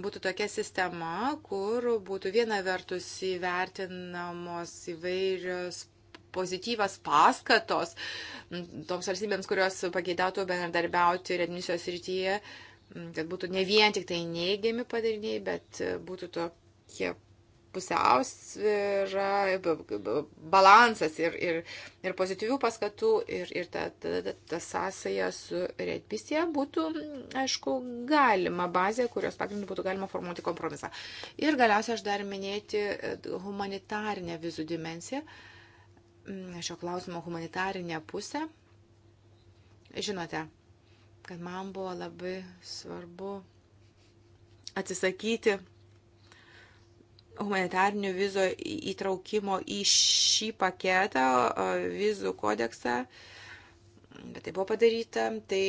Būtų tokia sistema, kur būtų viena vertus įvertinamos įvairios pozityvas paskatos toms valstybėms, kurios pageidautų bendradarbiauti redmisijos rytyje. Uh, kad būtų ne vien tik tai neigiami padariniai, bet e, būtų tokie pusiausvyrą, balansas ir, ir, ir pozityvių paskatų ir, ir ta, ta, ta, ta sąsaja su redmisija būtų, aišku, galima bazė, kurios pagrindų būtų galima formuoti kompromisą. Ir galiausiai aš dar minėti e, humanitarinę vizų dimenciją, šio klausimo humanitarinę pusę. Žinote, kad man buvo labai svarbu atsisakyti humanitarnių vizų įtraukimo į šį paketą, vizų kodeksą, bet tai buvo padaryta, tai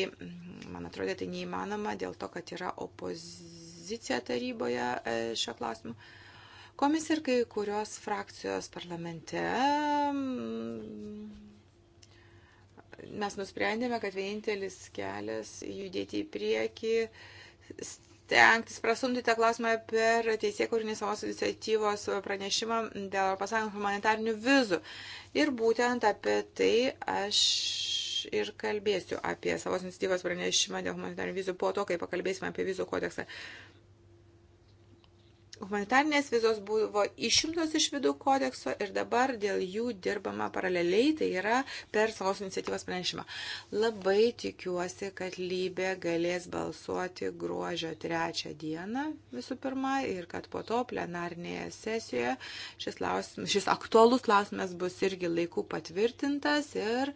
man atrodo tai neįmanoma dėl to, kad yra opozicija taryboje e, šio klausimu. Komisija ir kai kurios frakcijos parlamente mes nusprendėme, kad vienintelis kelias judėti į priekį, stengtis prasumti tą klausimą per teisėkūrinį savos iniciatyvos pranešimą dėl ES humanitarnių vizų. Ir būtent apie tai aš ir kalbėsiu, apie savos iniciatyvos pranešimą dėl humanitarnių vizų po to, kai pakalbėsime apie vizų kodeksą humanitarnės vizos buvo išimtos iš vidų kodekso ir dabar dėl jų dirbama paraleliai, tai yra per savo iniciatyvos pranešimą. Labai tikiuosi, kad lybė galės balsuoti gruožio trečią dieną visų pirma ir kad po to plenarnėje sesijoje šis, lausim, šis aktualus klausimas bus irgi laiku patvirtintas ir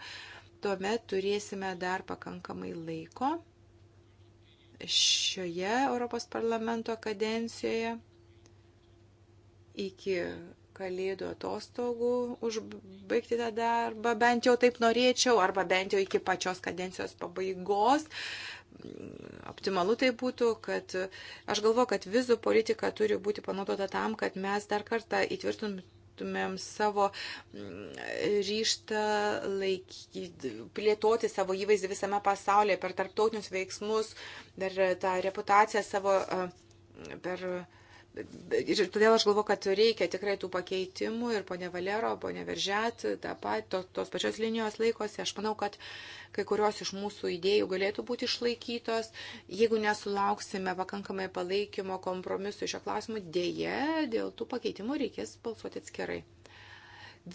tuomet turėsime dar pakankamai laiko šioje Europos parlamento kadencijoje iki kalėdų atostogų užbaigti tą darbą, bent jau taip norėčiau, arba bent jau iki pačios kadencijos pabaigos. Optimalu tai būtų, kad aš galvoju, kad vizų politika turi būti panaudota tam, kad mes dar kartą įtvirtintumėm savo mm, ryštą laiky, plėtoti savo įvaizdį visame pasaulyje per tarptautinius veiksmus, per tą reputaciją savo, per Ir todėl aš galvoju, kad reikia tikrai tų pakeitimų ir ponė Valero, ponė Veržet, pat, to, tos pačios linijos laikosi. Aš manau, kad kai kurios iš mūsų idėjų galėtų būti išlaikytos. Jeigu nesulauksime pakankamai palaikymo kompromisu šio klausimu, dėje dėl tų pakeitimų reikės balsuoti atskirai.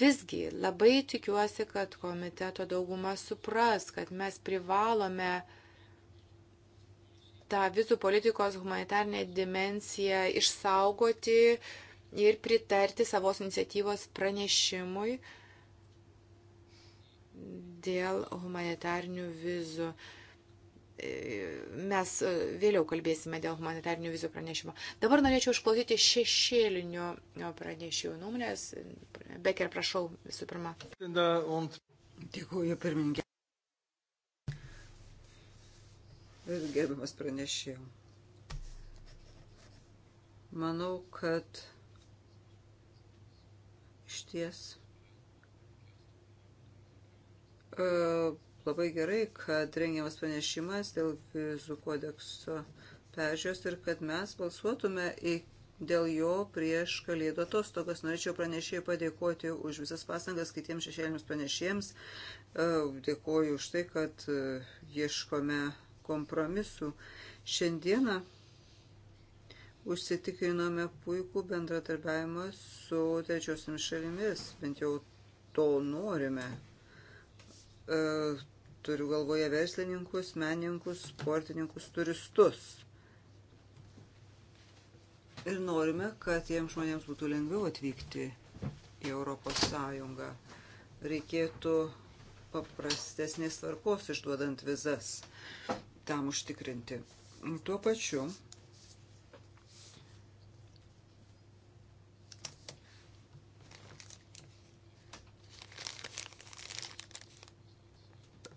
Visgi labai tikiuosi, kad komiteto dauguma supras, kad mes privalome uh, tą vizų politikos humanitarnę dimenciją išsaugoti ir pritarti savos iniciatyvos pranešimui dėl humanitarnių vizų. E, mes e, vėliau kalbėsime dėl humanitarnių vizų pranešimo. Dabar norėčiau išklausyti šešėlinių pranešėjų nuomonės. Becker, prašau visų pirma. Dėkuoju, pirmininkė. gerbiamas pranešėjau. Manau, kad iš ties e, labai gerai, kad rengiamas pranešimas dėl vizų kodekso peržiūros ir kad mes balsuotume į, dėl jo prieš kalėdų atostogas. Norėčiau pranešėjai padėkoti už visas pastangas kitiems šešėlėms pranešėjams. E, dėkoju už tai, kad e, ieškome kompromisų. Šiandieną užsitikrinome puikų bendradarbiavimą su trečiosiam šalimis, bent jau to norime. E, turiu galvoje verslininkus, menininkus, sportininkus, turistus. Ir norime, kad jiems žmonėms būtų lengviau atvykti į Europos Sąjungą. Reikėtų paprastesnės tvarkos išduodant vizas tam užtikrinti. Nu, tuo pačiu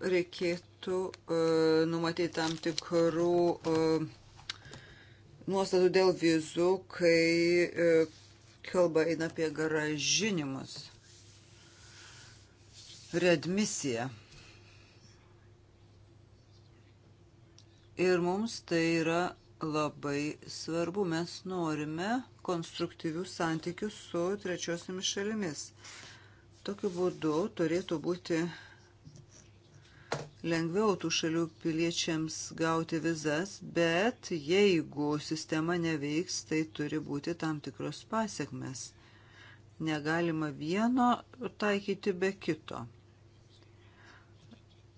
reikėtų uh, numatyti tam tikrų uh, nuostatų dėl vizų, kai uh, kalba eina apie garažinimus, readmisiją. Ir mums tai yra labai svarbu. Mes norime konstruktyvių santykių su trečiosiamis šalimis. Tokiu būdu turėtų būti lengviau tų šalių piliečiams gauti vizas, bet jeigu sistema neveiks, tai turi būti tam tikros pasiekmes. Negalima vieno taikyti be kito.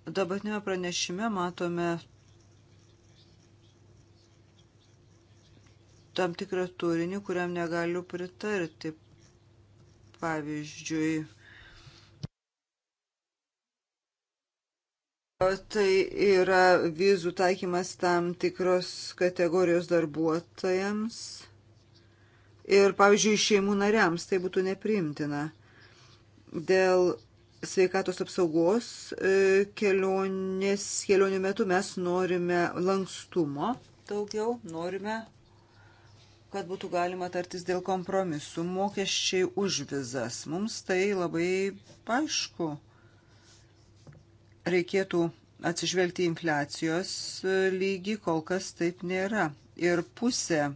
Dabartinėme pranešime matome tam tikrą turinį, kuriam negaliu pritarti. Pavyzdžiui, tai yra vizų taikymas tam tikros kategorijos darbuotojams ir, pavyzdžiui, šeimų nariams tai būtų nepriimtina. Dėl sveikatos apsaugos e, kelionės, kelionių metu mes norime lankstumo daugiau, norime kad būtų galima tartis dėl kompromisų. Mokesčiai už vizas. Mums tai labai aišku. Reikėtų atsižvelgti į infliacijos lygį, kol kas taip nėra. Ir pusė e,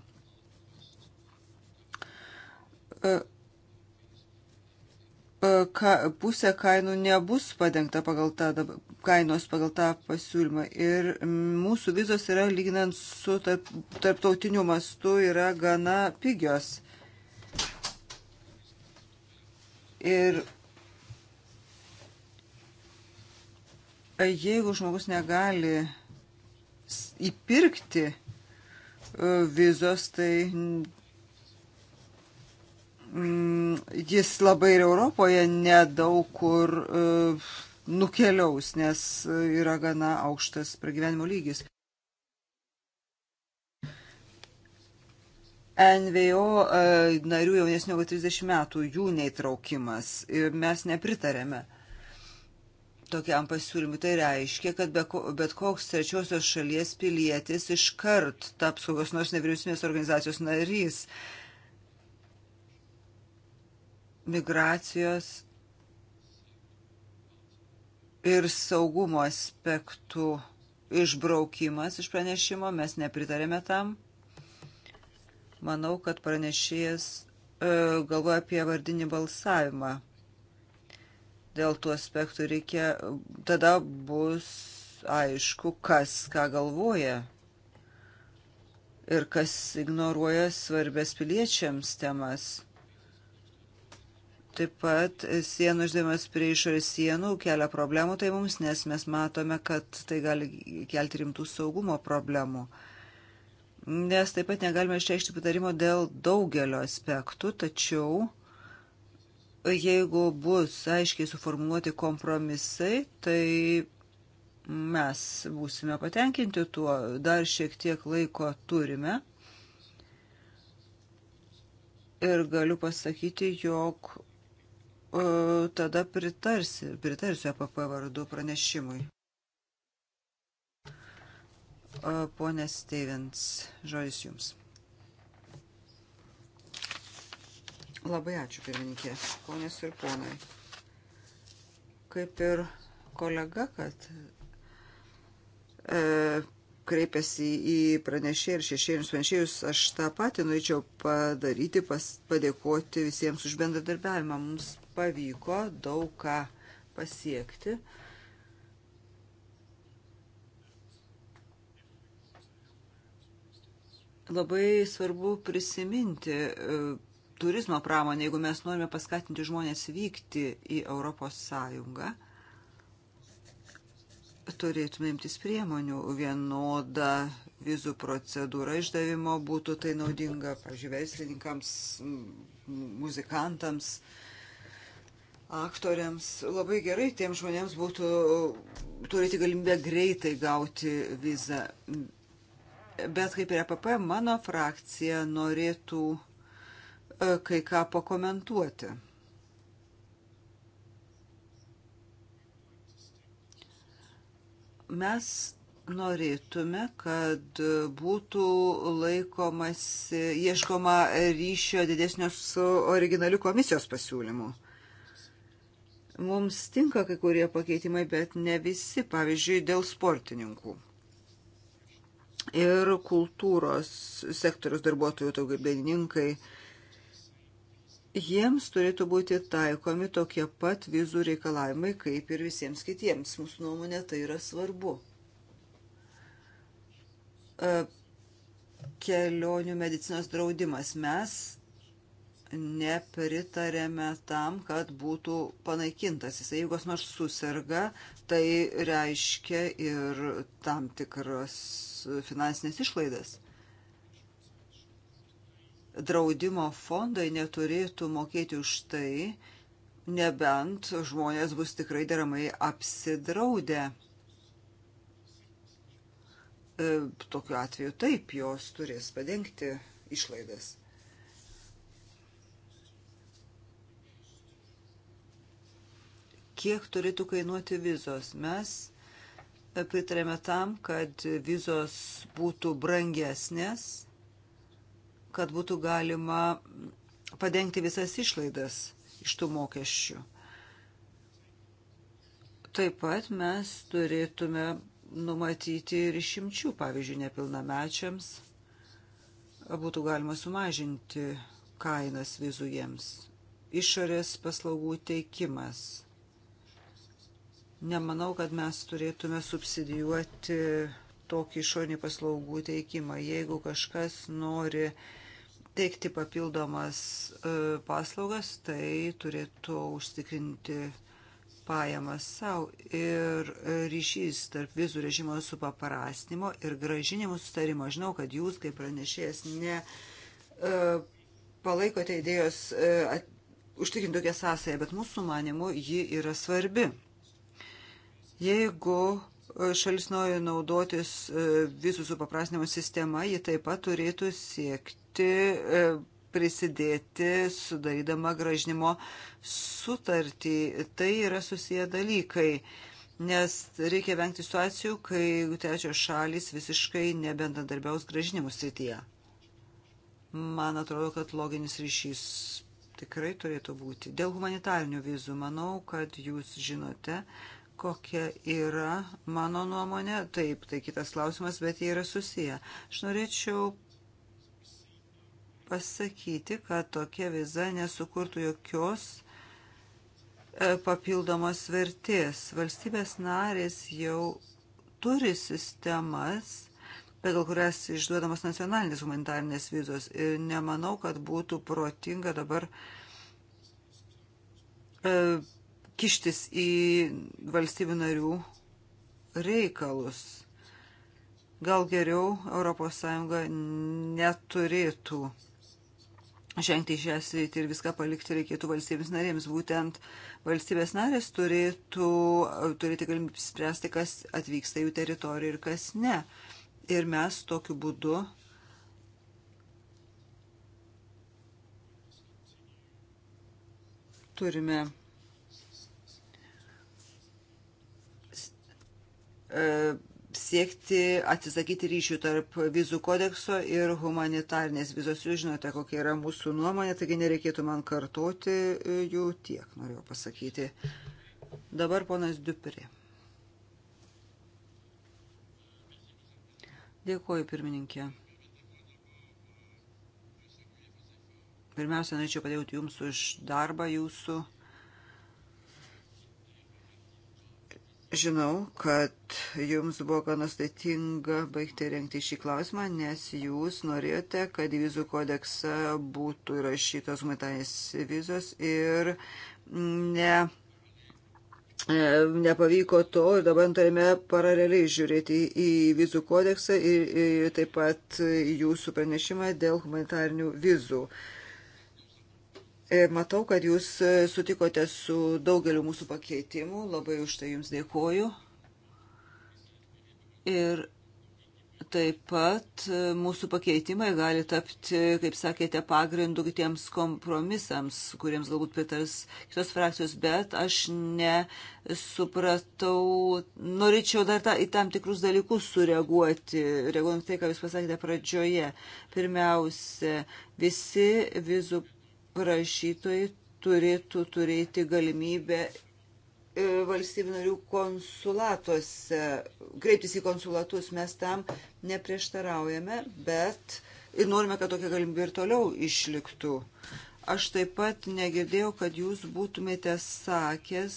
ka, pusė kainų nebus padengta pagal tą, kainos pagal tą pasiūlymą. Ir mūsų vizos yra, lyginant su tarp, tarptautiniu mastu, yra gana pigios. Ir jeigu žmogus negali įpirkti e, vizos, tai Mm, jis labai ir Europoje nedaug kur e, nukeliaus, nes e, yra gana aukštas pragyvenimo lygis. NVO e, narių jaunesnių negu 30 metų, jų neįtraukimas. Ir mes nepritarėme tokiam pasiūlymui. Tai reiškia, kad be, bet koks trečiosios šalies pilietis iškart taps kokios nors nevyriausybės organizacijos narys. Uh, migracijos ir saugumo aspektų išbraukimas iš pranešimo. Mes nepritarėme tam. Manau, kad pranešėjas e, galvoja apie vardinį balsavimą. Dėl tų aspektų reikia, tada bus aišku, kas ką galvoja ir kas ignoruoja svarbės piliečiams temas. Taip pat sienų uždėjimas prie išorės sienų kelia problemų tai mums, nes mes matome, kad tai gali kelti rimtų saugumo problemų. Nes taip pat negalime išreikšti patarimo dėl daugelio aspektų, tačiau jeigu bus aiškiai suformuoluoti kompromisai, tai mes būsime patenkinti tuo, dar šiek tiek laiko turime. Ir galiu pasakyti, jog E, tada pritarsi, pritarsiu APP e vardu pranešimui. E, pone Stevens, žodis jums. Labai ačiū, pirmininkė, ponės ir ponai. Kaip ir kolega, kad e, kreipėsi į pranešėjų ir šešėjus pranešėjus, aš tą patį norėčiau padaryti, pas, padėkoti visiems už bendradarbiavimą. Mums pavyko daug ką pasiekti. Labai svarbu prisiminti e, turizmo pramonę, jeigu mes norime paskatinti žmonės vykti į Europos Sąjungą, turėtume imtis priemonių. Vienoda vizų procedūra išdavimo būtų tai naudinga, pažiūrėjau, verslininkams, muzikantams, muzikantams aktoriams labai gerai tiem žmonėms būtų turėti galimybę greitai gauti vizą. Bet kaip ir APP, e mano frakcija norėtų e, kai ką pakomentuoti. Mes norėtume, kad būtų laikomasi, ieškoma ryšio didesnio su originaliu komisijos pasiūlymu. Mums tinka kai kurie pakeitimai, bet ne visi, pavyzdžiui, dėl sportininkų ir kultūros sektoriaus darbuotojų, taugai dainininkai. Jiems turėtų būti taikomi tokie pat vizų reikalavimai kaip ir visiems kitiems. Mūsų nuomonė tai yra svarbu. E, kelionių medicinos draudimas. Mes nepritarėme tam, kad būtų panaikintas. Jisai, jeigu kas nors susirga, tai reiškia ir tam tikras finansinės išlaidas. Draudimo fondai neturėtų mokėti už tai, nebent žmonės bus tikrai deramai apsidraudę. E, tokiu atveju taip, jos turės padengti išlaidas. kiek turėtų kainuoti vizos. Mes e, pritarėme tam, kad vizos būtų brangesnės, kad būtų galima padengti visas išlaidas iš tų mokesčių. Taip pat mes turėtume numatyti ir išimčių, pavyzdžiui, nepilnamečiams būtų galima sumažinti kainas vizų jiems. Išorės paslaugų teikimas Nemanau, kad mes turėtume subsidijuoti tokį išorinį paslaugų teikimą. Jeigu kažkas nori teikti papildomas e, paslaugas, tai turėtų užtikrinti pajamas savo ir ryšys tarp vizų režimo supaprastinimo ir gražinimų sustarimo. Žinau, kad jūs, kaip pranešėjas, ne e, palaikote idėjos e, užtikrinti tokią sąsąją, bet mūsų manimu ji yra svarbi. Jeigu e, šalis nori naudotis e, visų supaprastinimo sistema, ji taip pat turėtų siekti e, prisidėti sudarydama gražinimo sutartį. Tai yra susiję dalykai nes reikia vengti situacijų, kai trečios šalis visiškai nebendradarbiaus gražinimų srityje. Man atrodo, kad loginis ryšys tikrai turėtų būti. Dėl humanitarnių vizų manau, kad jūs žinote, kokia yra mano nuomonė, taip, tai kitas klausimas, bet jie yra susiję. Aš norėčiau pasakyti, kad tokia viza nesukurtų jokios e, papildomos vertės. Valstybės narės jau turi sistemas, pagal kurias išduodamos nacionalinės humanitarnės vizos. Ir nemanau, kad būtų protinga dabar e, kištis į valstybių narių reikalus. Gal geriau ES neturėtų žengti į šią sritį ir viską palikti reikėtų valstybės narėms. Būtent valstybės narės turėtų turėti galimybę spręsti, kas atvyksta jų teritoriją ir kas ne. Ir mes tokiu būdu turime E, siekti atsisakyti ryšių tarp vizų kodekso ir humanitarnės vizos. Jūs žinote, kokia yra mūsų nuomonė, taigi nereikėtų man kartoti e, jų tiek, norėjau pasakyti. Dabar ponas Dupri. Dėkuoju, pirmininkė. Pirmiausia, norėčiau padėkoti Jums už darbą Jūsų Žinau, kad jums buvo gana sudėtinga baigti renkti šį klausimą, nes jūs norėjote, kad į vizų kodeksą būtų įrašytos humanitarės vizos ir ne, e, nepavyko to ir dabar turime paraleliai žiūrėti į vizų kodeksą ir, ir taip pat jūsų pranešimą dėl humanitarnių vizų. Uh, E, matau, kad jūs e, sutikote su daugeliu mūsų pakeitimų, labai už tai jums dėkoju. Ir taip pat e, mūsų pakeitimai gali tapti, kaip sakėte, pagrindu kitiems kompromisams, kuriems galbūt pritars kitos frakcijos, bet aš nesupratau, norėčiau dar ta, į tam tikrus dalykus sureaguoti, reaguojant tai, ką jūs pasakėte pradžioje. Pirmiausia, visi vizų prašytojai turėtų turėti galimybę e, valstybių narių konsulatuose, kreiptis į konsulatus, mes tam neprieštaraujame, bet ir norime, kad tokia galimybė ir toliau išliktų. Aš taip pat negirdėjau, kad jūs būtumėte sakęs,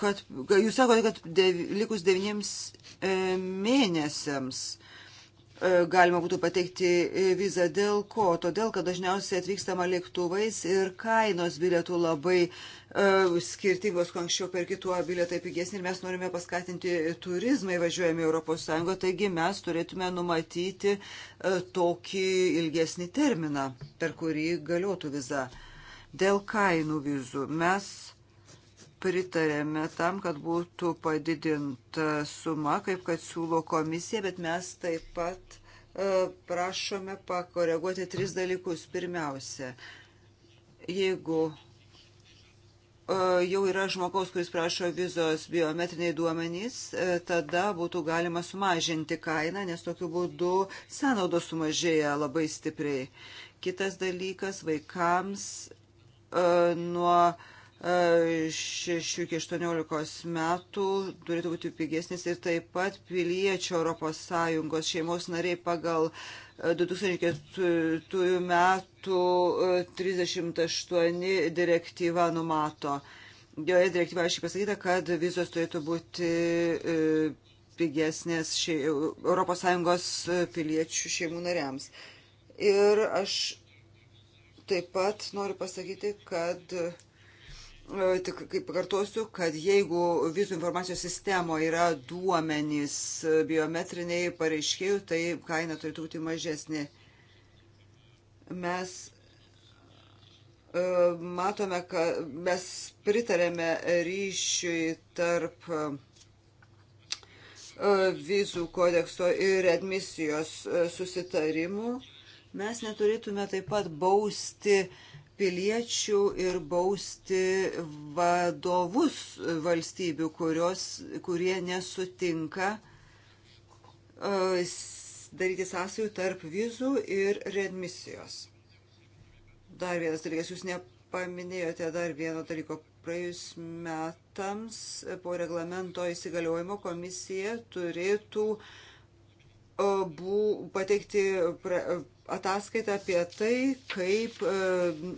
kad jūs sakote, kad dev, likus devyniems e, mėnesiams E, galima būtų pateikti e, vizą. Dėl ko? Todėl, kad dažniausiai atvykstama lėktuvais ir kainos bilietų labai uh, skirtingos, kuo anksčiau per kitų bilietai pigesni ir mes norime paskatinti turizmą įvažiuojami ES, taigi mes turėtume numatyti uh, tokį ilgesnį terminą, per kurį galiotų viza. Dėl kainų vizų mes pritarėme tam, kad būtų padidinta suma, kaip kad siūlo komisija, bet mes taip pat e, prašome pakoreguoti tris dalykus. Pirmiausia, jeigu e, jau yra žmogaus, kuris prašo vizos biometriniai duomenys, e, tada būtų galima sumažinti kainą, nes tokiu būdu sąnaudos sumažėja labai stipriai. Kitas dalykas, vaikams nuo 6 iki 18 metų turėtų būti pigesnis ir taip pat piliečio ES šeimos nariai pagal 2004 e, metų 38 e, direktyvą numato. Joje direktyva aiškiai pasakyta, kad vizos turėtų būti e, pigesnės še... ES piliečių šeimų nariams. Ir aš taip pat noriu pasakyti, kad E, tik kaip kartuosiu, kad jeigu vizų informacijos sistemo yra duomenys biometriniai pareiškėjų, tai kaina turėtų būti mažesnė. Mes e, matome, kad mes pritarėme ryšiui tarp e, vizų kodekso ir admisijos susitarimų. Mes neturėtume taip pat bausti uh, piliečių ir bausti vadovus valstybių, kurios, kurie nesutinka e, daryti sąsajų tarp vizų ir readmisijos. Dar vienas dalykas, jūs nepaminėjote dar vieno dalyko. Praėjus metams po reglamento įsigaliojimo komisija turėtų e, bū, pateikti pra, ataskaitą apie tai, kaip e,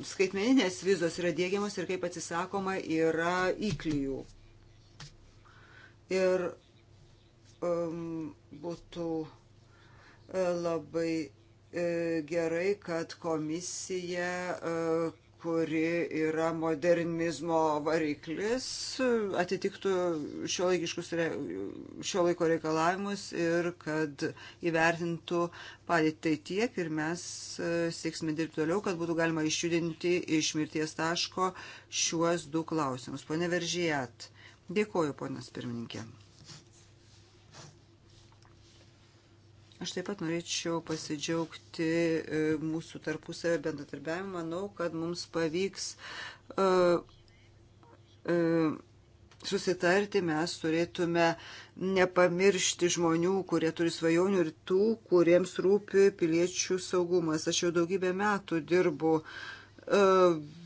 skaitmeninės vizos yra dėgiamos ir kaip atsisakoma yra įklyjų. Ir um, būtų e, labai e, gerai, kad komisija kuri yra modernizmo variklis, atitiktų šio, šio laiko reikalavimus ir kad įvertintų padėtį tai tiek ir mes e, sieksime dirbti toliau, kad būtų galima išjudinti iš mirties taško šiuos du klausimus. Pone Veržijat, dėkoju, ponas pirmininkė. Aš taip pat norėčiau pasidžiaugti e, mūsų tarpusavę bendradarbiavimą. Manau, kad mums pavyks uh, uh, susitarti, mes turėtume nepamiršti žmonių, kurie turi svajonių ir tų, kuriems rūpi piliečių saugumas. Aš jau daugybę metų dirbu uh, E,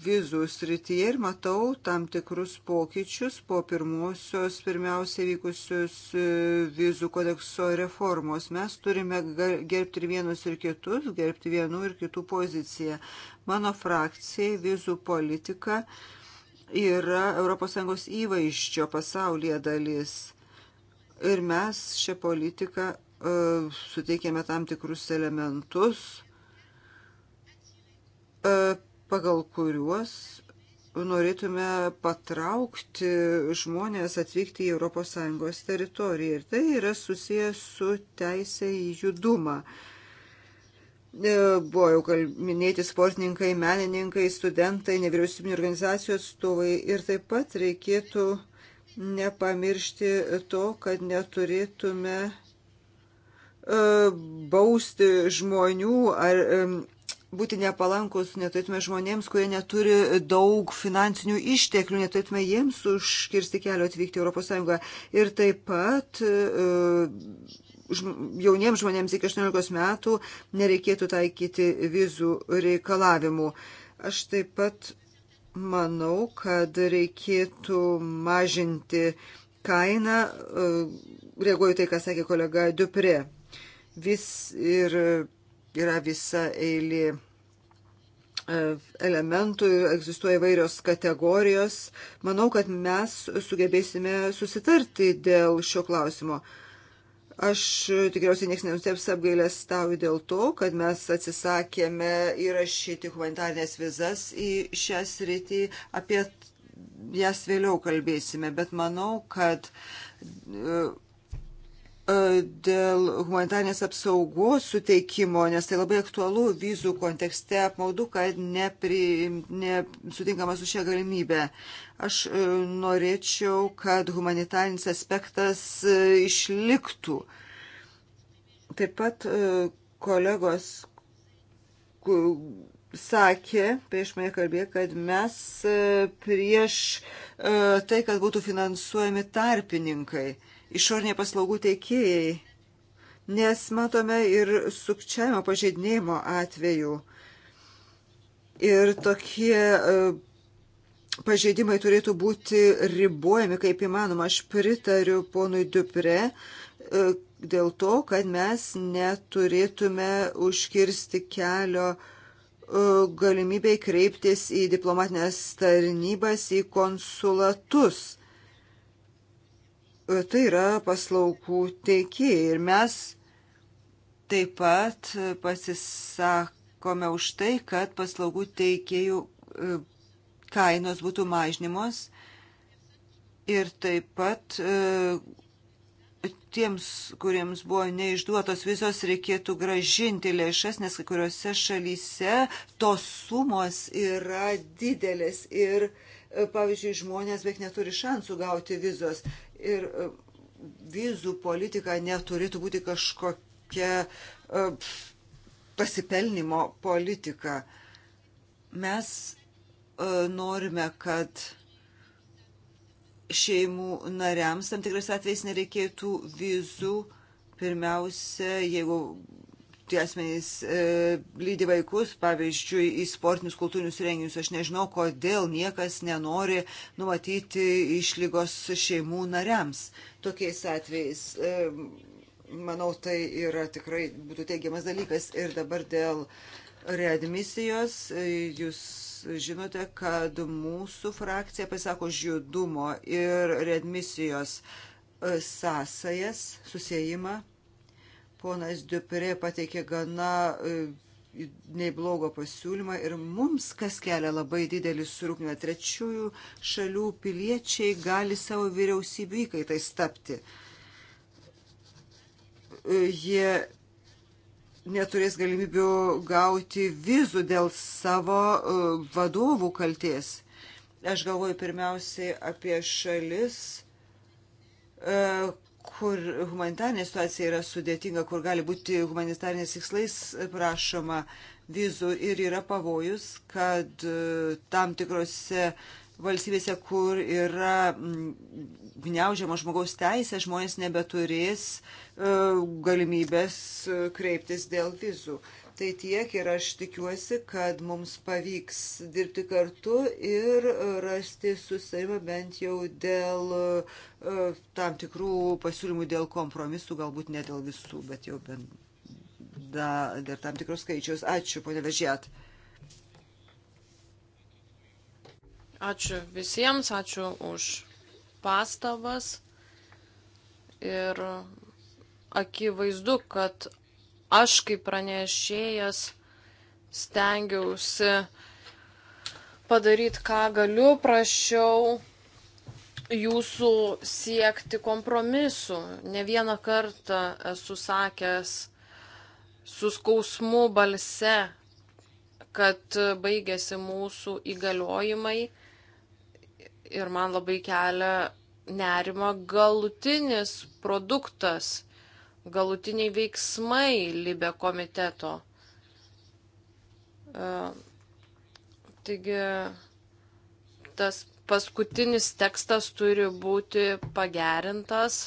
vizų srityje ir matau tam tikrus pokyčius po pirmosios pirmiausiai vykusios e, vizų kodekso reformos. Mes turime gerbti ir vienus ir kitus, gerbti vienų ir kitų poziciją. Mano frakcijai vizų politika yra ES įvaizdžio pasaulyje dalis. Ir mes šią politiką uh, suteikėme tam tikrus elementus, pagal kuriuos norėtume patraukti žmonės atvykti į ES teritoriją. Ir tai yra susijęs su teisė į judumą. E, buvo jau minėti sportininkai, menininkai, studentai, nevyriausybinio organizacijų atstovai ir taip pat reikėtų nepamiršti to, kad neturėtume e, bausti žmonių ar būti nepalankus, neturėtume žmonėms, kurie neturi daug finansinių išteklių, neturėtume jiems užkirsti kelio atvykti ES. Ir taip pat e, jauniems žmonėms iki 18 metų nereikėtų taikyti vizų reikalavimų. Aš taip pat manau, kad reikėtų mažinti kainą, e, reaguoju tai, ką sakė kolega Dupre. Vis ir yra visa eilė elementų ir egzistuoja įvairios kategorijos. Manau, kad mes sugebėsime susitarti dėl šio klausimo. Aš tikriausiai nieks nenusteps apgailės tau dėl to, kad mes atsisakėme įrašyti humanitarnės vizas į šią sritį. Apie jas vėliau kalbėsime, bet manau, kad dėl humanitarnės apsaugos suteikimo, nes tai labai aktualu vizų kontekste, apmaudu, kad nepri, nesutinkama su šia galimybė. Aš e, norėčiau, kad humanitarnis aspektas e, išliktų. Taip pat e, kolegos sakė, prieš mane kalbė, kad mes prieš tai, kad būtų finansuojami tarpininkai išoriniai paslaugų teikėjai, nes matome ir sukčiavimo pažeidinėjimo atvejų. Ir tokie e, pažeidimai turėtų būti ribojami kaip įmanoma. Aš pritariu ponui Dupre e, dėl to, kad mes neturėtume užkirsti kelio e, galimybei kreiptis į diplomatinės tarnybas, į konsulatus tai yra paslaugų teikėjai. Ir mes taip pat pasisakome už tai, kad paslaugų teikėjų e, kainos būtų mažnimos ir taip pat e, tiems, kuriems buvo neišduotos visos, reikėtų gražinti lėšas, nes kai kuriuose šalyse tos sumos yra didelės ir, e, pavyzdžiui, žmonės beveik neturi šansų gauti vizos. Ir e, vizų politika neturėtų būti kažkokia e, pasipelnimo politika. Mes e, norime, kad šeimų nariams tam tikrais atvejais nereikėtų vizų. Pirmiausia, jeigu tie asmenys e, lydi vaikus, pavyzdžiui, į sportinius kultūrinius renginius. Aš nežinau, kodėl niekas nenori numatyti išlygos šeimų nariams tokiais atvejais. E, manau, tai yra tikrai būtų teigiamas dalykas. Ir dabar dėl readmisijos e, jūs žinote, kad mūsų frakcija pasako žydumo ir readmisijos e, sąsajas, susijimą Ponas Diuperė pateikė gana e, neblogą pasiūlymą ir mums, kas kelia labai didelį surūpnimą, trečiųjų šalių piliečiai gali savo vyriausybių įkaitais tapti. E, jie neturės galimybių gauti vizų dėl savo e, vadovų kalties. Aš galvoju pirmiausiai apie šalis, kur humanitarinė situacija yra sudėtinga, kur gali būti humanitariniais tikslais prašoma vizų ir yra pavojus, kad e, tam tikrose valstybėse, kur yra mm, gniaužiama žmogaus teisė, žmonės nebeturės e, galimybės e, kreiptis dėl vizų. Tai tiek ir aš tikiuosi, kad mums pavyks dirbti kartu ir rasti susitarimą bent jau dėl e, tam tikrų pasiūlymų, dėl kompromisų, galbūt ne dėl visų, bet jau bent dėl tam tikros skaičiaus. Ačiū, ponė Vežėt. Ačiū visiems, ačiū už pastabas. Ir akivaizdu, kad aš kaip pranešėjas stengiausi padaryti, ką galiu, prašiau jūsų siekti kompromisu. Ne vieną kartą esu sakęs su skausmu balse, kad baigėsi mūsų įgaliojimai ir man labai kelia nerima galutinis produktas galutiniai veiksmai Libe komiteto. E, taigi tas paskutinis tekstas turi būti pagerintas.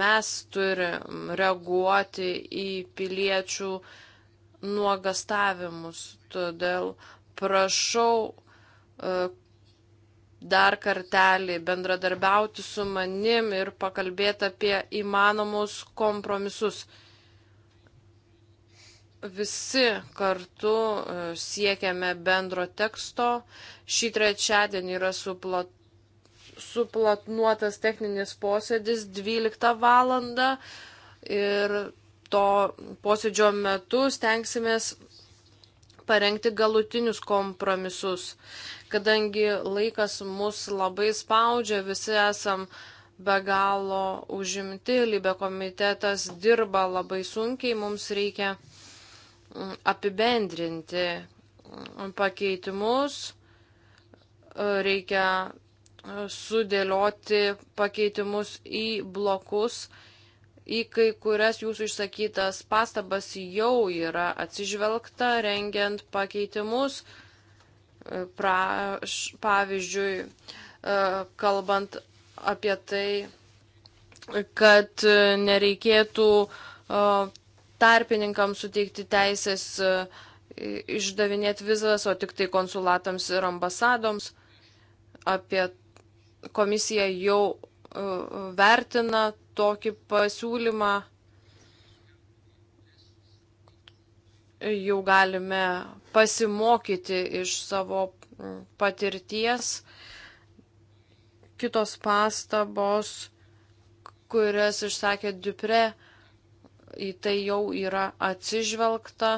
Mes turim reaguoti į piliečių nuogastavimus. Todėl prašau e, dar kartelį bendradarbiauti su manim ir pakalbėti apie įmanomus kompromisus. Visi kartu e, siekiame bendro teksto. Šį trečiadienį yra suplat, suplatnuotas techninis posėdis 12 val. ir to posėdžio metu stengsimės parengti galutinius kompromisus, kadangi laikas mus labai spaudžia, visi esam be galo užimti, Libė komitetas dirba labai sunkiai, mums reikia mm, apibendrinti mm, pakeitimus, e, reikia e, sudėlioti pakeitimus į blokus į kai kurias jūsų išsakytas pastabas jau yra atsižvelgta rengiant pakeitimus. E, pra, pavyzdžiui, e, kalbant apie tai, kad nereikėtų e, tarpininkams suteikti teisės išdavinėti vizas, o tik tai konsulatams ir ambasadoms. Apie komisiją jau vertina tokį pasiūlymą jau galime pasimokyti iš savo patirties. Kitos pastabos, kurias išsakė Dupre, į tai jau yra atsižvelgta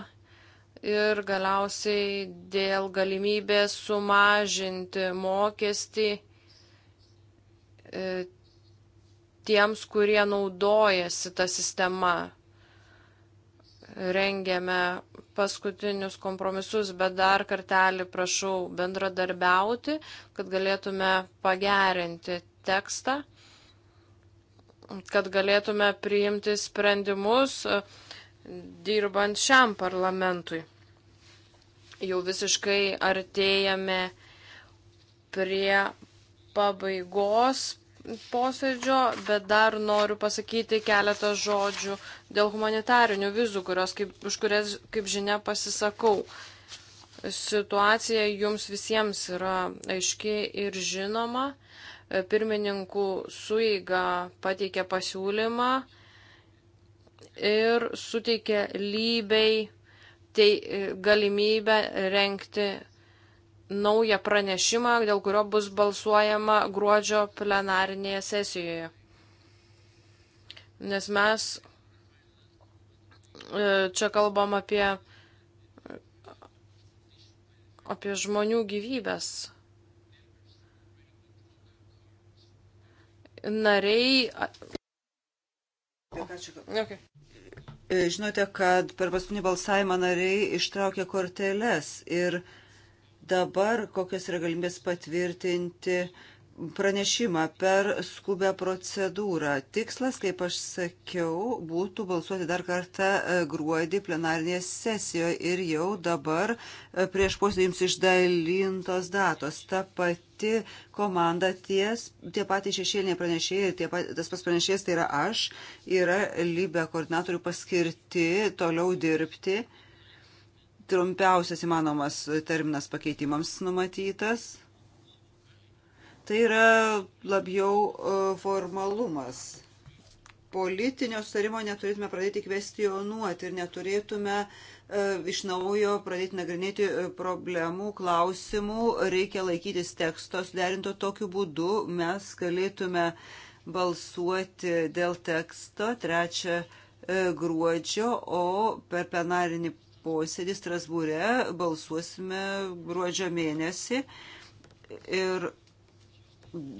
ir galiausiai dėl galimybės sumažinti mokestį e, tiems, kurie naudojasi tą sistemą. Rengiame paskutinius kompromisus, bet dar kartelį prašau bendradarbiauti, kad galėtume pagerinti tekstą, kad galėtume priimti sprendimus e, dirbant šiam parlamentui. Jau visiškai artėjame prie pabaigos, posėdžio, bet dar noriu pasakyti keletą žodžių dėl humanitarinių vizų, kurios, kaip, už kurias, kaip žinia, pasisakau. Situacija jums visiems yra aiški ir žinoma. Pirmininkų suiga pateikė pasiūlymą ir suteikė lybei tai galimybę renkti naują pranešimą, dėl kurio bus balsuojama gruodžio plenarinėje sesijoje. Nes mes e, čia kalbam apie, apie žmonių gyvybės. Nariai. Okay. E, žinote, kad per paskutinį balsavimą nariai ištraukė korteles ir uh, dabar kokios yra galimybės patvirtinti pranešimą per skubę procedūrą. Tikslas, kaip aš sakiau, būtų balsuoti dar kartą e, gruodį plenarnėje sesijoje ir jau dabar e, prieš posėdį jums išdalintos datos. Ta pati komanda ties, tie patys šešėliniai pranešėjai ir pat, tas pats pranešėjas tai yra aš, yra Libė koordinatorių paskirti toliau dirbti trumpiausias įmanomas terminas pakeitimams numatytas. Tai yra labiau e, formalumas. Politinio sutarimo neturėtume pradėti kvestionuoti ir neturėtume e, iš naujo pradėti nagrinėti e, problemų, klausimų. Reikia laikytis teksto suderinto tokiu būdu. Mes galėtume balsuoti dėl teksto trečią gruodžio, o per plenarinį posėdį Strasbūre, balsuosime gruodžio mėnesį ir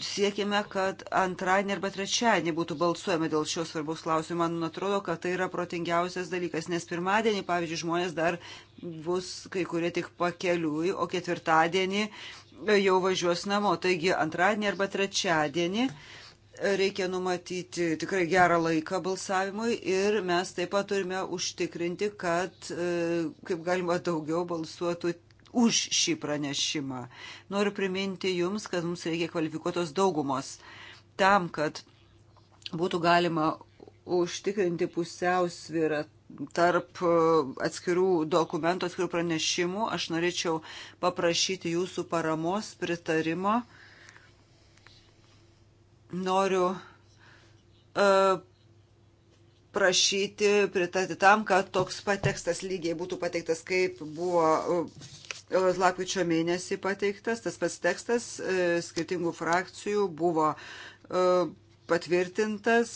siekime, kad antradienį arba trečiadienį būtų balsuojama dėl šios svarbus klausimų. Man atrodo, kad tai yra protingiausias dalykas, nes pirmadienį, pavyzdžiui, žmonės dar bus kai kurie tik pakeliui, o ketvirtadienį jau važiuos namo. Taigi antradienį arba trečiadienį reikia numatyti tikrai gerą laiką balsavimui ir mes taip pat turime užtikrinti, kad e, kaip galima daugiau balsuotų už šį pranešimą. Noriu priminti Jums, kad mums reikia kvalifikuotos daugumos tam, kad būtų galima užtikrinti pusiausvyrą tarp e, atskirų dokumentų, atskirų pranešimų. Aš norėčiau paprašyti Jūsų paramos, pritarimo noriu uh, prašyti pritarti tam, kad toks patekstas lygiai būtų pateiktas, kaip buvo uh, lapkričio mėnesį pateiktas. Tas pats tekstas uh, skirtingų frakcijų buvo patvirtintas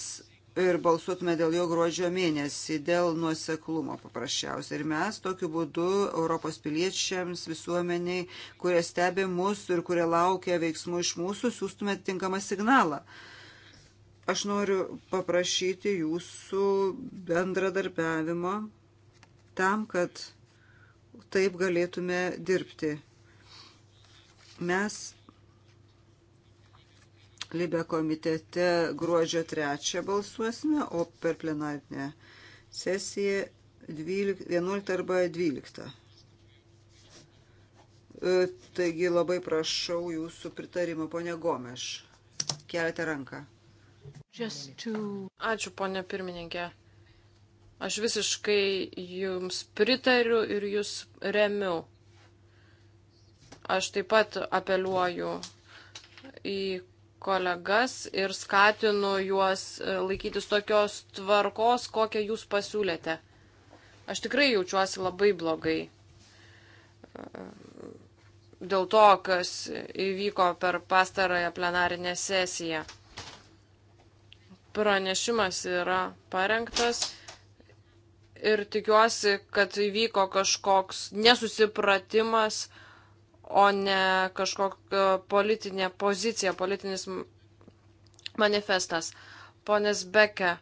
ir balsuotume dėl jo gruodžio mėnesį, dėl nuoseklumo paprasčiausiai. Ir mes tokiu būdu Europos piliečiams, visuomeniai, kurie stebi mūsų ir kurie laukia veiksmų iš mūsų, siūstume tinkamą signalą. Aš noriu paprašyti jūsų bendradarbiavimo tam, kad taip galėtume dirbti. Mes Libe komitete gruodžio 3 balsuosime, o per plenarinę sesiją 12, 11 arba 12. E, taigi labai prašau jūsų pritarimo, ponė Gomeš. Keliate ranką. To... Ačiū, ponė pirmininkė. Aš visiškai jums pritariu ir jūs remiu. Aš taip pat apeliuoju į kolegas ir skatinu juos e, laikytis tokios tvarkos, kokią jūs pasiūlėte. Aš tikrai jaučiuosi labai blogai e, dėl to, kas įvyko per pastarąją plenarinę sesiją. Pranešimas yra parengtas ir tikiuosi, kad įvyko kažkoks nesusipratimas, uh, o ne kažkokia politinė pozicija, politinis manifestas. Ponas Beke,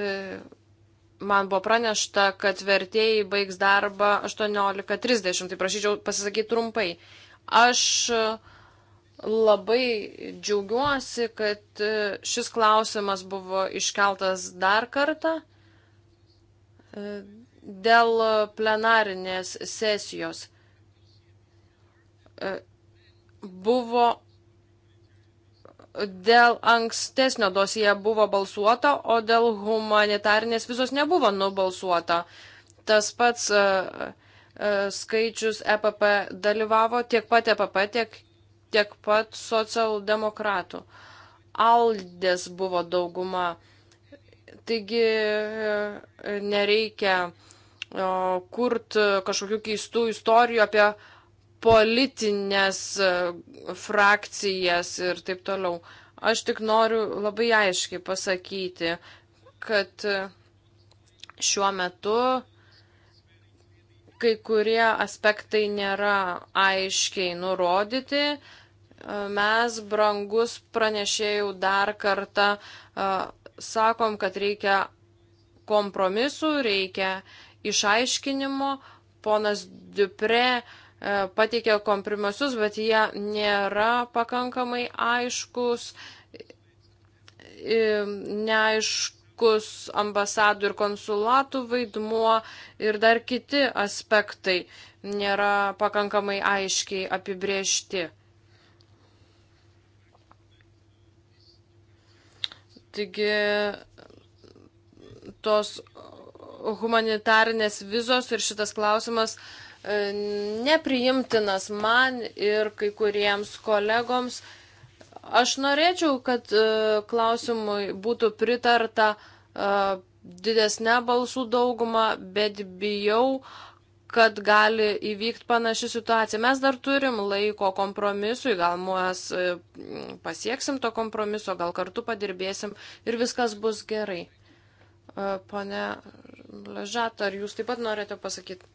e, man buvo pranešta, kad vertėjai baigs darbą 18.30, tai prašyčiau pasisakyti trumpai. Aš e, labai džiaugiuosi, kad e, šis klausimas buvo iškeltas dar kartą dėl plenarinės sesijos. E, buvo dėl ankstesnio dosije buvo balsuota, o dėl humanitarnės vizos nebuvo nubalsuota. Tas pats uh, uh, skaičius EPP dalyvavo tiek pat EPP, tiek, tiek pat socialdemokratų. Aldės buvo dauguma. Taigi uh, nereikia kurt kažkokių keistų istorijų apie uh, politinės e, frakcijas ir taip toliau. Aš tik noriu labai aiškiai pasakyti, kad e, šiuo metu kai kurie aspektai nėra aiškiai nurodyti. E, mes, brangus pranešėjų, dar kartą sakom, kad reikia kompromisų, reikia išaiškinimo. Ponas Dupre uh, E, pateikia kompromisus, bet jie nėra pakankamai aiškus, e, neaiškus ambasadų ir konsulatų vaidmuo ir dar kiti aspektai nėra pakankamai aiškiai apibriežti. Taigi tos humanitarnės vizos ir šitas klausimas uh, E, nepriimtinas man ir kai kuriems kolegoms. Aš norėčiau, kad e, klausimui būtų pritarta e, didesnė balsų dauguma, bet bijau, kad gali įvykti panaši situacija. Mes dar turim laiko kompromisui, gal mes pasieksim to kompromiso, gal kartu padirbėsim ir viskas bus gerai. Pane Ležat, ar jūs taip pat norite pasakyti?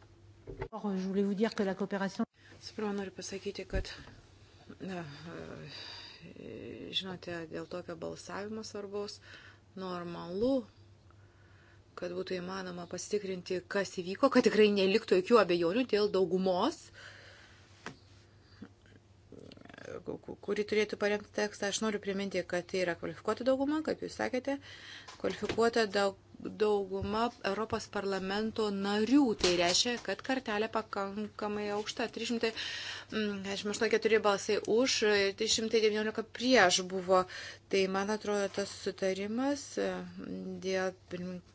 Suprama, noriu pasakyti, kad, na, e, žinote, dėl tokio balsavimo svarbos normalu, kad būtų įmanoma pasitikrinti, kas įvyko, kad tikrai neliktų jokių abejonių dėl daugumos. Uh, kuri turėtų paremti tekstą. Aš noriu priminti, kad tai yra kvalifikuota dauguma, kaip jūs sakėte, kvalifikuota dauguma Europos parlamento narių. Tai reiškia, kad kartelė pakankamai aukšta. 384 mm, balsai už, 319 prieš buvo. Tai man atrodo, tas sutarimas mm, dėl pirmininkų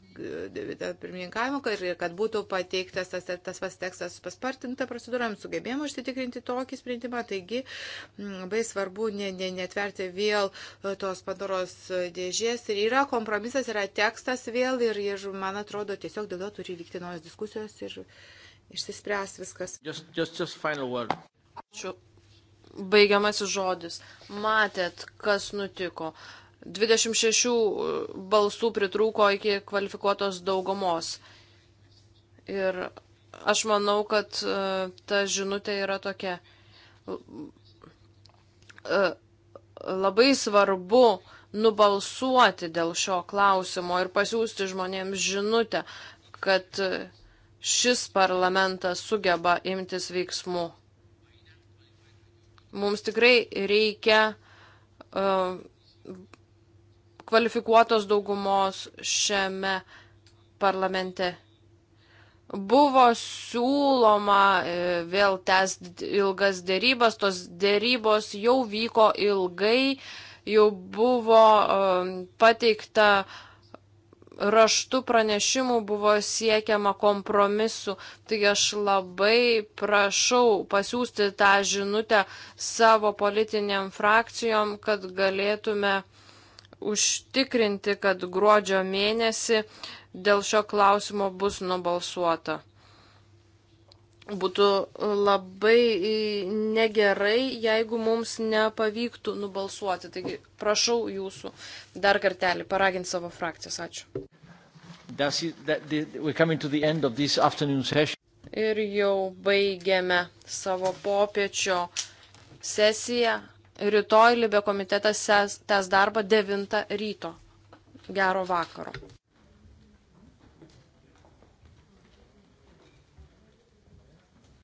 pirmininkavimo, kad, kad būtų pateiktas tas, tas pats tekstas paspartinta procedūra, sugebėjome užsitikrinti tokį sprendimą, taigi labai svarbu ne, ne, netverti vėl e, tos pandoros dėžės. Ir yra kompromisas, yra tekstas vėl ir, ir man atrodo, tiesiog dėl to turi vykti naujos diskusijos ir išsispręs viskas. Just, just, just Ačiū baigiamasis žodis. Matėt, kas nutiko. Uh, 26 e, balsų pritrūko iki kvalifikuotos daugumos. Ir aš manau, kad e, ta žinutė yra tokia. E, labai svarbu nubalsuoti dėl šio klausimo ir pasiūsti žmonėms žinutę, kad šis parlamentas sugeba imtis veiksmų. Mums tikrai reikia uh, kvalifikuotos daugumos šiame parlamente. Buvo siūloma e, vėl tęsti ilgas dėrybas, tos dėrybos jau vyko ilgai, jau buvo e, pateikta raštų pranešimų buvo siekiama kompromisu. Taigi aš labai prašau pasiūsti tą žinutę savo politiniam frakcijom, kad galėtume užtikrinti, kad gruodžio mėnesį dėl šio klausimo bus nubalsuota. Būtų labai negerai, jeigu mums nepavyktų nubalsuoti. Taigi prašau jūsų dar kartelį paraginti savo frakcijas. Ačiū. Ir jau baigiame savo popiečio sesiją. Rytoj Libė komitetas tęs darbą 9 ryto. Gero vakaro.